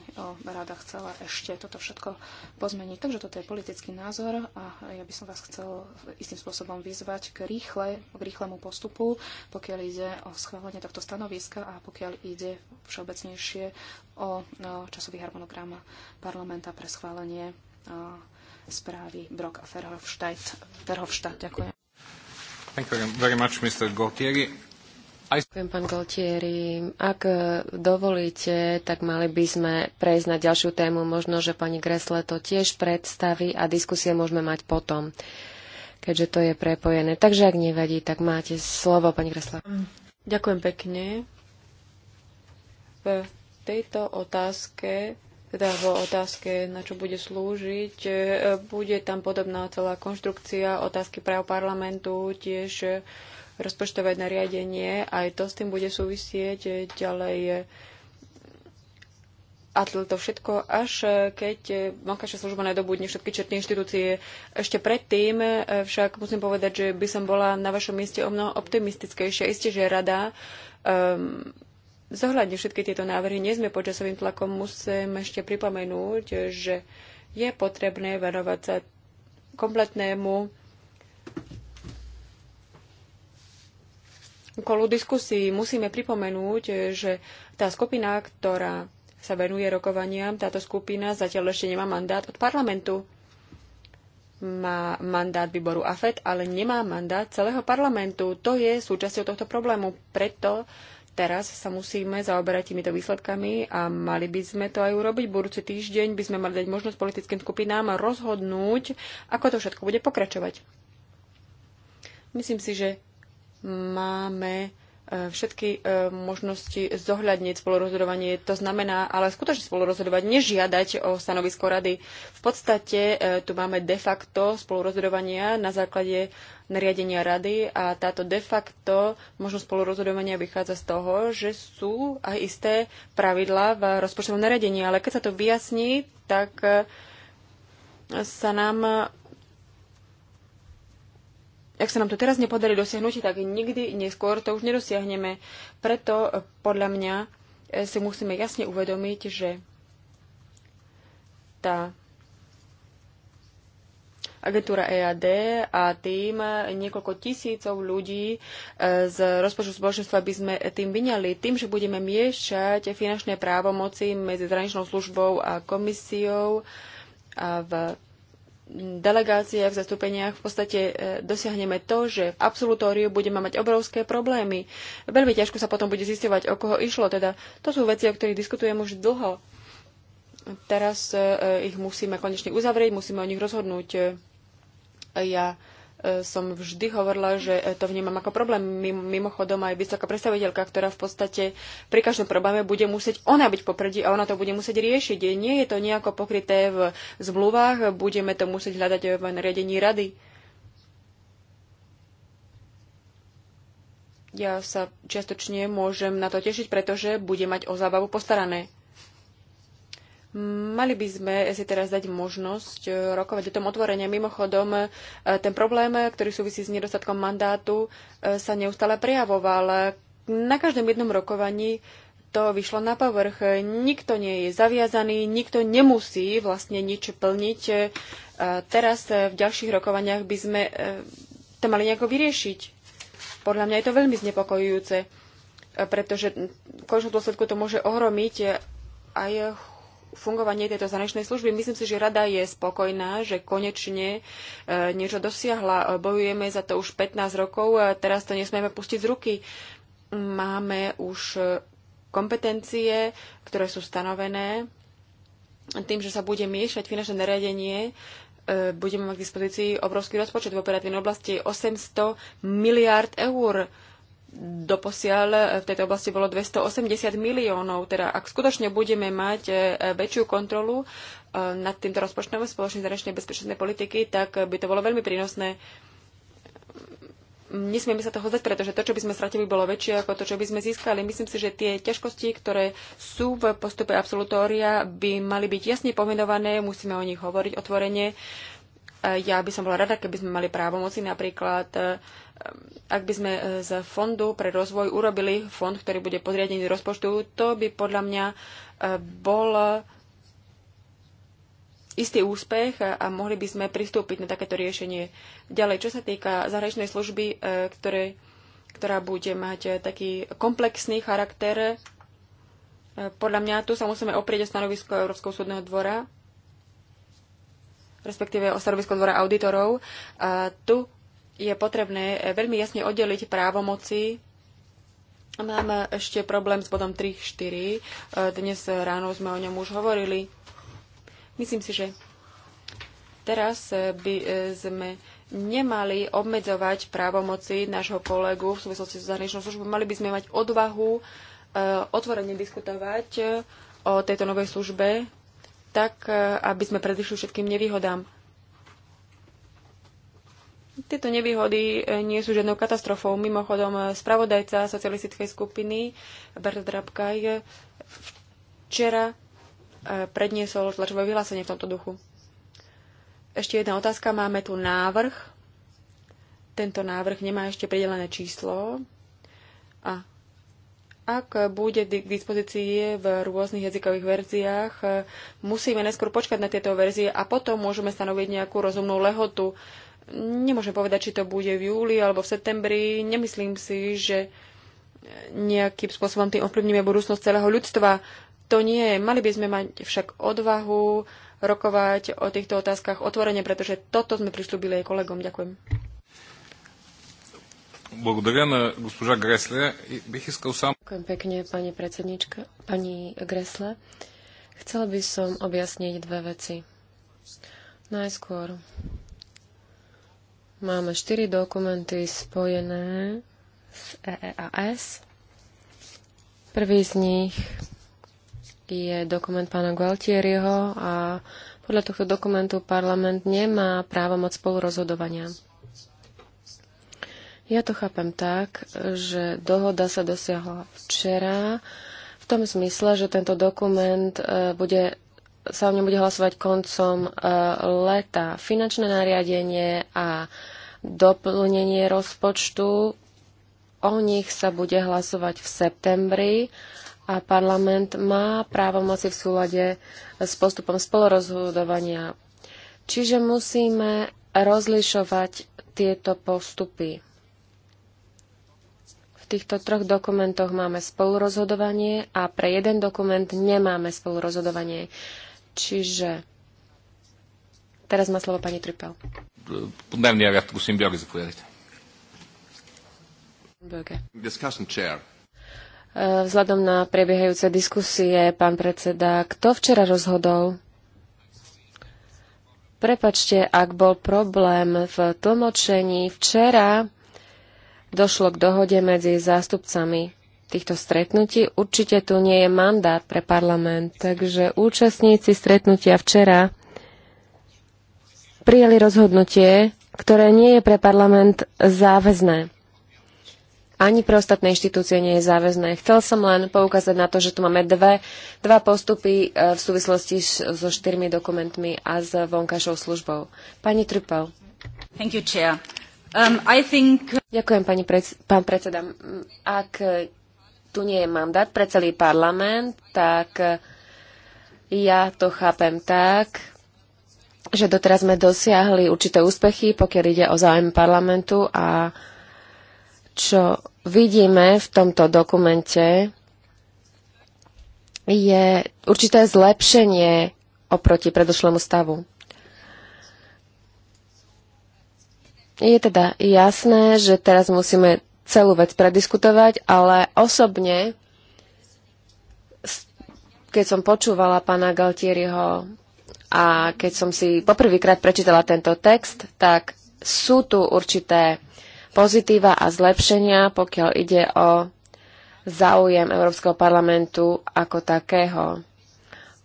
rada chcela ešte toto všetko pozmeniť. Takže toto je politický názor a ja by som vás chcel istým spôsobom vyzvať k, rýchle, k rýchlemu postupu, pokiaľ ide o schválenie tohto stanoviska a pokiaľ ide všeobecnejšie o no, časový harmonogram parlamenta pre schválenie správy Brok a Verhofstadt. Verhofstadt ďakujem. Thank you very much, Mr. Gautieri. Ďakujem, pán Galtieri. Ak e, dovolíte, tak mali by sme prejsť na ďalšiu tému. Možno, že pani Gresle to tiež predstaví a diskusie môžeme mať potom, keďže to je prepojené. Takže ak nevadí, tak máte slovo, pani Gresle. Ďakujem pekne. V tejto otázke teda vo otázke, na čo bude slúžiť. E, bude tam podobná celá konštrukcia otázky práv parlamentu, tiež rozpočtové nariadenie, aj to s tým bude súvisieť ďalej. A to všetko, až keď bankačná služba nedobudne všetky čertné inštitúcie. Ešte predtým však musím povedať, že by som bola na vašom mieste o mnoho optimistickejšia. Isté, že rada um, zohľadne všetky tieto návrhy. Nie sme pod časovým tlakom. Musím ešte pripomenúť, že je potrebné venovať sa kompletnému kolu diskusii Musíme pripomenúť, že tá skupina, ktorá sa venuje rokovaniam, táto skupina zatiaľ ešte nemá mandát od parlamentu. Má mandát výboru AFET, ale nemá mandát celého parlamentu. To je súčasťou tohto problému. Preto teraz sa musíme zaoberať týmito výsledkami a mali by sme to aj urobiť. Budúci týždeň by sme mali dať možnosť politickým skupinám rozhodnúť, ako to všetko bude pokračovať. Myslím si, že máme e, všetky e, možnosti zohľadniť spolurozhodovanie. To znamená ale skutočne spolurozhodovať, nežiadať o stanovisko rady. V podstate e, tu máme de facto spolurozhodovania na základe nariadenia rady a táto de facto možnosť spolurozhodovania vychádza z toho, že sú aj isté pravidlá v rozpočtovom nariadení, ale keď sa to vyjasní, tak sa nám ak sa nám to teraz nepodarí dosiahnuť, tak nikdy neskôr to už nedosiahneme. Preto podľa mňa eh, si musíme jasne uvedomiť, že tá agentúra EAD a tým niekoľko tisícov ľudí eh, z rozpočtu spoločenstva by sme tým vyňali. Tým, že budeme miešať finančné právomoci medzi zraničnou službou a komisiou a v delegáciách, v zastúpeniach v podstate e, dosiahneme to, že v absolutóriu budeme mať obrovské problémy. Veľmi ťažko sa potom bude zistovať, o koho išlo. Teda to sú veci, o ktorých diskutujem už dlho. Teraz e, e, ich musíme konečne uzavrieť, musíme o nich rozhodnúť. Ja som vždy hovorila, že to vnímam ako problém. Mimochodom aj vysoká predstaviteľka, ktorá v podstate pri každom probléme bude musieť ona byť popredí a ona to bude musieť riešiť. Nie je to nejako pokryté v zmluvách, budeme to musieť hľadať v nariadení rady. Ja sa čiastočne môžem na to tešiť, pretože bude mať o zábavu postarané. Mali by sme si teraz dať možnosť eh, rokovať o tom otvorene. Mimochodom, eh, ten problém, eh, ktorý súvisí s nedostatkom mandátu, sa neustále prejavoval. Na každom jednom rokovaní to vyšlo na povrch. Nikto nie je zaviazaný, nikto nemusí vlastne nič plniť. Teraz v ďalších rokovaniach by sme to mali nejako vyriešiť. Podľa mňa je to veľmi znepokojujúce, pretože v končnom dôsledku to môže ohromiť aj fungovanie tejto zahraničnej služby. Myslím si, že rada je spokojná, že konečne e, niečo dosiahla. Bojujeme za to už 15 rokov, a e, teraz to nesmieme pustiť z ruky. Máme už e, kompetencie, ktoré sú stanovené. Tým, že sa bude miešať finančné nariadenie, budeme mať k dispozícii obrovský rozpočet v operatívnej oblasti 800 miliárd eur doposiaľ v tejto oblasti bolo 280 miliónov. Teda ak skutočne budeme mať e, väčšiu kontrolu e, nad týmto rozpočtom spoločnej zahraničnej bezpečnostnej politiky, tak by to bolo veľmi prínosné. Nesmieme sa toho zdať, pretože to, čo by sme stratili, bolo väčšie ako to, čo by sme získali. Myslím si, že tie ťažkosti, ktoré sú v postupe absolutória, by mali byť jasne pomenované, musíme o nich hovoriť otvorene. E, ja by som bola rada, keby sme mali právomoci napríklad ak by sme e, z fondu pre rozvoj urobili fond, ktorý bude podriadený rozpočtu, to by podľa mňa e, bol istý úspech a mohli by sme pristúpiť na takéto riešenie. Ďalej, čo sa týka zahraničnej služby, e, ktoré, ktorá bude mať taký komplexný charakter, podľa mňa tu sa musíme oprieť o stanovisko Európskeho súdneho dvora, respektíve o stanovisko dvora auditorov. A tu je potrebné eh, veľmi jasne oddeliť právomoci. Mám eh, ešte problém s bodom 3.4. Eh, dnes ráno sme o ňom už hovorili. Myslím si, že teraz by sme nemali obmedzovať právomoci nášho kolegu v súvislosti s zahraničnou službou. Mali by sme mať odvahu otvorene diskutovať o tejto novej službe, tak aby sme predišli všetkým nevýhodám. Tieto nevýhody e, nie sú žiadnou katastrofou. Mimochodom, e, spravodajca socialistickej skupiny Bert Drabkaj e, včera predniesol tlačové vyhlásenie v tomto duchu. Ešte jedna otázka. Máme tu návrh. Tento návrh nemá ešte pridelené číslo. A ak bude k dispozícii v rôznych jazykových verziách, musíme neskôr počkať na tieto verzie a potom môžeme stanoviť nejakú rozumnú lehotu Nemôžem povedať, či to bude v júli alebo v septembri. Nemyslím si, že nejakým spôsobom tým ovplyvníme budúcnosť celého ľudstva. To nie. Mali by sme mať však odvahu rokovať o týchto otázkach otvorene, pretože toto sme prislúbili aj kolegom. Ďakujem. Благодаря на госпожа Гресле. Бих искал сам... Ďakujem pekne, pani predsednička, pani Gresle. Chcela by som objasniť dve veci. Najskôr, Máme štyri dokumenty spojené s EEAS. Prvý z nich je dokument pána Gualtieriho a podľa tohto dokumentu parlament nemá právomoc spolurozhodovania. Ja to chápem tak, že dohoda sa dosiahla včera v tom zmysle, že tento dokument e, bude sa o ňom bude hlasovať koncom eh, leta. Finančné nariadenie a doplnenie rozpočtu, o nich sa bude hlasovať v septembri a parlament má právomoci v súlade s postupom spolorozhodovania. Čiže musíme rozlišovať tieto postupy. V týchto troch dokumentoch máme spolurozhodovanie a pre jeden dokument nemáme spolurozhodovanie. Čiže teraz má slovo pani Trypel. Dnevný riad musím Björge zapovedať. Discussion chair. E, vzhľadom na prebiehajúce diskusie, pán predseda, kto včera rozhodol? Prepačte, ak bol problém v tlmočení. Včera došlo k dohode medzi zástupcami týchto stretnutí. Určite tu nie je mandát pre parlament, takže účastníci stretnutia včera prijali rozhodnutie, ktoré nie je pre parlament záväzné. Ani pre ostatné inštitúcie nie je záväzné. Chcel som len poukázať na to, že tu máme dve, dva postupy e, v súvislosti so štyrmi dokumentmi a s vonkajšou službou. Pani Trupel. Thank you, chair. Um, think... Ďakujem, pani pred, pán predseda. Ak tu nie je mandát pre celý parlament, tak ja to chápem tak, že doteraz sme dosiahli určité úspechy, pokiaľ ide o záujem parlamentu a čo vidíme v tomto dokumente je určité zlepšenie oproti predošlému stavu. Je teda jasné, že teraz musíme celú vec prediskutovať, ale osobne, keď som počúvala pána Galtieriho a keď som si poprvýkrát prečítala tento text, tak sú tu určité pozitíva a zlepšenia, pokiaľ ide o záujem Európskeho parlamentu ako takého.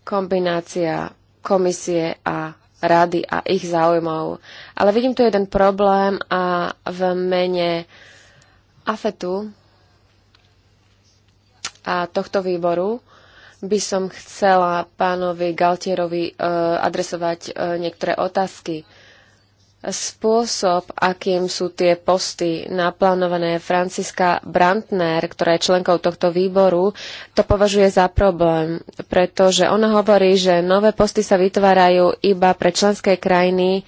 Kombinácia komisie a rady a ich záujmov. Ale vidím tu jeden problém a v mene AFETu a tohto výboru by som chcela pánovi Galtierovi e, adresovať e, niektoré otázky. Spôsob, akým sú tie posty naplánované Franciska Brantner, ktorá je členkou tohto výboru, to považuje za problém, pretože ona hovorí, že nové posty sa vytvárajú iba pre členské krajiny,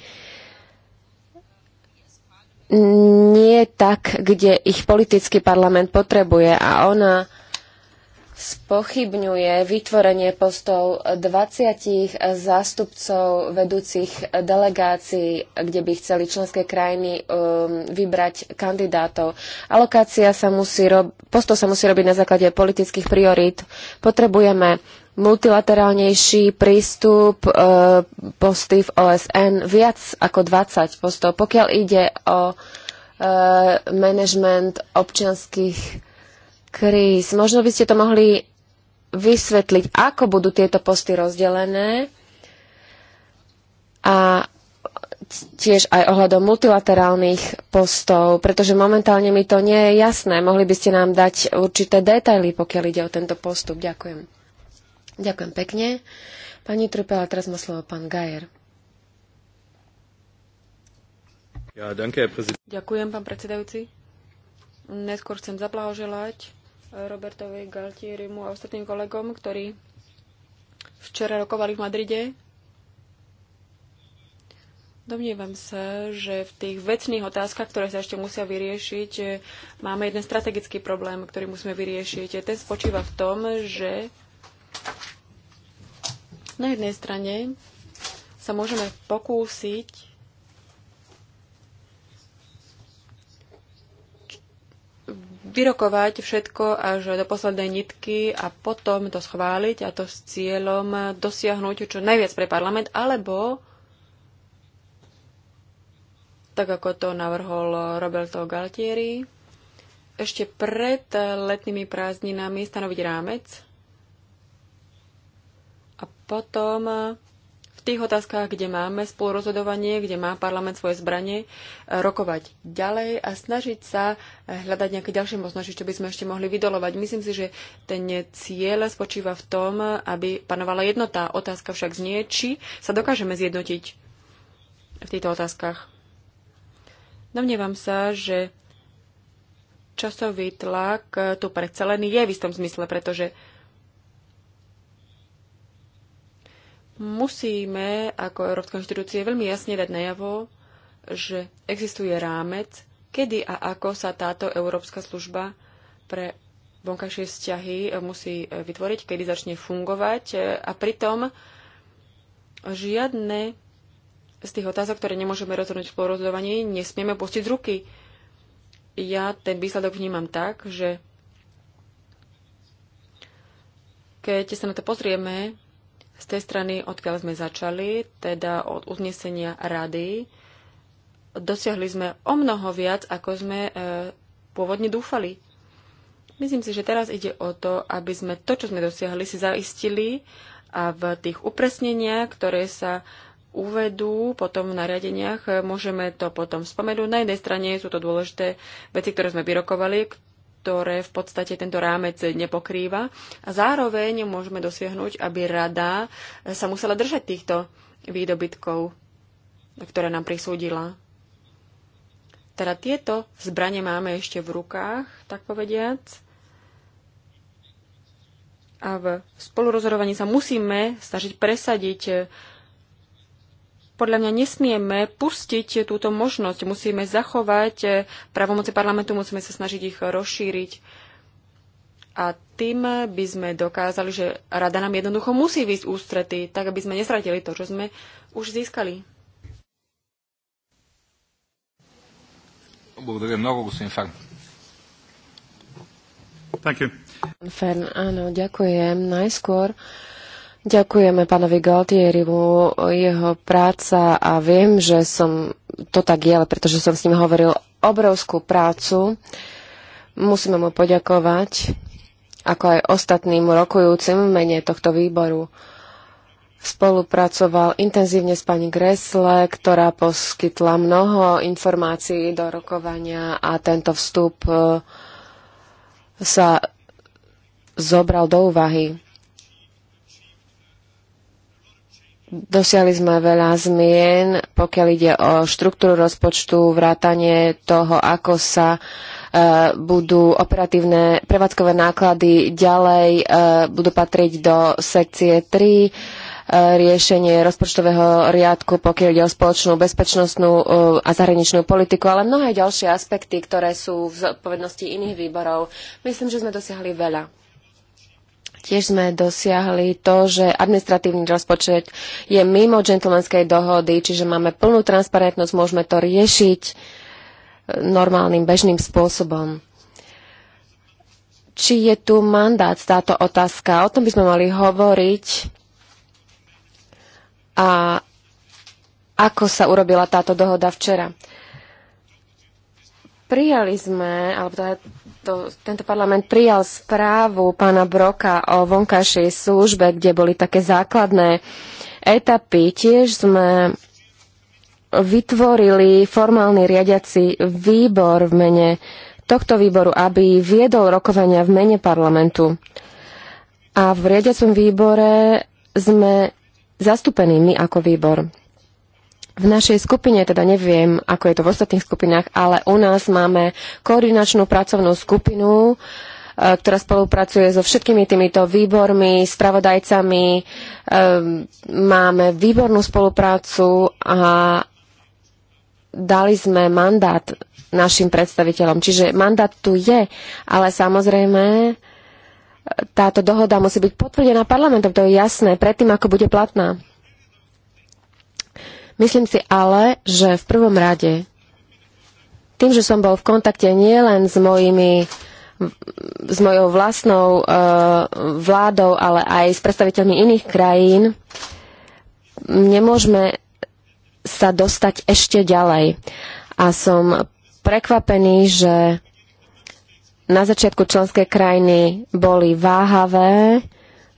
nie tak, kde ich politický parlament potrebuje a ona spochybňuje vytvorenie postov 20 zástupcov vedúcich delegácií, kde by chceli členské krajiny um, vybrať kandidátov. Alokácia sa musí rob- postov sa musí robiť na základe politických priorít. Potrebujeme multilaterálnejší prístup, e, posty v OSN, viac ako 20 postov. Pokiaľ ide o e, management občianských kríz, možno by ste to mohli vysvetliť, ako budú tieto posty rozdelené a tiež aj ohľadom multilaterálnych postov, pretože momentálne mi to nie je jasné. Mohli by ste nám dať určité detaily, pokiaľ ide o tento postup. Ďakujem. Ďakujem pekne. Pani Trupela, teraz má slovo pán Gajer. Ja, danke, Ďakujem, pán predsedajúci. Neskôr chcem zablahoželať Robertovi Galtierimu a ostatným kolegom, ktorí včera rokovali v Madride. Domnievam sa, že v tých vecných otázkach, ktoré sa ešte musia vyriešiť, máme jeden strategický problém, ktorý musíme vyriešiť. Ten spočíva v tom, že na jednej strane sa môžeme pokúsiť vyrokovať všetko až do poslednej nitky a potom to schváliť a to s cieľom dosiahnuť čo najviac pre parlament, alebo tak ako to navrhol Roberto Galtieri, ešte pred letnými prázdninami stanoviť rámec potom e, v tých otázkach, kde máme spolurozhodovanie, kde má parlament svoje zbranie, e, rokovať ďalej a snažiť sa e, hľadať nejaké ďalšie možnosti, čo by sme ešte mohli vydolovať. Myslím si, že ten cieľ spočíva v tom, aby panovala jednota. Otázka však znie, či sa dokážeme zjednotiť v týchto otázkach. Domnievam sa, že časový tlak tu predsa len je v istom zmysle, pretože musíme ako Európska inštitúcie veľmi jasne dať najavo, že existuje rámec, kedy a ako sa táto Európska služba pre vonkajšie vzťahy musí vytvoriť, kedy začne fungovať a pritom žiadne z tých otázok, ktoré nemôžeme rozhodnúť v porozhodovaní, nesmieme pustiť z ruky. Ja ten výsledok vnímam tak, že keď sa na to pozrieme z tej strany, odkiaľ sme začali, teda od uznesenia rady, dosiahli sme o mnoho viac, ako sme e, pôvodne dúfali. Myslím si, že teraz ide o to, aby sme to, čo sme dosiahli, si zaistili a v tých upresneniach, ktoré sa uvedú potom v nariadeniach, e, môžeme to potom spomenúť. Na jednej strane sú to dôležité veci, ktoré sme vyrokovali, ktoré v podstate tento rámec nepokrýva. A zároveň môžeme dosiahnuť, aby rada sa musela držať týchto výdobytkov, ktoré nám prisúdila. Teda tieto zbranie máme ešte v rukách, tak povediac. A v spolurozhodovaní sa musíme snažiť presadiť podľa mňa nesmieme pustiť túto možnosť. Musíme zachovať eh, pravomoci parlamentu, musíme sa snažiť ich rozšíriť. A tým by sme dokázali, že rada nám jednoducho musí výjsť ústrety, tak aby sme nesratili to, čo sme už získali. Ďakujem много, господин Фарм. Thank you. Fern, áno, ďakujem. Najskôr uh, Ďakujeme pánovi Galtierimu. Jeho práca a viem, že som to tak je, ale pretože som s ním hovoril obrovskú prácu. Musíme mu poďakovať, ako aj ostatným rokujúcim v mene tohto výboru. Spolupracoval intenzívne s pani Gresle, ktorá poskytla mnoho informácií do rokovania a tento vstup e, sa zobral do úvahy. Dosiali sme veľa zmien, pokiaľ ide o štruktúru rozpočtu, vrátanie toho, ako sa e, budú operatívne prevádzkové náklady ďalej, e, budú patriť do sekcie 3, e, riešenie rozpočtového riadku, pokiaľ ide o spoločnú bezpečnostnú a zahraničnú politiku, ale mnohé ďalšie aspekty, ktoré sú v zodpovednosti iných výborov. Myslím, že sme dosiahli veľa. Tiež sme dosiahli to, že administratívny rozpočet je mimo džentlmenskej dohody, čiže máme plnú transparentnosť, môžeme to riešiť e, normálnym, bežným spôsobom. Či je tu mandát táto otázka? O tom by sme mali hovoriť. A ako sa urobila táto dohoda včera? Prijali sme, alebo teda táto, tento parlament prijal správu pána Broka o vonkajšej službe, kde boli také základné etapy. Tiež sme vytvorili formálny riadiaci výbor v mene tohto výboru, aby viedol rokovania v mene parlamentu. A v riadiacom výbore sme zastúpení my ako výbor v našej skupine, teda neviem, ako je to v ostatných skupinách, ale u nás máme koordinačnú pracovnú skupinu, e, ktorá spolupracuje so všetkými týmito výbormi, spravodajcami. E, máme výbornú spoluprácu a dali sme mandát našim predstaviteľom. Čiže mandát tu je, ale samozrejme táto dohoda musí byť potvrdená parlamentom, to je jasné, predtým ako bude platná. Myslím si ale, že v prvom rade, tým, že som bol v kontakte nielen s mojimi s mojou vlastnou e, vládou, ale aj s predstaviteľmi iných krajín, nemôžeme sa dostať ešte ďalej. A som prekvapený, že na začiatku členské krajiny boli váhavé,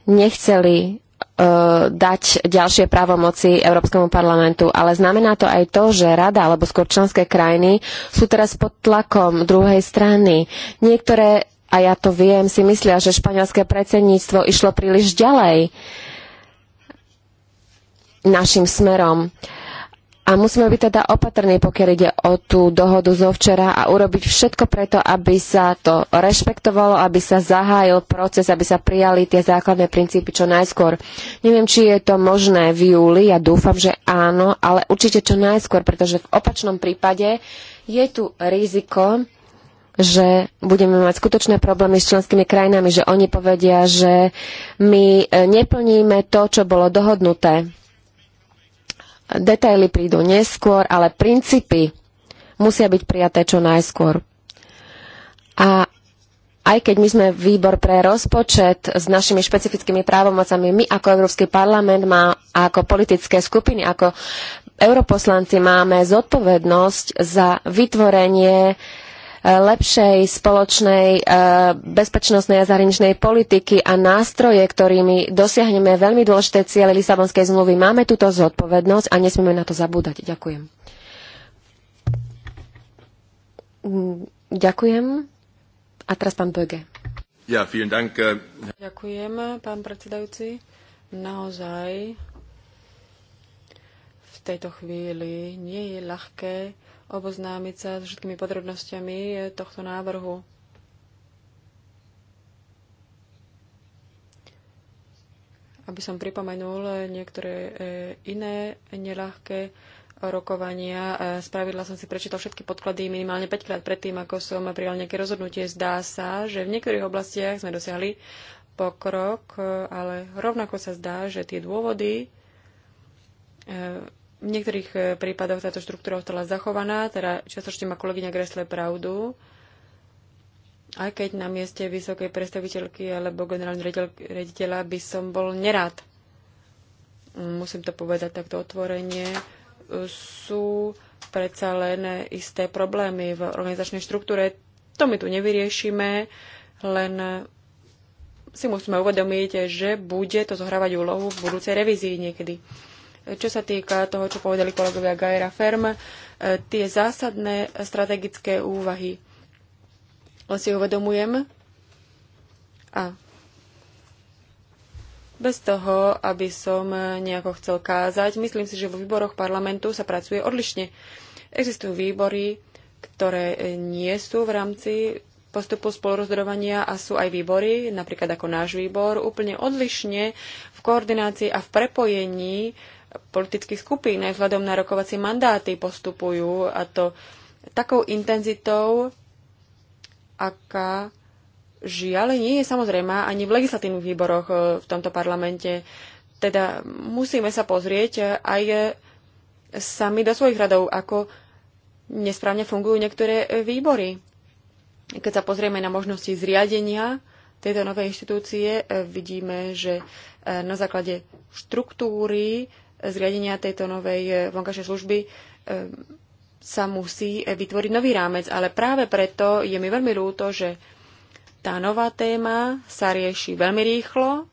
nechceli E, dať ďalšie právomoci Európskemu parlamentu, ale znamená to aj to, že rada alebo skôr členské krajiny sú teraz pod tlakom druhej strany. Niektoré, a ja to viem, si myslia, že španielské predsedníctvo išlo príliš ďalej našim smerom. Uh, a musíme byť teda opatrní, pokiaľ ide o tú dohodu zo včera a urobiť všetko preto, aby sa to rešpektovalo, aby sa zahájil proces, aby sa prijali tie základné princípy čo najskôr. Neviem, či je to možné v júli, ja dúfam, že áno, ale určite čo najskôr, pretože v opačnom prípade je tu riziko, že budeme mať skutočné problémy s členskými krajinami, že oni povedia, že my neplníme to, čo bolo dohodnuté Detaily prídu neskôr, ale princípy musia byť prijaté čo najskôr. A aj keď my sme výbor pre rozpočet s našimi špecifickými právomocami, my ako Európsky parlament má, ako politické skupiny, ako europoslanci máme zodpovednosť za vytvorenie lepšej spoločnej e, bezpečnostnej a zahraničnej politiky a nástroje, ktorými dosiahneme veľmi dôležité ciele Lisabonskej zmluvy. Máme túto zodpovednosť a nesmieme na to zabúdať. Ďakujem. Mm, ďakujem. A teraz pán Böge. Ja, vielen Dank. Äh, ďakujem, pán predsedajúci. Naozaj v tejto chvíli nie je ľahké oboznámiť sa s všetkými podrobnosťami tohto návrhu. Aby som pripomenul niektoré e, iné neľahké rokovania. Spravidla e, som si prečítal všetky podklady minimálne 5 krát predtým, ako som prijal nejaké rozhodnutie. Zdá sa, že v niektorých oblastiach sme dosiahli pokrok, e, ale rovnako sa zdá, že tie dôvody v niektorých e, prípadoch táto štruktúra ostala zachovaná, teda častočne má kolegyňa Gressle pravdu, aj keď na mieste vysokej predstaviteľky alebo generálneho rediteľa by som bol nerád. Musím to povedať takto otvorenie. Sú predsa len isté problémy v organizačnej štruktúre. To my tu nevyriešime, len si musíme uvedomiť, že bude to zohrávať úlohu v budúcej revízii niekedy. Čo sa týka toho, čo povedali kolegovia Gajera Ferm, e, tie zásadné strategické úvahy si uvedomujem a bez toho, aby som nejako chcel kázať, myslím si, že vo výboroch parlamentu sa pracuje odlišne. Existujú výbory, ktoré nie sú v rámci postupu spolurozhodovania a sú aj výbory, napríklad ako náš výbor, úplne odlišne v koordinácii a v prepojení politických skupín aj vzhľadom na rokovacie mandáty postupujú a to takou intenzitou, aká žiaľ nie je samozrejme ani v legislatívnych výboroch e, v tomto parlamente. Teda musíme sa pozrieť aj sami do svojich radov, ako nesprávne fungujú niektoré výbory. Keď sa pozrieme na možnosti zriadenia tejto novej inštitúcie, e, vidíme, že e, na základe štruktúry zriadenia tejto novej eh, vonkajšej služby eh, sa musí eh, vytvoriť nový rámec, ale práve preto je mi veľmi ľúto, že tá nová téma sa rieši veľmi rýchlo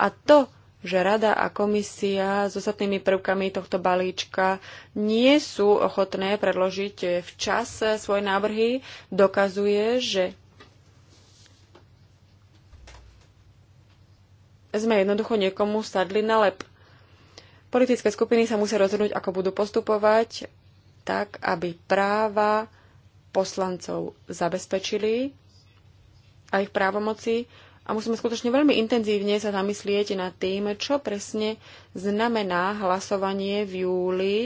a to, že Rada a komisia s ostatnými prvkami tohto balíčka nie sú ochotné predložiť včas svoje návrhy, dokazuje, že sme jednoducho niekomu sadli na lep. Politické skupiny sa musia rozhodnúť, ako budú postupovať, tak, aby práva poslancov zabezpečili a ich právomoci a musíme skutočne veľmi intenzívne sa zamyslieť nad tým, čo presne znamená hlasovanie v júli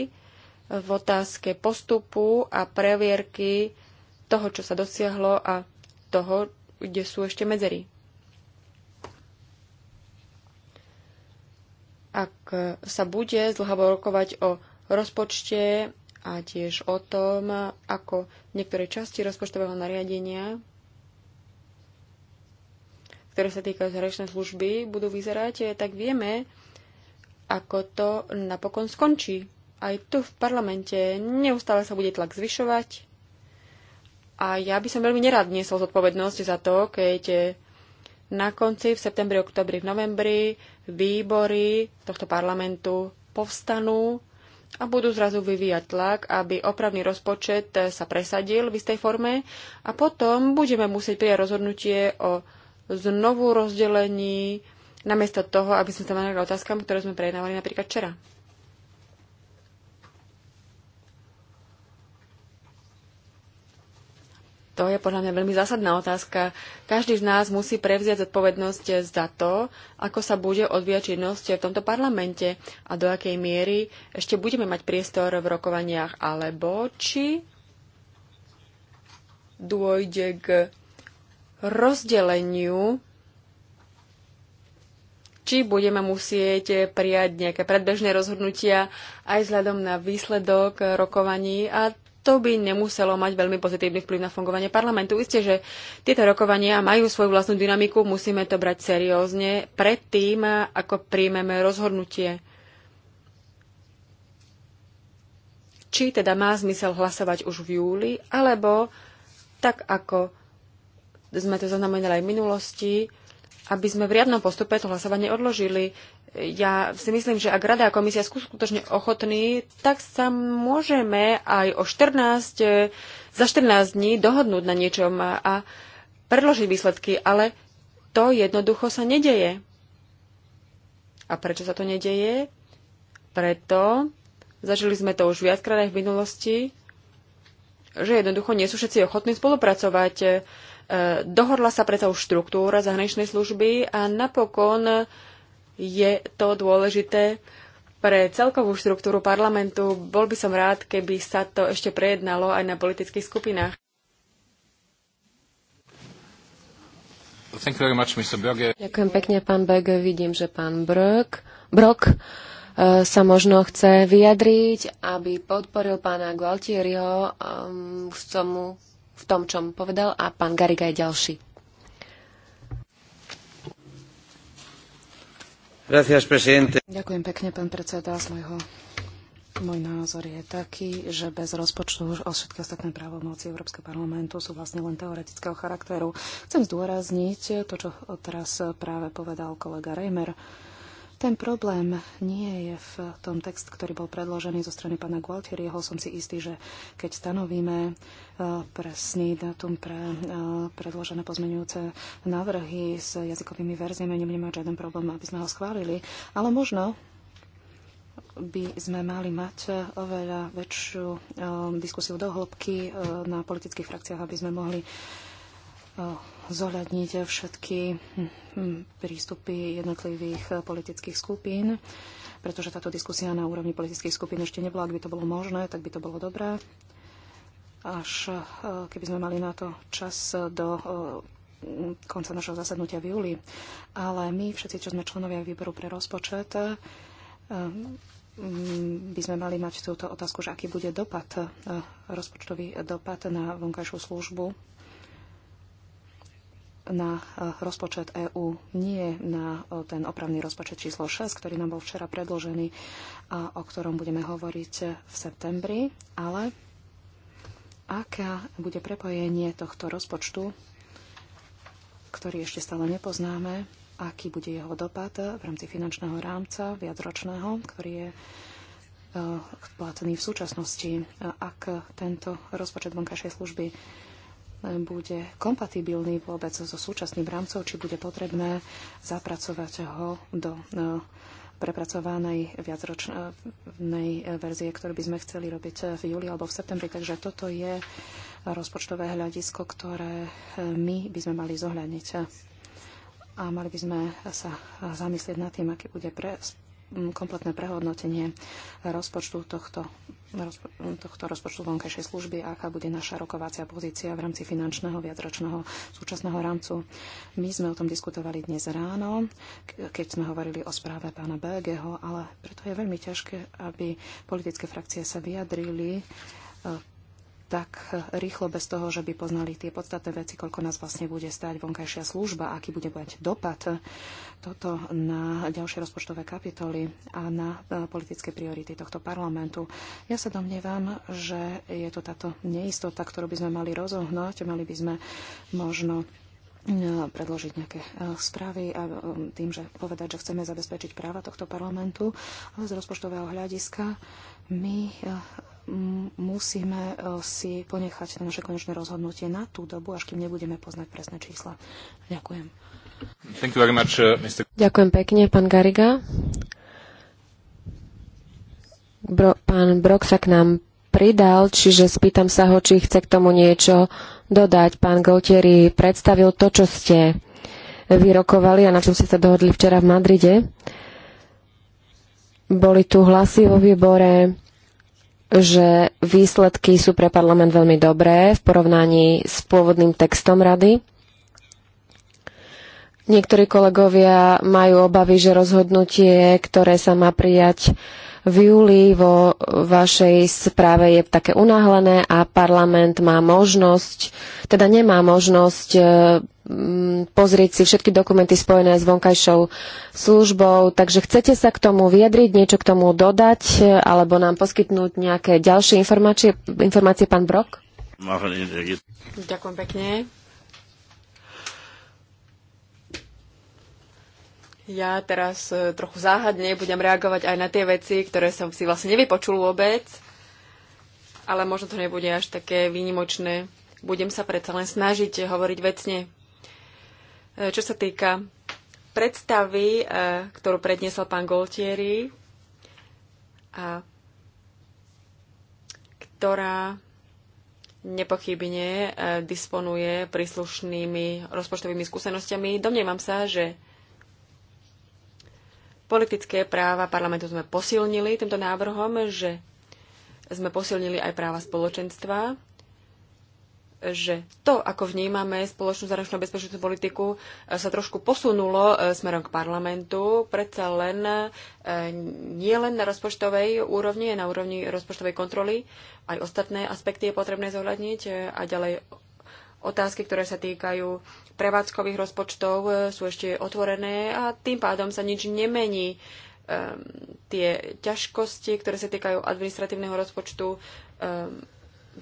v otázke postupu a previerky toho, čo sa dosiahlo a toho, kde sú ešte medzery. Ak sa bude zdlhavo rokovať o rozpočte a tiež o tom, ako niektoré časti rozpočtového nariadenia, ktoré sa týkajú zahraničnej služby, budú vyzerať, tak vieme, ako to napokon skončí. Aj tu v parlamente neustále sa bude tlak zvyšovať. A ja by som veľmi nerad niesol zodpovednosť za to, keď na konci, v septembri, oktobri, v novembri, výbory tohto parlamentu povstanú a budú zrazu vyvíjať tlak, aby opravný rozpočet sa presadil v istej forme a potom budeme musieť prijať rozhodnutie o znovu rozdelení namiesto toho, aby sme sa venovali otázkam, ktoré sme prejednávali napríklad včera. To je podľa mňa veľmi zásadná otázka. Každý z nás musí prevziať zodpovednosť za to, ako sa bude odvíjať činnosť v tomto parlamente a do akej miery ešte budeme mať priestor v rokovaniach, alebo či dôjde k rozdeleniu či budeme musieť prijať nejaké predbežné rozhodnutia aj vzhľadom na výsledok rokovaní a to by nemuselo mať veľmi pozitívny vplyv na fungovanie parlamentu. Isté, že tieto rokovania majú svoju vlastnú dynamiku, musíme to brať seriózne predtým, ako príjmeme rozhodnutie. Či teda má zmysel hlasovať už v júli, alebo tak ako sme to zaznamenali aj v minulosti, aby sme v riadnom postupe to hlasovanie odložili ja si myslím, že ak Rada a komisia sú skutočne ochotní, tak sa môžeme aj o 14, za 14 dní dohodnúť na niečom a predložiť výsledky, ale to jednoducho sa nedeje. A prečo sa to nedeje? Preto, zažili sme to už viackrát aj v minulosti, že jednoducho nie sú všetci ochotní spolupracovať. E, dohodla sa predsa už štruktúra zahraničnej služby a napokon je to dôležité pre celkovú štruktúru parlamentu. Bol by som rád, keby sa to ešte prejednalo aj na politických skupinách. Ďakujem pekne, pán Beg. Vidím, že pán Brok, Brok eh, sa možno chce vyjadriť, aby podporil pána Gualtieriho um, v, tom, čo povedal a pán Gariga je ďalší. Ďakujem pekne, pán predseda. môj názor je taký, že bez rozpočtu a všetky ostatné právomoci Európskeho parlamentu sú vlastne len teoretického charakteru. Chcem zdôrazniť to, čo teraz práve povedal kolega Reimer. Uh, ten problém nie je v tom text, ktorý bol predložený zo strany pána Gualtieriho. Som si istý, že keď stanovíme e, presný datum pre e, predložené pozmeňujúce návrhy s jazykovými verziami, nebudeme mať žiaden problém, aby sme ho schválili. Ale možno by sme mali mať oveľa väčšiu e, diskusiu do hĺbky na politických frakciách, aby sme mohli zohľadniť všetky hm, hm, prístupy jednotlivých eh, politických skupín, pretože táto diskusia na úrovni politických skupín ešte nebola. Ak by to bolo možné, tak by to bolo dobré. Až eh, keby sme mali na to čas do eh, konca našho zasadnutia v júli. Ale my všetci, čo sme členovia výboru pre rozpočet, hm, by sme mali mať túto otázku, že aký bude dopad, rozpočtový dopad na vonkajšiu službu na e, rozpočet EÚ, nie na e, ten opravný rozpočet číslo 6, ktorý nám bol včera predložený a o ktorom budeme hovoriť v septembri, ale aká bude prepojenie tohto rozpočtu, ktorý ešte stále nepoznáme, aký bude jeho dopad v rámci finančného rámca viacročného, ktorý je e, platný v súčasnosti, ak tento rozpočet vonkajšej služby bude kompatibilný vôbec so súčasným rámcom, či bude potrebné zapracovať ho do e, prepracovanej viacročnej e, verzie, ktorú by sme chceli robiť e, v júli alebo v septembri. Takže toto je rozpočtové hľadisko, ktoré my by sme mali zohľadniť. A mali by sme sa zamyslieť nad tým, aký bude pre, kompletné prehodnotenie rozpočtu tohto, rozpo, tohto rozpočtu vonkajšej služby, aká bude naša rokovacia pozícia v rámci finančného viacročného súčasného rámcu. My sme o tom diskutovali dnes ráno, keď sme hovorili o správe pána Belgeho, ale preto je veľmi ťažké, aby politické frakcie sa vyjadrili e, tak rýchlo, bez toho, že by poznali tie podstatné veci, koľko nás vlastne bude stať vonkajšia služba, aký bude mať dopad toto na ďalšie rozpočtové kapitoly a na e, politické priority tohto parlamentu. Ja sa domnievam, že je to táto neistota, ktorú by sme mali rozohnať, mali by sme možno e, predložiť nejaké e, správy a tým, že povedať, že chceme zabezpečiť práva tohto parlamentu, ale z rozpočtového hľadiska my musíme e, si ponechať naše konečné rozhodnutie na tú dobu, až kým nebudeme poznať presné čísla. Ďakujem. Much, uh, Ďakujem pekne, pán Gariga. Bro, pán Brok sa k nám pridal, čiže spýtam sa ho, či chce k tomu niečo dodať. Pán Gautieri predstavil to, čo ste vyrokovali a na čom ste sa dohodli včera v Madride. Boli tu hlasy vo výbore že výsledky sú pre parlament veľmi dobré v porovnaní s pôvodným textom rady. Niektorí kolegovia majú obavy, že rozhodnutie, ktoré sa má prijať v júli vo vašej správe je také unáhlené a parlament má možnosť, teda nemá možnosť e, Mm, pozrieť si všetky dokumenty spojené s vonkajšou službou. Takže chcete sa k tomu vyjadriť, niečo k tomu dodať alebo nám poskytnúť nejaké ďalšie informácie, informácie pán Brok? Ďakujem pekne. Ja teraz e, trochu záhadne budem reagovať aj na tie veci, ktoré som si vlastne nevypočul vôbec, ale možno to nebude až také výnimočné. Budem sa predsa len snažiť hovoriť vecne. E, čo sa týka predstavy, e, ktorú predniesol pán Goltieri a ktorá nepochybne e, disponuje príslušnými rozpočtovými skúsenostiami. Domnievam sa, že politické práva parlamentu sme posilnili týmto návrhom, že sme posilnili aj práva spoločenstva že to, ako vnímame spoločnú zahraničnú bezpečnostnú politiku, e, sa trošku posunulo e, smerom k parlamentu. Predsa len e, nie len na rozpočtovej úrovni, na úrovni rozpočtovej kontroly. Aj ostatné aspekty je potrebné zohľadniť. A ďalej otázky, ktoré sa týkajú prevádzkových rozpočtov, sú ešte otvorené a tým pádom sa nič nemení um, tie ťažkosti, ktoré sa týkajú administratívneho rozpočtu, um,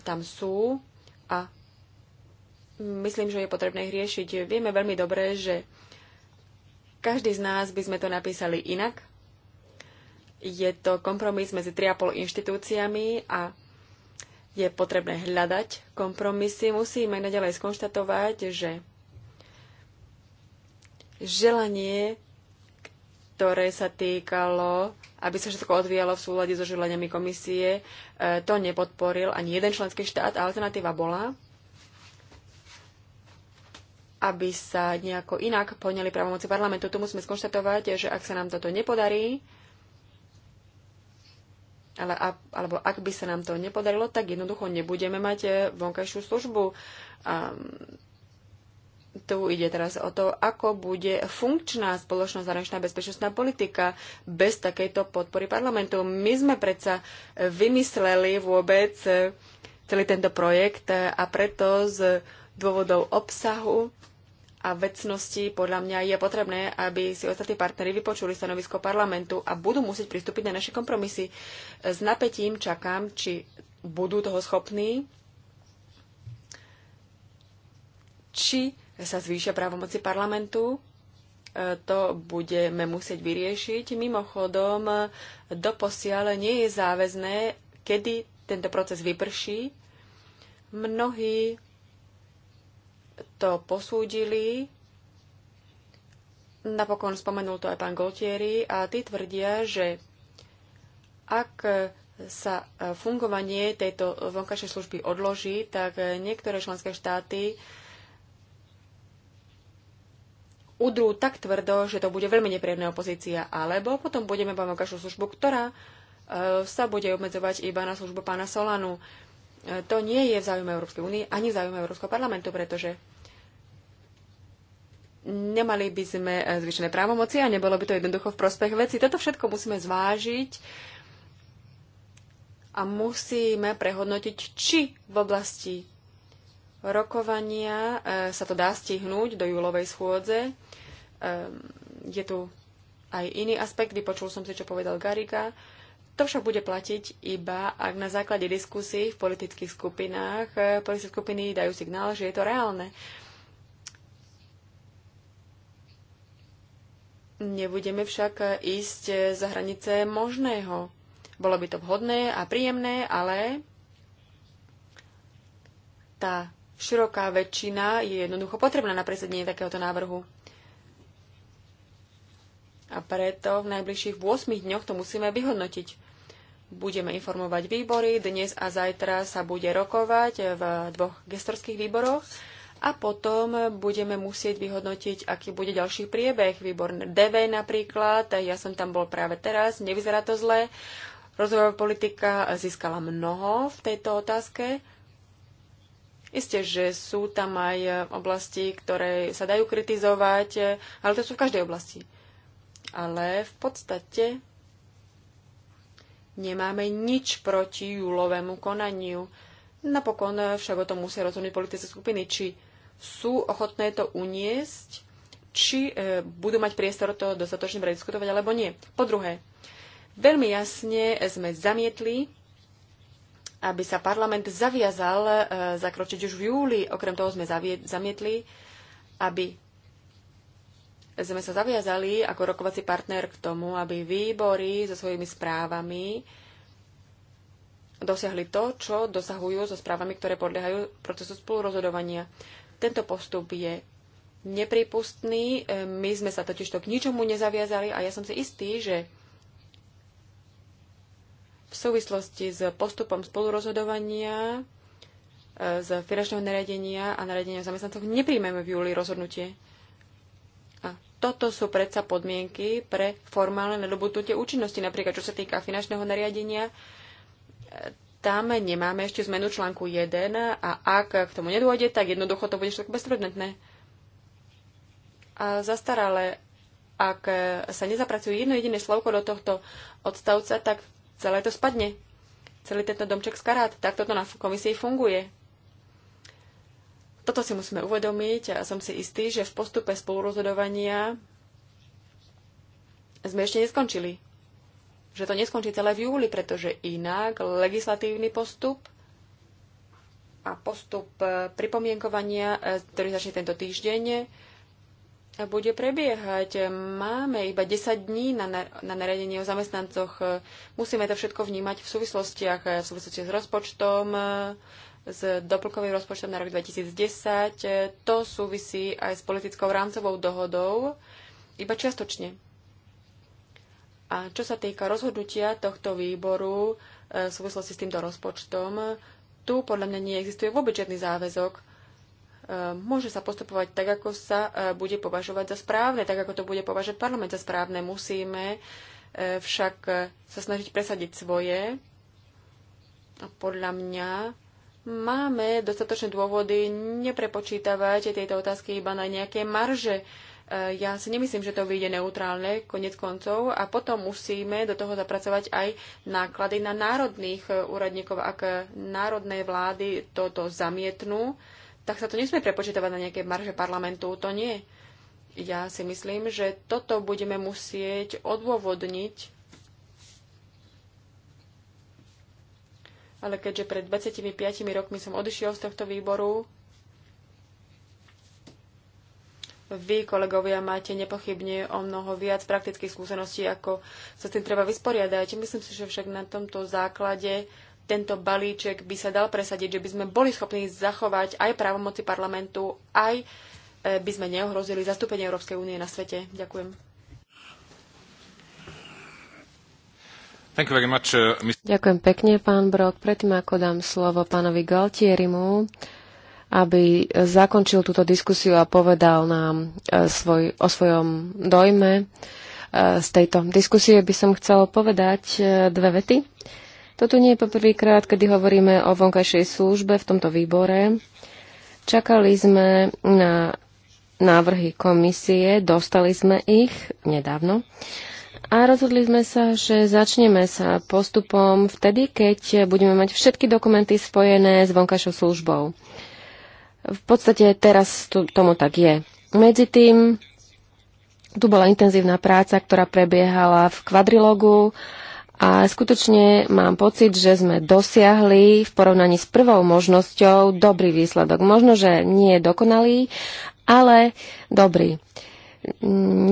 tam sú a myslím, že je potrebné ich riešiť. Vieme veľmi dobre, že každý z nás by sme to napísali inak. Je to kompromis medzi 3,5 inštitúciami a je potrebné hľadať kompromisy. Musíme naďalej skonštatovať, že želanie, ktoré sa týkalo, aby sa všetko odvíjalo v súlade so želaniami komisie, e, to nepodporil ani jeden členský štát. Alternatíva bola, aby sa nejako inak plnili právomoci parlamentu. Tu musíme skonštatovať, že ak sa nám toto nepodarí, ale, alebo ak by sa nám to nepodarilo, tak jednoducho nebudeme mať eh, vonkajšiu službu. A tu ide teraz o to, ako bude funkčná spoločnosť zahraničná bezpečnostná politika bez takejto podpory parlamentu. My sme predsa vymysleli vôbec eh, celý tento projekt eh, a preto z dôvodov obsahu a vecnosti podľa mňa je potrebné, aby si ostatní partnery vypočuli stanovisko parlamentu a budú musieť pristúpiť na naše kompromisy. S napätím čakám, či budú toho schopní, či sa zvýšia právomoci parlamentu. E, to budeme musieť vyriešiť. Mimochodom, doposiaľ nie je záväzné, kedy tento proces vyprší. Mnohí to posúdili. Napokon spomenul to aj pán Goltieri a tí tvrdia, že ak sa fungovanie tejto vonkajšej služby odloží, tak niektoré členské štáty udrú tak tvrdo, že to bude veľmi nepríjemná opozícia. Alebo potom budeme mať vonkajšiu službu, ktorá e, sa bude obmedzovať iba na službu pána Solanu. To nie je v záujme Európskej únie ani v záujme Európskeho parlamentu, pretože nemali by sme eh, zvyšené právomoci a nebolo by to jednoducho v prospech veci. Toto všetko musíme zvážiť a musíme prehodnotiť, či v oblasti rokovania eh, sa to dá stihnúť do júlovej schôdze. Ehm, je tu aj iný aspekt, vypočul som si, čo povedal Gariga. To však bude platiť iba, ak na základe diskusí v politických skupinách eh, politické skupiny dajú signál, že je to reálne. Nebudeme však eh, ísť eh, za hranice možného. Bolo by to vhodné a príjemné, ale tá široká väčšina je jednoducho potrebná na presadenie takéhoto návrhu. A preto v najbližších 8 dňoch to musíme vyhodnotiť. Budeme informovať výbory, dnes a zajtra sa bude rokovať v dvoch gestorských výboroch a potom budeme musieť vyhodnotiť, aký bude ďalší priebeh. Výbor DV napríklad, ja som tam bol práve teraz, nevyzerá to zle. Rozvojová politika získala mnoho v tejto otázke. Isté, že sú tam aj oblasti, ktoré sa dajú kritizovať, ale to sú v každej oblasti ale v podstate nemáme nič proti júlovému konaniu. Napokon však o tom musia rozhodnúť politické skupiny, či sú ochotné to uniesť, či e, budú mať priestor to dostatočne prediskutovať alebo nie. Po druhé, veľmi jasne sme zamietli, aby sa parlament zaviazal e, zakročiť už v júli. Okrem toho sme zamietli, aby sme sa zaviazali ako rokovací partner k tomu, aby výbory so svojimi správami dosiahli to, čo dosahujú so správami, ktoré podliehajú procesu spolurozhodovania. Tento postup je nepripustný. My sme sa totiž to k ničomu nezaviazali a ja som si istý, že v súvislosti s postupom spolurozhodovania, e, z finančného nariadenia a nariadenia zamestnancov nepríjmeme v júli rozhodnutie toto sú predsa podmienky pre formálne nedobudnutie účinnosti, napríklad čo sa týka finančného nariadenia. E, tam nemáme ešte zmenu článku 1 a ak k tomu nedôjde, tak jednoducho to bude všetko bezprednetné. A zastaralé, ak sa nezapracujú jedno jediné slovko do tohto odstavca, tak celé to spadne. Celý tento domček z karát. Takto to na komisii funguje. Toto si musíme uvedomiť a som si istý, že v postupe spolurozhodovania sme ešte neskončili. Že to neskončí celé v júli, pretože inak legislatívny postup a postup e, pripomienkovania, e, ktorý začne tento týždeň, e, bude prebiehať. Máme iba 10 dní na, na, na o zamestnancoch. Musíme to všetko vnímať v súvislostiach, v súvislosti s rozpočtom, s doplkovým rozpočtom na rok 2010. To súvisí aj s politickou rámcovou dohodou, iba čiastočne. A čo sa týka rozhodnutia tohto výboru e, v súvislosti s týmto rozpočtom, tu podľa mňa neexistuje vôbec žiadny záväzok. E, môže sa postupovať tak, ako sa e, bude považovať za správne, tak ako to bude považovať parlament za správne. Musíme však sa snažiť presadiť svoje. A podľa mňa máme dostatočné dôvody neprepočítavať tieto otázky iba na nejaké marže. E, ja si nemyslím, že to vyjde neutrálne, konec koncov, a potom musíme do toho zapracovať aj náklady na národných e, úradníkov. Ak národné vlády toto zamietnú, tak sa to nesmie prepočítavať na nejaké marže parlamentu, to nie. Ja si myslím, že toto budeme musieť odôvodniť ale keďže pred 25 rokmi som odišiel z tohto výboru, vy, kolegovia, máte nepochybne o mnoho viac praktických skúseností, ako sa s tým treba vysporiadať. Myslím si, že však na tomto základe tento balíček by sa dal presadiť, že by sme boli schopní zachovať aj právomoci parlamentu, aj e, by sme neohrozili zastúpenie Európskej únie na svete. Ďakujem. Uh, Ďakujem pekne, pán Brok. Predtým, ako dám slovo pánovi Galtierimu, aby zakončil túto diskusiu a povedal nám e, svoj, o svojom dojme e, z tejto diskusie, by som chcel povedať e, dve vety. Toto nie je poprvýkrát, kedy hovoríme o vonkajšej službe v tomto výbore. Čakali sme na návrhy komisie, dostali sme ich nedávno. Uh, a rozhodli sme sa, že začneme sa postupom vtedy, keď budeme mať všetky dokumenty spojené s vonkajšou službou. V podstate teraz to, tomu tak je. Medzi tým tu bola intenzívna práca, ktorá prebiehala v kvadrilogu a skutočne mám pocit, že sme dosiahli v porovnaní s prvou možnosťou dobrý výsledok. Možno, že nie je dokonalý, ale dobrý. Uh,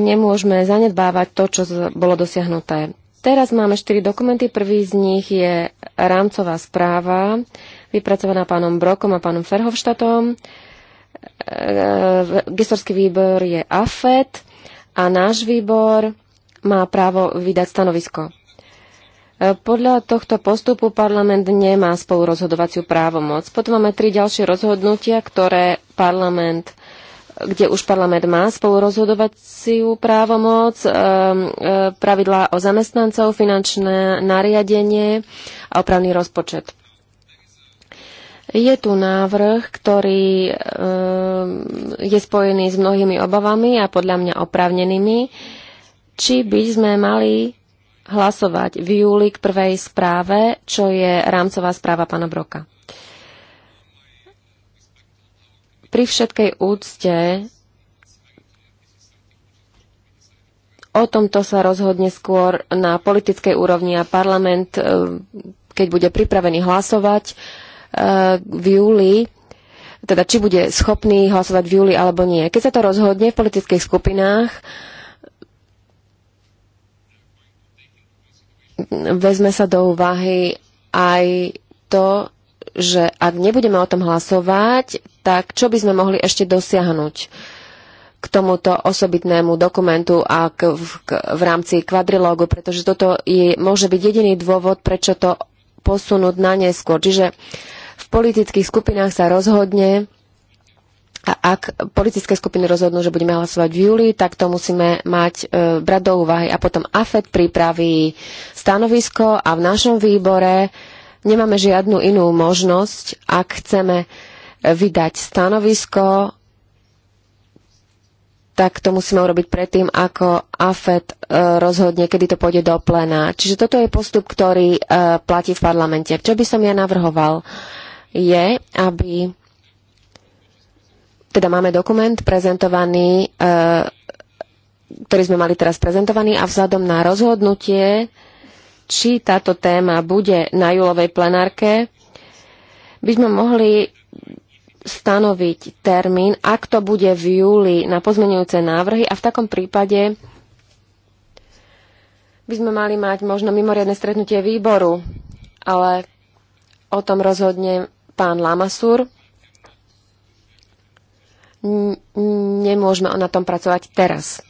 nemôžeme zanedbávať to, čo bolo dosiahnuté. Teraz máme štyri dokumenty. Prvý z nich je rámcová správa, vypracovaná pánom Brokom a pánom Ferhovštatom. E, e, gestorský výbor je AFET a náš výbor má právo vydať stanovisko. E, podľa tohto postupu parlament nemá spolurozhodovaciu právomoc. Potom máme tri ďalšie rozhodnutia, ktoré parlament kde už parlament má spolurozhodovaciu právomoc, ehm, ehm, pravidlá o zamestnancov, finančné nariadenie a opravný rozpočet. Je tu návrh, ktorý ehm, je spojený s mnohými obavami a podľa mňa opravnenými, či by sme mali hlasovať v júli k prvej správe, čo je rámcová správa pana Broka. Pri všetkej úcte o tomto sa rozhodne skôr na politickej úrovni a parlament, e, keď bude pripravený hlasovať e, v júli, teda či bude schopný hlasovať v júli alebo nie. Keď sa to rozhodne v politických skupinách, vezme sa do úvahy aj to, že ak nebudeme o tom hlasovať, tak čo by sme mohli ešte dosiahnuť k tomuto osobitnému dokumentu a k, v, k, v rámci kvadrilógu, pretože toto je, môže byť jediný dôvod, prečo to posunúť na neskôr. Čiže v politických skupinách sa rozhodne, a ak politické skupiny rozhodnú, že budeme hlasovať v júli, tak to musíme mať, e, brať do úvahy. A potom AFED pripraví stanovisko a v našom výbore Nemáme žiadnu inú možnosť, ak chceme vydať stanovisko, tak to musíme urobiť predtým, ako AFED e, rozhodne, kedy to pôjde do plena. Čiže toto je postup, ktorý e, platí v parlamente. Čo by som ja navrhoval, je, aby teda máme dokument prezentovaný, e, ktorý sme mali teraz prezentovaný a vzhľadom na rozhodnutie či táto téma bude na julovej plenárke, by sme mohli stanoviť termín, ak to bude v júli na pozmenujúce návrhy a v takom prípade by sme mali mať možno mimoriadne stretnutie výboru, ale o tom rozhodne pán Lamasur. Nemôžeme na tom pracovať teraz.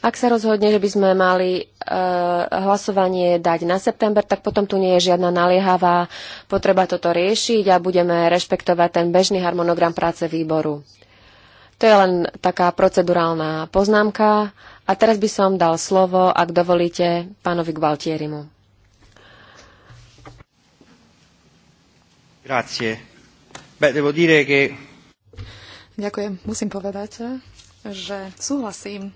Ak sa rozhodne, že by sme mali e, hlasovanie dať na september, tak potom tu nie je žiadna naliehavá potreba toto riešiť a budeme rešpektovať ten bežný harmonogram práce výboru. To je len taká procedurálna poznámka. A teraz by som dal slovo, ak dovolíte, pánovi Gvaltierimu. Grazie. Beh, devo dire che... Ďakujem. Musím povedať, že súhlasím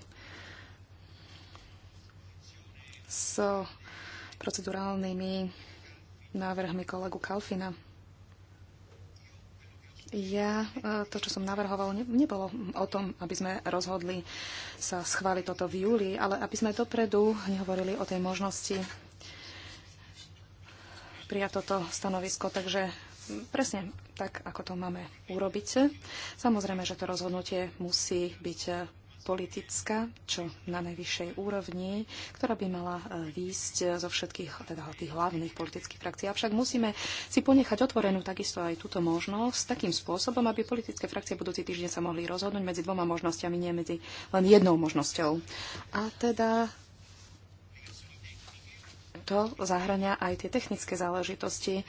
s procedurálnymi návrhmi kolegu Kalfina. Ja e, to, čo som navrhoval, nebolo o tom, aby sme rozhodli sa schváliť toto v júli, ale aby sme dopredu nehovorili o tej možnosti prijať toto stanovisko. Takže presne tak, ako to máme urobiť. Samozrejme, že to rozhodnutie musí byť politická, čo na najvyššej úrovni, ktorá by mala e, výjsť e, zo všetkých teda tých hlavných politických frakcií. Avšak musíme si ponechať otvorenú takisto aj túto možnosť takým spôsobom, aby politické frakcie budúci týždeň sa mohli rozhodnúť medzi dvoma možnosťami, nie medzi len jednou možnosťou. A teda to zahrania aj tie technické záležitosti,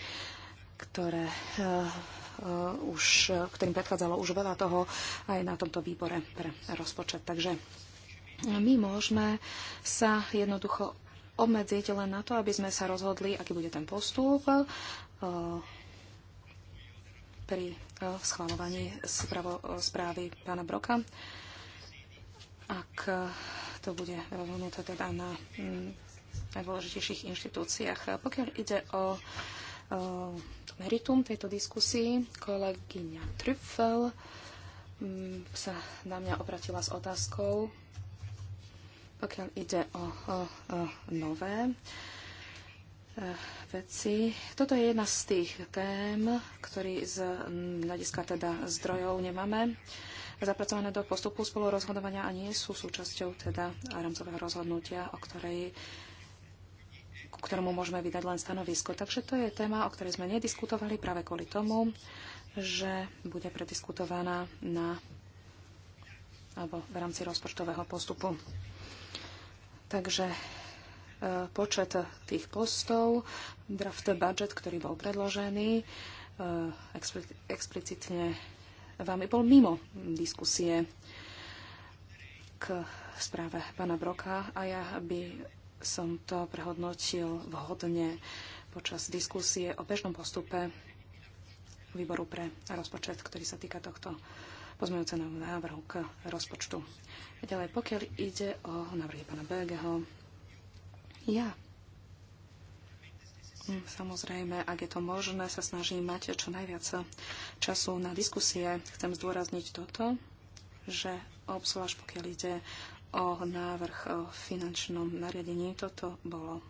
ktoré e, Eh, už, eh, ktorým predchádzalo už veľa toho aj na tomto výbore pre rozpočet. Takže my môžeme sa jednoducho obmedziť len na to, aby sme sa rozhodli, aký bude ten postup eh, pri schvalovaní správy pána Broka. Ak to bude rozhodnuté teda na mm, najdôležitejších inštitúciách. Pokiaľ ide o meritum ehm, tejto diskusii. Kolegyňa Trüffel mm, sa na mňa obratila s otázkou, pokiaľ ide o, o, o nové e, veci. Toto je jedna z tých tém, ktorý z mm, hľadiska teda zdrojov nemáme zapracované do postupu spolurozhodovania a nie sú súčasťou teda rámcového rozhodnutia, o ktorej ku ktorému môžeme vydať len stanovisko. Takže to je téma, o ktorej sme nediskutovali práve kvôli tomu, že bude prediskutovaná na alebo v rámci rozpočtového postupu. Takže e, počet tých postov, draft budget, ktorý bol predložený, e, explicitne vám bol mimo diskusie k správe pána Broka a ja by som to prehodnotil vhodne počas diskusie o bežnom postupe výboru pre rozpočet, ktorý sa týka tohto pozmeňujúceho návrhu k rozpočtu. A ďalej, pokiaľ ide o návrhy pána Belgeho, ja mm, Samozrejme, ak je to možné, sa snažím mať čo najviac času na diskusie. Chcem zdôrazniť toto, že obzvlášť pokiaľ ide o návrh o finančnom nariadení. Toto bolo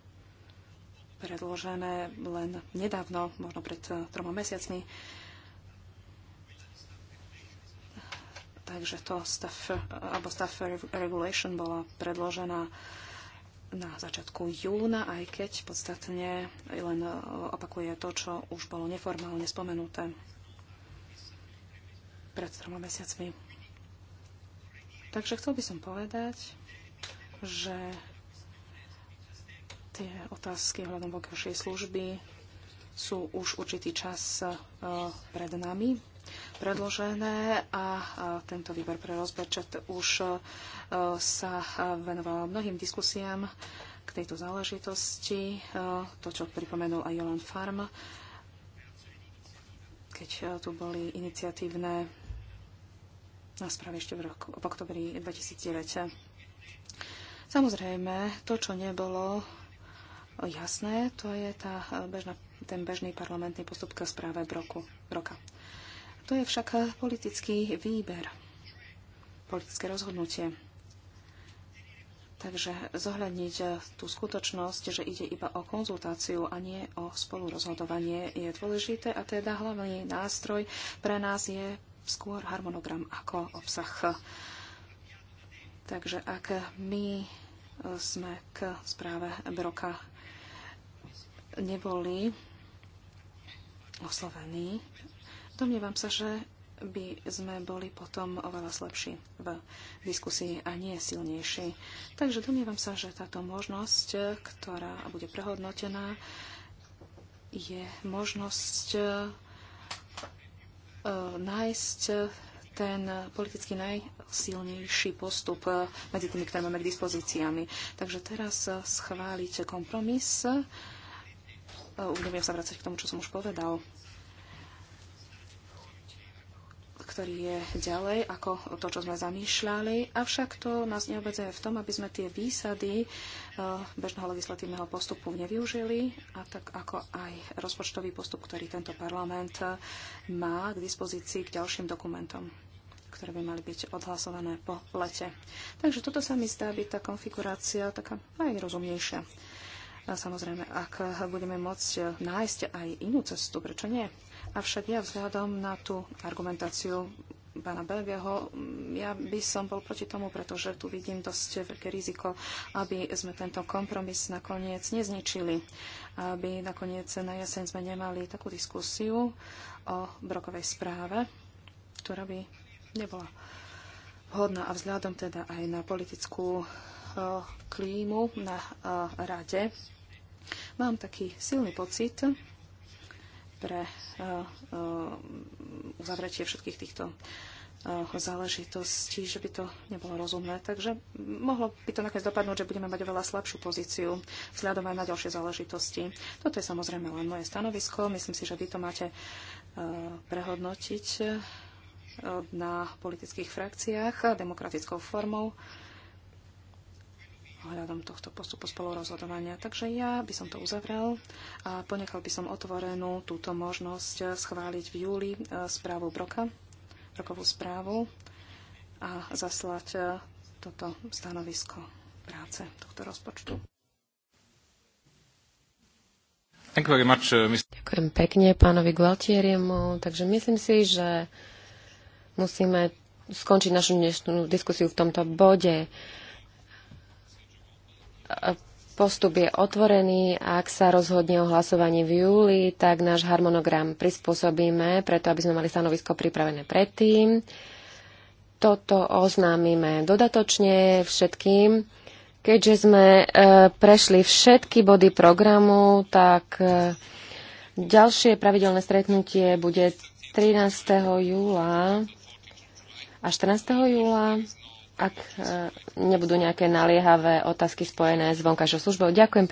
predložené len nedávno, možno pred eh, troma mesiacmi. Takže to staff, alebo staff regulation bola predložená na začiatku júna, aj keď podstatne len eh, opakuje to, čo už bolo neformálne spomenuté pred troma mesiacmi. Takže chcel by som povedať, že tie otázky ohľadom vonkajšej služby sú už určitý čas e, pred nami predložené a e, tento výbor pre rozpočet už e, sa venoval mnohým diskusiám k tejto záležitosti. To, čo pripomenul aj Jolan Farm, keď tu boli iniciatívne na správe ešte v, roku, v oktobri 2009. Samozrejme, to, čo nebolo jasné, to je tá e, bežná, ten bežný parlamentný postup k správe roku, roka. To je však politický výber, politické rozhodnutie. Takže zohľadniť e, tú skutočnosť, že ide iba o konzultáciu a nie o spolurozhodovanie je dôležité a teda hlavný nástroj pre nás je skôr harmonogram ako obsah. Takže ak my e, sme k správe Broka neboli oslovení, domnievam sa, že by sme boli potom oveľa slabší v diskusii a nie silnejší. Takže domnievam sa, že táto možnosť, ktorá bude prehodnotená, je možnosť E, nájsť ten politicky najsilnejší postup e, medzi tými, ktoré máme k dispozíciami. Takže teraz e, schváliť kompromis. Už nebudem sa vrácať k tomu, čo som už povedal ktorý je ďalej ako to, čo sme zamýšľali. Avšak to nás neobedzuje v tom, aby sme tie výsady uh, E, bežného legislatívneho postupu nevyužili, a tak ako aj rozpočtový postup, ktorý tento parlament má k dispozícii k ďalším dokumentom ktoré by mali byť odhlasované po lete. Takže toto sa mi zdá byť tá konfigurácia taká najrozumnejšia. A samozrejme, ak budeme môcť nájsť aj inú cestu, prečo nie? Avšak ja vzhľadom na tú argumentáciu pána Belvieho, ja by som bol proti tomu, pretože tu vidím dosť veľké riziko, aby sme tento kompromis nakoniec nezničili, aby nakoniec na jeseň sme nemali takú diskusiu o brokovej správe, ktorá by nebola vhodná a vzhľadom teda aj na politickú e, klímu na e, rade. Mám taký silný pocit, pre eh, eh, uzavretie všetkých týchto eh, záležitostí, že by to nebolo rozumné. Takže mohlo by to nakoniec dopadnúť, že budeme mať oveľa slabšiu pozíciu vzhľadom aj na ďalšie záležitosti. Toto je samozrejme len moje stanovisko. Myslím si, že vy to máte prehodnotiť na politických frakciách demokratickou formou ohľadom tohto postupu spolurozhodovania. Takže ja by som to uzavrel a ponechal by som otvorenú túto možnosť schváliť v júli e, správu Broka, Brokovú správu a zaslať e, toto stanovisko práce tohto rozpočtu. Uh, Ďakujem pekne pánovi Gualtieriemu. Takže myslím si, že musíme skončiť našu dnešnú diskusiu v tomto bode. Postup je otvorený a ak sa rozhodne o hlasovaní v júli, tak náš harmonogram prispôsobíme, preto aby sme mali stanovisko pripravené predtým. Toto oznámime dodatočne všetkým. Keďže sme e, prešli všetky body programu, tak e, ďalšie pravidelné stretnutie bude 13. júla a 14. júla ak e, nebudú nejaké naliehavé otázky spojené s vonkajšou službou. Ďakujem.